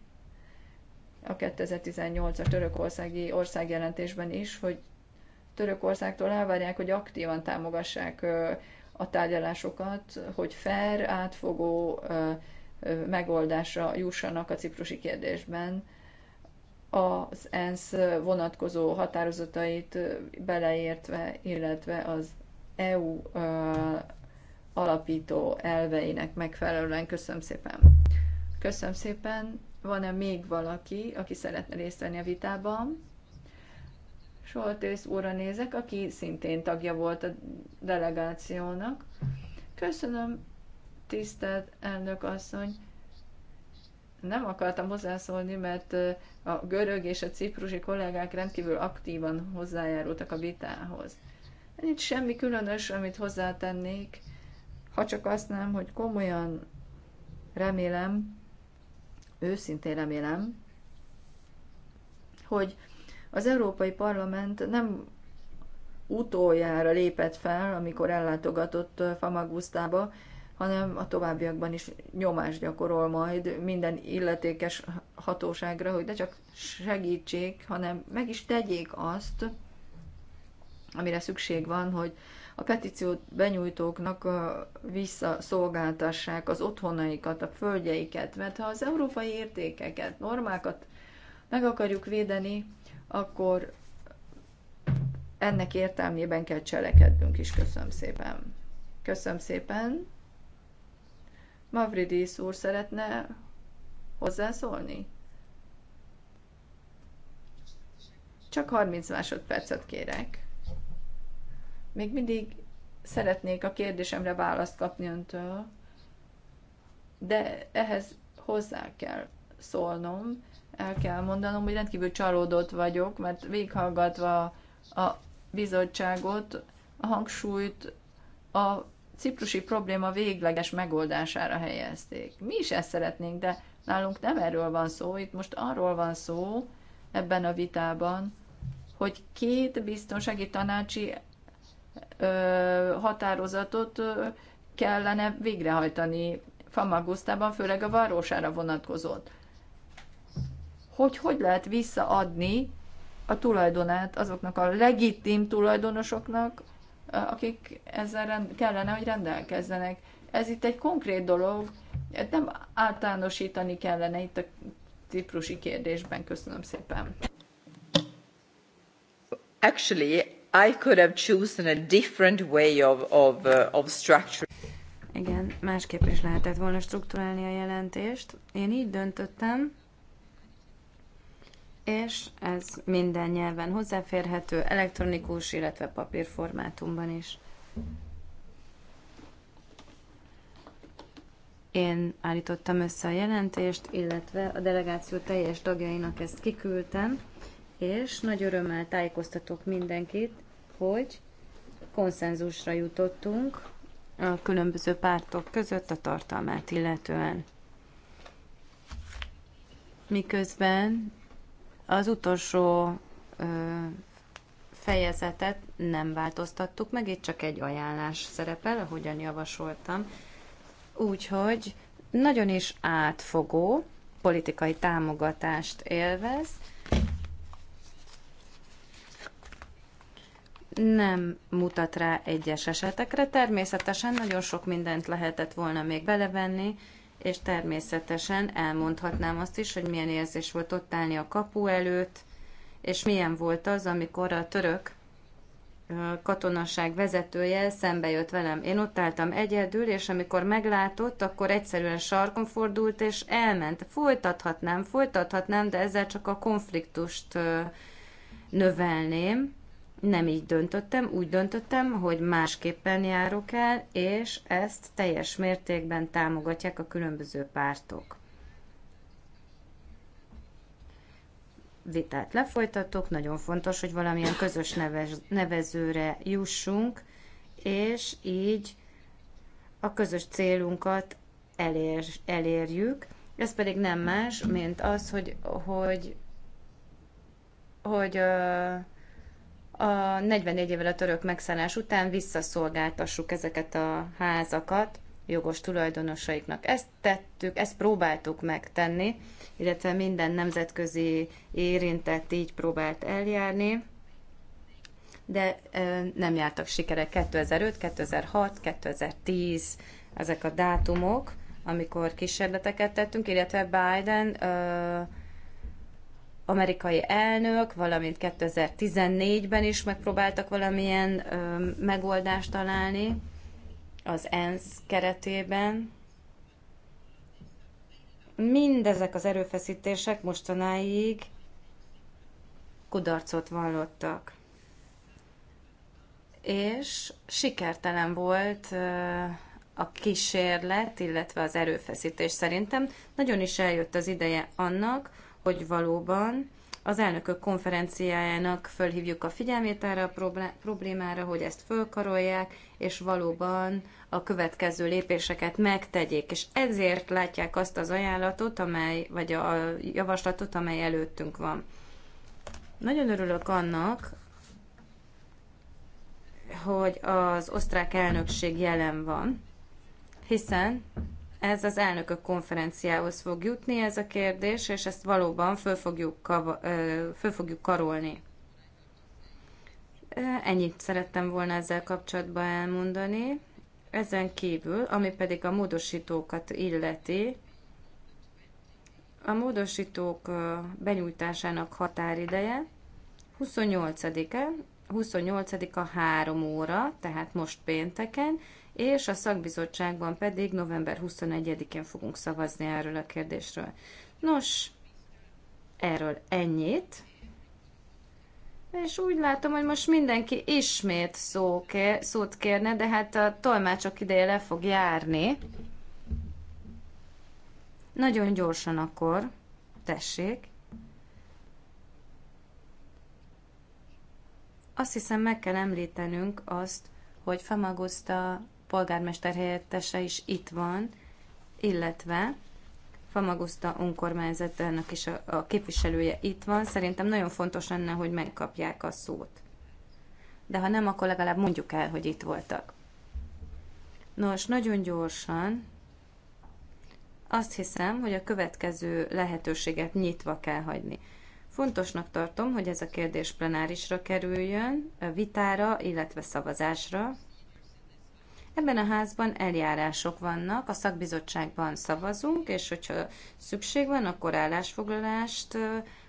a 2018-as törökországi országjelentésben is, hogy Törökországtól elvárják, hogy aktívan támogassák a tárgyalásokat, hogy fair, átfogó megoldásra jussanak a ciprusi kérdésben. Az ENSZ vonatkozó határozatait beleértve, illetve az EU alapító elveinek megfelelően. Köszönöm szépen! Köszönöm szépen! van-e még valaki, aki szeretne részt venni a vitában? Soltész úra nézek, aki szintén tagja volt a delegációnak. Köszönöm, tisztelt elnök asszony. Nem akartam hozzászólni, mert a görög és a ciprusi kollégák rendkívül aktívan hozzájárultak a vitához. Nincs semmi különös, amit hozzátennék, ha csak azt nem, hogy komolyan remélem, őszintén remélem, hogy az Európai Parlament nem utoljára lépett fel, amikor ellátogatott Famagusztába, hanem a továbbiakban is nyomást gyakorol majd minden illetékes hatóságra, hogy ne csak segítsék, hanem meg is tegyék azt, amire szükség van, hogy a petíciót benyújtóknak visszaszolgáltassák az otthonaikat, a földjeiket, mert ha az európai értékeket, normákat meg akarjuk védeni, akkor ennek értelmében kell cselekednünk is. Köszönöm szépen. Köszönöm szépen. Mavridis úr szeretne hozzászólni? Csak 30 másodpercet kérek. Még mindig szeretnék a kérdésemre választ kapni öntől, de ehhez hozzá kell szólnom, el kell mondanom, hogy rendkívül csalódott vagyok, mert véghallgatva a bizottságot, a hangsúlyt a ciprusi probléma végleges megoldására helyezték. Mi is ezt szeretnénk, de nálunk nem erről van szó, itt most arról van szó ebben a vitában, hogy két biztonsági tanácsi határozatot kellene végrehajtani Famagusztában, főleg a városára vonatkozott. Hogy hogy lehet visszaadni a tulajdonát azoknak a legitim tulajdonosoknak, akik ezzel rend, kellene, hogy rendelkezzenek. Ez itt egy konkrét dolog, nem általánosítani kellene itt a ciprusi kérdésben. Köszönöm szépen. Actually, I could have chosen a different way of, of, uh, of structure. Igen, másképp is lehetett volna struktúrálni a jelentést. Én így döntöttem, és ez minden nyelven hozzáférhető, elektronikus, illetve papírformátumban is. Én állítottam össze a jelentést, illetve a delegáció teljes tagjainak ezt kiküldtem, és nagy örömmel tájékoztatok mindenkit, hogy konszenzusra jutottunk a különböző pártok között a tartalmát illetően. Miközben az utolsó ö, fejezetet nem változtattuk meg, itt csak egy ajánlás szerepel, ahogyan javasoltam. Úgyhogy nagyon is átfogó politikai támogatást élvez, nem mutat rá egyes esetekre. Természetesen nagyon sok mindent lehetett volna még belevenni, és természetesen elmondhatnám azt is, hogy milyen érzés volt ott állni a kapu előtt, és milyen volt az, amikor a török katonasság vezetője szembe jött velem. Én ott álltam egyedül, és amikor meglátott, akkor egyszerűen sarkon fordult, és elment. Folytathatnám, folytathatnám, de ezzel csak a konfliktust növelném nem így döntöttem, úgy döntöttem, hogy másképpen járok el, és ezt teljes mértékben támogatják a különböző pártok. Vitát lefolytatok, nagyon fontos, hogy valamilyen közös nevez, nevezőre jussunk, és így a közös célunkat elér, elérjük. Ez pedig nem más, mint az, hogy, hogy, hogy, hogy a 44 évvel a török megszállás után visszaszolgáltassuk ezeket a házakat jogos tulajdonosaiknak. Ezt tettük, ezt próbáltuk megtenni, illetve minden nemzetközi érintett így próbált eljárni, de nem jártak sikerek 2005, 2006, 2010 ezek a dátumok, amikor kísérleteket tettünk, illetve Biden amerikai elnök, valamint 2014-ben is megpróbáltak valamilyen ö, megoldást találni az ENSZ keretében. Mindezek az erőfeszítések mostanáig kudarcot vallottak. És sikertelen volt ö, a kísérlet, illetve az erőfeszítés szerintem. Nagyon is eljött az ideje annak, hogy valóban az elnökök konferenciájának fölhívjuk a figyelmét erre a problémára, hogy ezt fölkarolják, és valóban a következő lépéseket megtegyék. És ezért látják azt az ajánlatot, amely, vagy a javaslatot, amely előttünk van. Nagyon örülök annak, hogy az osztrák elnökség jelen van, hiszen ez az elnökök konferenciához fog jutni ez a kérdés, és ezt valóban föl fogjuk, kava, föl fogjuk karolni. Ennyit szerettem volna ezzel kapcsolatban elmondani. Ezen kívül, ami pedig a módosítókat illeti, a módosítók benyújtásának határideje 28-e, 28-a 3 óra, tehát most pénteken, és a szakbizottságban pedig november 21-én fogunk szavazni erről a kérdésről. Nos, erről ennyit. És úgy látom, hogy most mindenki ismét szó kér, szót kérne, de hát a tolmácsok ideje le fog járni. Nagyon gyorsan akkor, tessék. Azt hiszem meg kell említenünk azt, hogy Famagusta polgármester helyettese is itt van, illetve Famagusta önkormányzatának is a, a képviselője itt van. Szerintem nagyon fontos lenne, hogy megkapják a szót. De ha nem, akkor legalább mondjuk el, hogy itt voltak. Nos, nagyon gyorsan azt hiszem, hogy a következő lehetőséget nyitva kell hagyni. Fontosnak tartom, hogy ez a kérdés plenárisra kerüljön, vitára, illetve szavazásra. Ebben a házban eljárások vannak, a szakbizottságban szavazunk, és hogyha szükség van, akkor állásfoglalást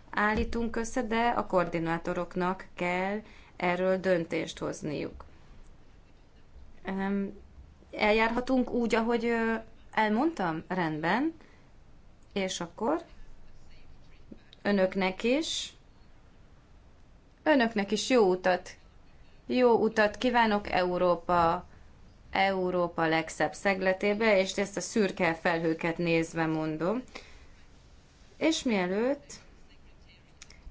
állítunk össze, de a koordinátoroknak kell erről döntést hozniuk. Eljárhatunk úgy, ahogy elmondtam? Rendben. És akkor? Önöknek is. Önöknek is jó utat. Jó utat kívánok Európa Európa legszebb szegletébe, és ezt a szürke felhőket nézve mondom. És mielőtt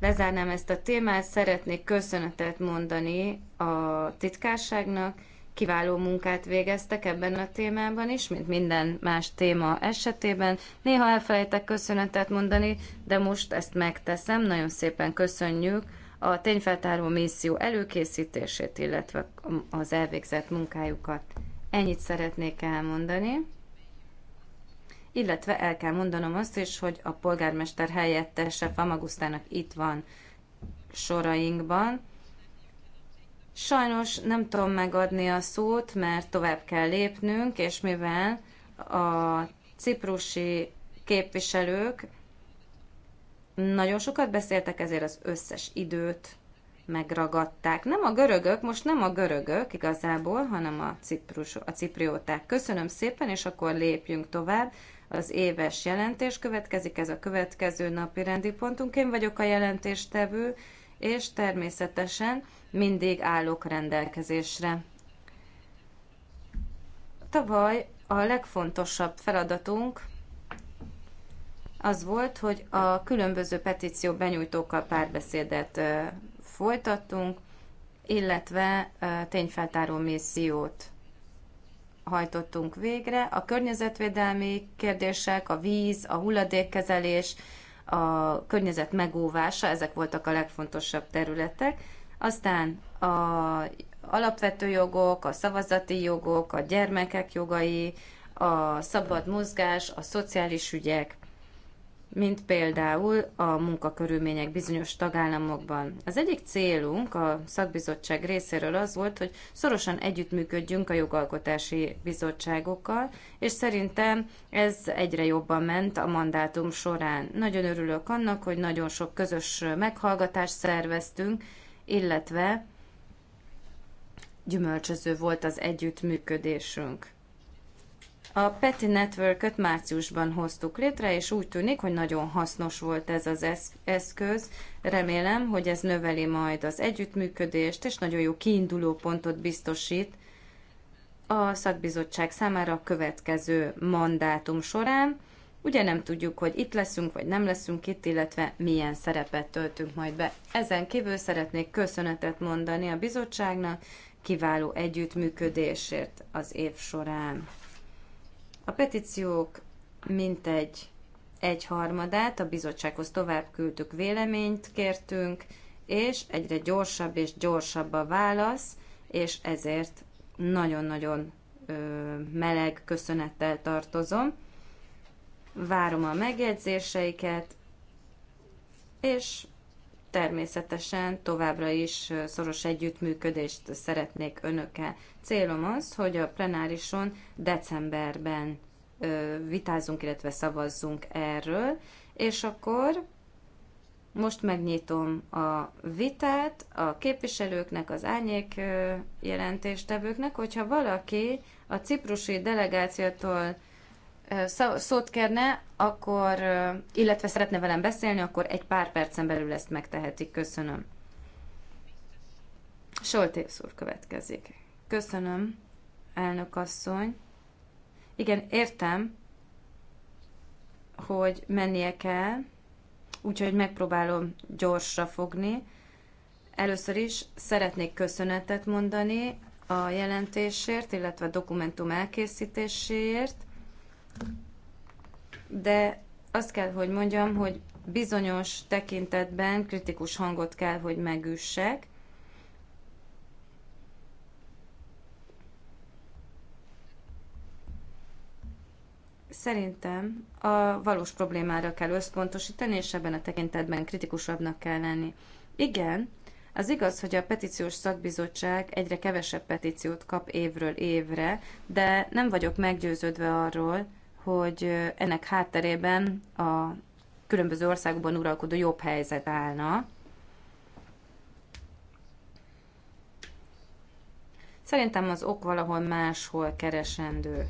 lezárnám ezt a témát, szeretnék köszönetet mondani a titkárságnak, kiváló munkát végeztek ebben a témában is, mint minden más téma esetében. Néha elfelejtek köszönetet mondani, de most ezt megteszem. Nagyon szépen köszönjük a tényfeltáró misszió előkészítését, illetve az elvégzett munkájukat. Ennyit szeretnék elmondani. Illetve el kell mondanom azt is, hogy a polgármester helyettese Famagusztának itt van sorainkban. Sajnos nem tudom megadni a szót, mert tovább kell lépnünk, és mivel a ciprusi képviselők nagyon sokat beszéltek, ezért az összes időt megragadták. Nem a görögök, most nem a görögök igazából, hanem a, ciprus, a ciprióták. Köszönöm szépen, és akkor lépjünk tovább. Az éves jelentés következik, ez a következő napi rendi pontunk. Én vagyok a jelentéstevő, és természetesen mindig állok rendelkezésre. Tavaly a legfontosabb feladatunk az volt, hogy a különböző petíció benyújtókkal párbeszédet folytattunk, illetve tényfeltáró missziót hajtottunk végre. A környezetvédelmi kérdések, a víz, a hulladékkezelés, a környezet megóvása, ezek voltak a legfontosabb területek. Aztán a alapvető jogok, a szavazati jogok, a gyermekek jogai, a szabad mozgás, a szociális ügyek, mint például a munkakörülmények bizonyos tagállamokban. Az egyik célunk a szakbizottság részéről az volt, hogy szorosan együttműködjünk a jogalkotási bizottságokkal, és szerintem ez egyre jobban ment a mandátum során. Nagyon örülök annak, hogy nagyon sok közös meghallgatást szerveztünk, illetve gyümölcsöző volt az együttműködésünk. A Peti network márciusban hoztuk létre, és úgy tűnik, hogy nagyon hasznos volt ez az eszköz. Remélem, hogy ez növeli majd az együttműködést, és nagyon jó kiinduló pontot biztosít a szakbizottság számára a következő mandátum során. Ugye nem tudjuk, hogy itt leszünk, vagy nem leszünk itt, illetve milyen szerepet töltünk majd be. Ezen kívül szeretnék köszönetet mondani a bizottságnak kiváló együttműködésért az év során. A petíciók mintegy egyharmadát a bizottsághoz tovább küldtük, véleményt kértünk, és egyre gyorsabb és gyorsabb a válasz, és ezért nagyon-nagyon meleg köszönettel tartozom. Várom a megjegyzéseiket, és természetesen továbbra is szoros együttműködést szeretnék önökkel. Célom az, hogy a plenárison decemberben vitázunk, illetve szavazzunk erről, és akkor most megnyitom a vitát a képviselőknek, az ányék jelentéstevőknek, hogyha valaki a ciprusi delegációtól szót kérne, akkor, illetve szeretne velem beszélni, akkor egy pár percen belül ezt megtehetik. Köszönöm. Soltész úr következik. Köszönöm, elnök asszony. Igen, értem, hogy mennie kell, úgyhogy megpróbálom gyorsra fogni. Először is szeretnék köszönetet mondani a jelentésért, illetve a dokumentum elkészítéséért de azt kell, hogy mondjam, hogy bizonyos tekintetben kritikus hangot kell, hogy megüssek. Szerintem a valós problémára kell összpontosítani, és ebben a tekintetben kritikusabbnak kell lenni. Igen, az igaz, hogy a petíciós szakbizottság egyre kevesebb petíciót kap évről évre, de nem vagyok meggyőződve arról, hogy ennek hátterében a különböző országokban uralkodó jobb helyzet állna. Szerintem az ok valahol máshol keresendő.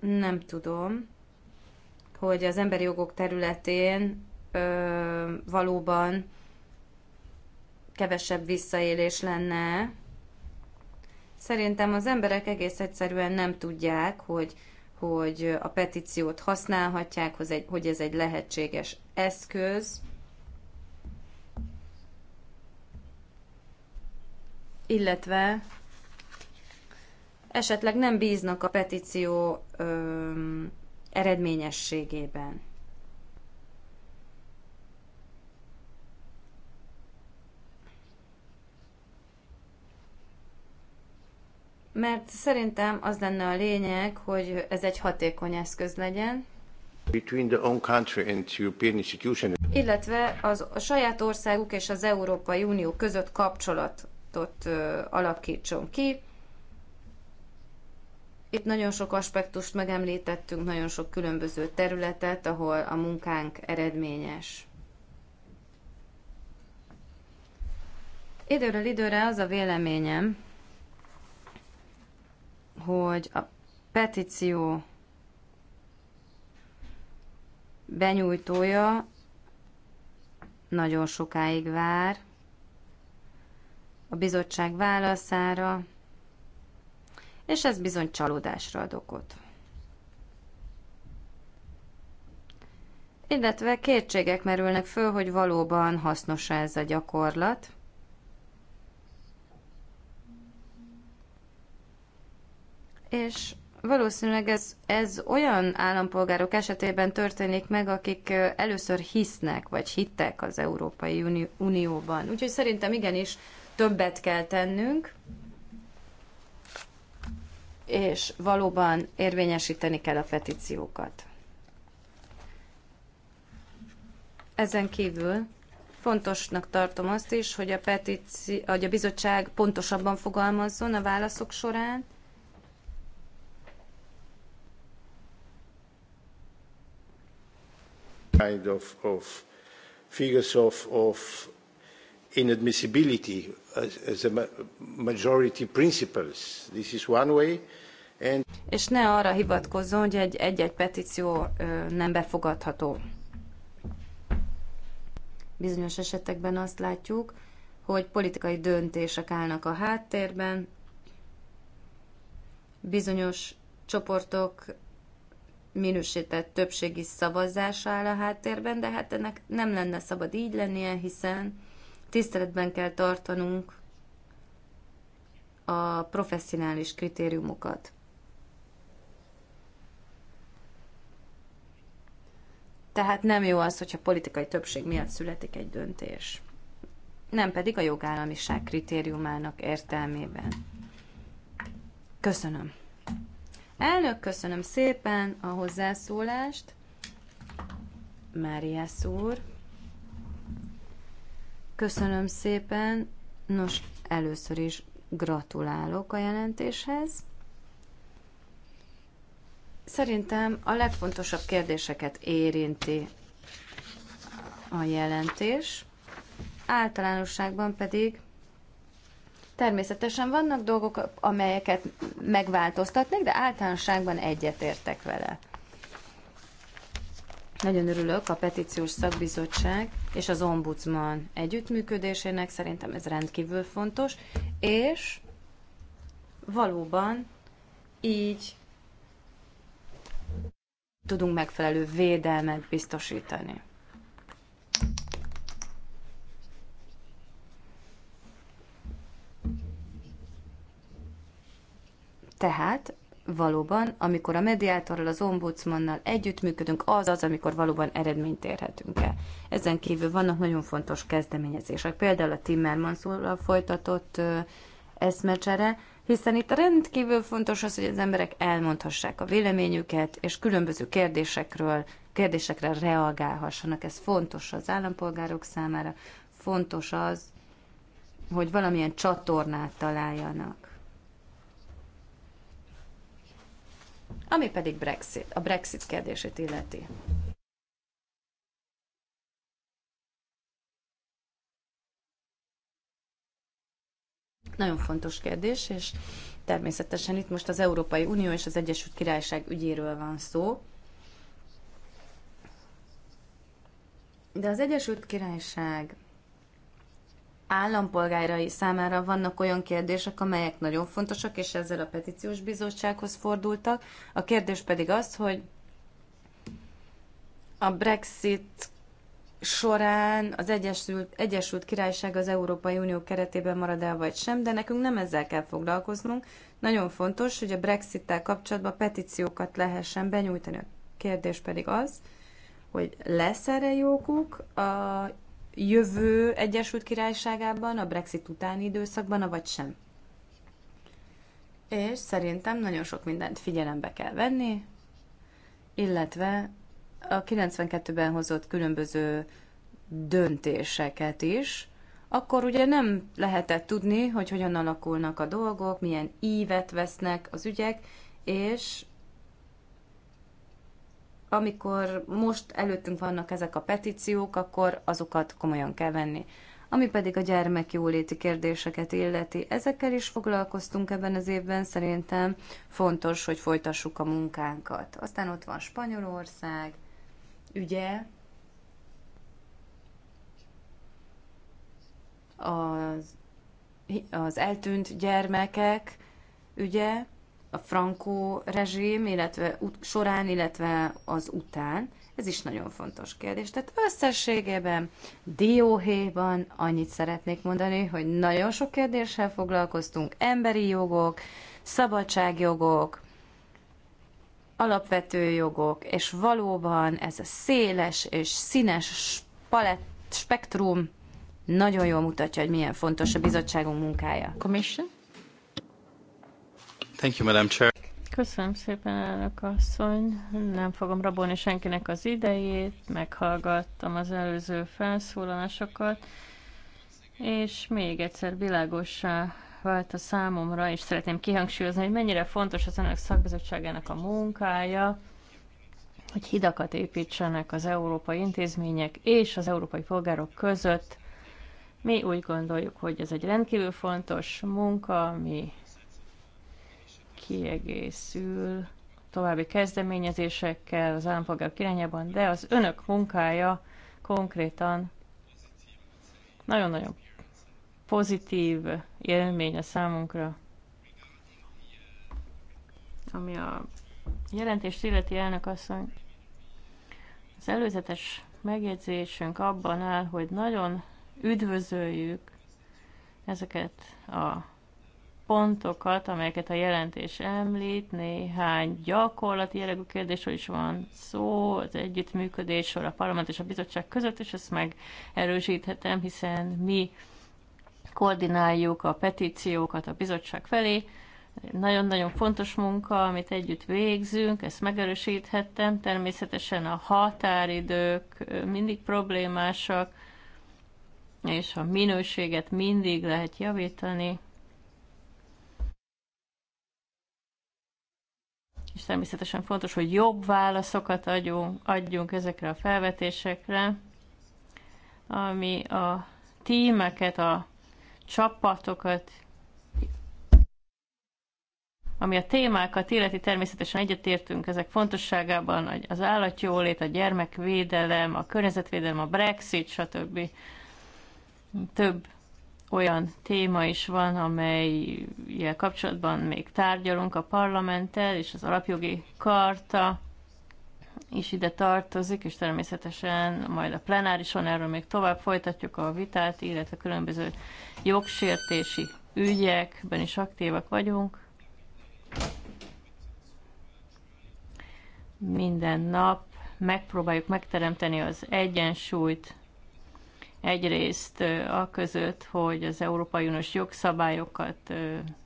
Nem tudom, hogy az emberi jogok területén ö, valóban kevesebb visszaélés lenne, Szerintem az emberek egész egyszerűen nem tudják, hogy, hogy a petíciót használhatják, hogy ez egy lehetséges eszköz, illetve esetleg nem bíznak a petíció ö, eredményességében. mert szerintem az lenne a lényeg, hogy ez egy hatékony eszköz legyen, between the own country and European institution. Illetve az, a saját országuk és az Európai Unió között kapcsolatot ö, alakítson ki. Itt nagyon sok aspektust megemlítettünk, nagyon sok különböző területet, ahol a munkánk eredményes. Időről időre az a véleményem, hogy a petíció benyújtója nagyon sokáig vár a bizottság válaszára, és ez bizony csalódásra ad okot. Illetve kétségek merülnek föl, hogy valóban hasznos ez a gyakorlat, és valószínűleg ez, ez olyan állampolgárok esetében történik meg, akik először hisznek, vagy hittek az Európai Unióban. Úgyhogy szerintem igenis többet kell tennünk, és valóban érvényesíteni kell a petíciókat. Ezen kívül fontosnak tartom azt is, hogy a, petíci, hogy a bizottság pontosabban fogalmazzon a válaszok során, kind of, of figures of, of inadmissibility as, as a majority principles. This is one way. And és ne arra hivatkozzon, hogy egy, egy-egy petíció ö, nem befogadható. Bizonyos esetekben azt látjuk, hogy politikai döntések állnak a háttérben, bizonyos csoportok minősített többségi szavazás áll a háttérben, de hát ennek nem lenne szabad így lennie, hiszen tiszteletben kell tartanunk a professzionális kritériumokat. Tehát nem jó az, hogyha politikai többség miatt születik egy döntés. Nem pedig a jogállamiság kritériumának értelmében. Köszönöm. Elnök, köszönöm szépen a hozzászólást. Mária úr. Köszönöm szépen. Nos, először is gratulálok a jelentéshez. Szerintem a legfontosabb kérdéseket érinti a jelentés, általánosságban pedig Természetesen vannak dolgok, amelyeket megváltoztatnék, de általánosságban egyetértek vele. Nagyon örülök a petíciós szakbizottság és az ombudsman együttműködésének, szerintem ez rendkívül fontos, és valóban így tudunk megfelelő védelmet biztosítani. Tehát valóban, amikor a mediátorral, az ombudsmannal együttműködünk, az az, amikor valóban eredményt érhetünk el. Ezen kívül vannak nagyon fontos kezdeményezések, például a Timmermanszúrral folytatott ö, eszmecsere, hiszen itt rendkívül fontos az, hogy az emberek elmondhassák a véleményüket, és különböző kérdésekről, kérdésekre reagálhassanak. Ez fontos az állampolgárok számára, fontos az, hogy valamilyen csatornát találjanak Ami pedig Brexit, a Brexit kérdését illeti. Nagyon fontos kérdés, és természetesen itt most az Európai Unió és az Egyesült Királyság ügyéről van szó. De az Egyesült Királyság állampolgárai számára vannak olyan kérdések, amelyek nagyon fontosak, és ezzel a petíciós bizottsághoz fordultak. A kérdés pedig az, hogy a Brexit során az Egyesült, Egyesült Királyság az Európai Unió keretében marad el vagy sem, de nekünk nem ezzel kell foglalkoznunk. Nagyon fontos, hogy a Brexit-tel kapcsolatban petíciókat lehessen benyújtani. A kérdés pedig az, hogy lesz erre joguk a jövő Egyesült Királyságában, a Brexit utáni időszakban, vagy sem. És szerintem nagyon sok mindent figyelembe kell venni, illetve a 92-ben hozott különböző döntéseket is, akkor ugye nem lehetett tudni, hogy hogyan alakulnak a dolgok, milyen ívet vesznek az ügyek, és amikor most előttünk vannak ezek a petíciók, akkor azokat komolyan kell venni. Ami pedig a jóléti kérdéseket illeti, ezekkel is foglalkoztunk ebben az évben, szerintem fontos, hogy folytassuk a munkánkat. Aztán ott van Spanyolország, ügye, az, az eltűnt gyermekek, ügye, a frankó rezsim illetve ut- során, illetve az után. Ez is nagyon fontos kérdés. Tehát összességében dióhéjban annyit szeretnék mondani, hogy nagyon sok kérdéssel foglalkoztunk, emberi jogok, szabadságjogok, alapvető jogok, és valóban ez a széles és színes palett, spektrum nagyon jól mutatja, hogy milyen fontos a bizottságunk munkája. Commission? Thank you, Madam Chair. Köszönöm szépen, elnök asszony. Nem fogom rabolni senkinek az idejét, meghallgattam az előző felszólalásokat, és még egyszer világosá vált a számomra, és szeretném kihangsúlyozni, hogy mennyire fontos az önök szakbizottságának a munkája, hogy hidakat építsenek az európai intézmények és az európai polgárok között. Mi úgy gondoljuk, hogy ez egy rendkívül fontos munka, mi kiegészül további kezdeményezésekkel az állampolgárok irányában, de az önök munkája konkrétan nagyon-nagyon pozitív élmény a számunkra, ami a jelentést illeti elnök asszony. Az előzetes megjegyzésünk abban áll, hogy nagyon üdvözöljük ezeket a pontokat, amelyeket a jelentés említ, néhány gyakorlati jellegű kérdésről is van szó, az együttműködésről a parlament és a bizottság között, és ezt meg erősíthetem, hiszen mi koordináljuk a petíciókat a bizottság felé. Nagyon-nagyon fontos munka, amit együtt végzünk, ezt megerősíthettem. Természetesen a határidők mindig problémásak, és a minőséget mindig lehet javítani és természetesen fontos, hogy jobb válaszokat adjunk, adjunk ezekre a felvetésekre, ami a tímeket, a csapatokat, ami a témákat illeti, természetesen egyetértünk ezek fontosságában, hogy az állatjólét, a gyermekvédelem, a környezetvédelem, a Brexit, stb. Több olyan téma is van, amelyel kapcsolatban még tárgyalunk a parlamenttel, és az alapjogi karta is ide tartozik, és természetesen majd a plenárison erről még tovább folytatjuk a vitát, illetve különböző jogsértési ügyekben is aktívak vagyunk. Minden nap megpróbáljuk megteremteni az egyensúlyt egyrészt a között, hogy az Európai Uniós jogszabályokat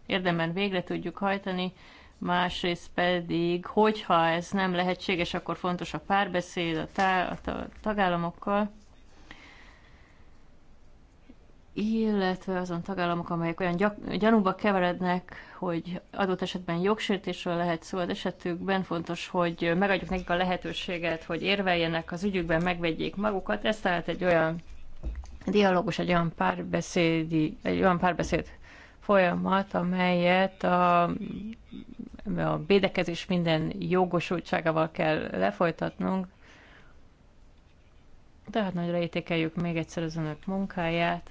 érdemben végre tudjuk hajtani, másrészt pedig, hogyha ez nem lehetséges, akkor fontos a párbeszéd a, tá- a tagállamokkal, illetve azon tagállamok, amelyek olyan gyak- gyanúba keverednek, hogy adott esetben jogsértésről lehet szó, az esetükben fontos, hogy megadjuk nekik a lehetőséget, hogy érveljenek az ügyükben, megvegyék magukat. Ez tehát egy olyan dialógus egy olyan párbeszéd, egy olyan párbeszéd folyamat, amelyet a, a védekezés minden jogosultságával kell lefolytatnunk, tehát nagyra értékeljük még egyszer az önök munkáját.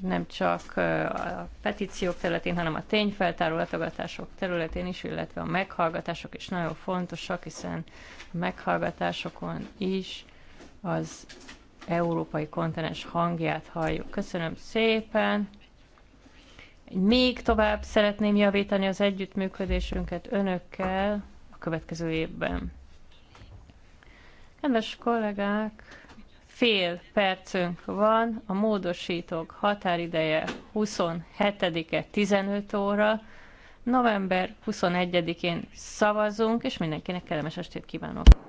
Nem csak a petíciók területén, hanem a tényfeltáró letogatások területén is, illetve a meghallgatások is nagyon fontosak, hiszen a meghallgatásokon is az európai kontinens hangját halljuk. Köszönöm szépen! Még tovább szeretném javítani az együttműködésünket önökkel a következő évben. Kedves kollégák, fél percünk van, a módosítók határideje 27-e 15 óra, november 21-én szavazunk, és mindenkinek kellemes estét kívánok!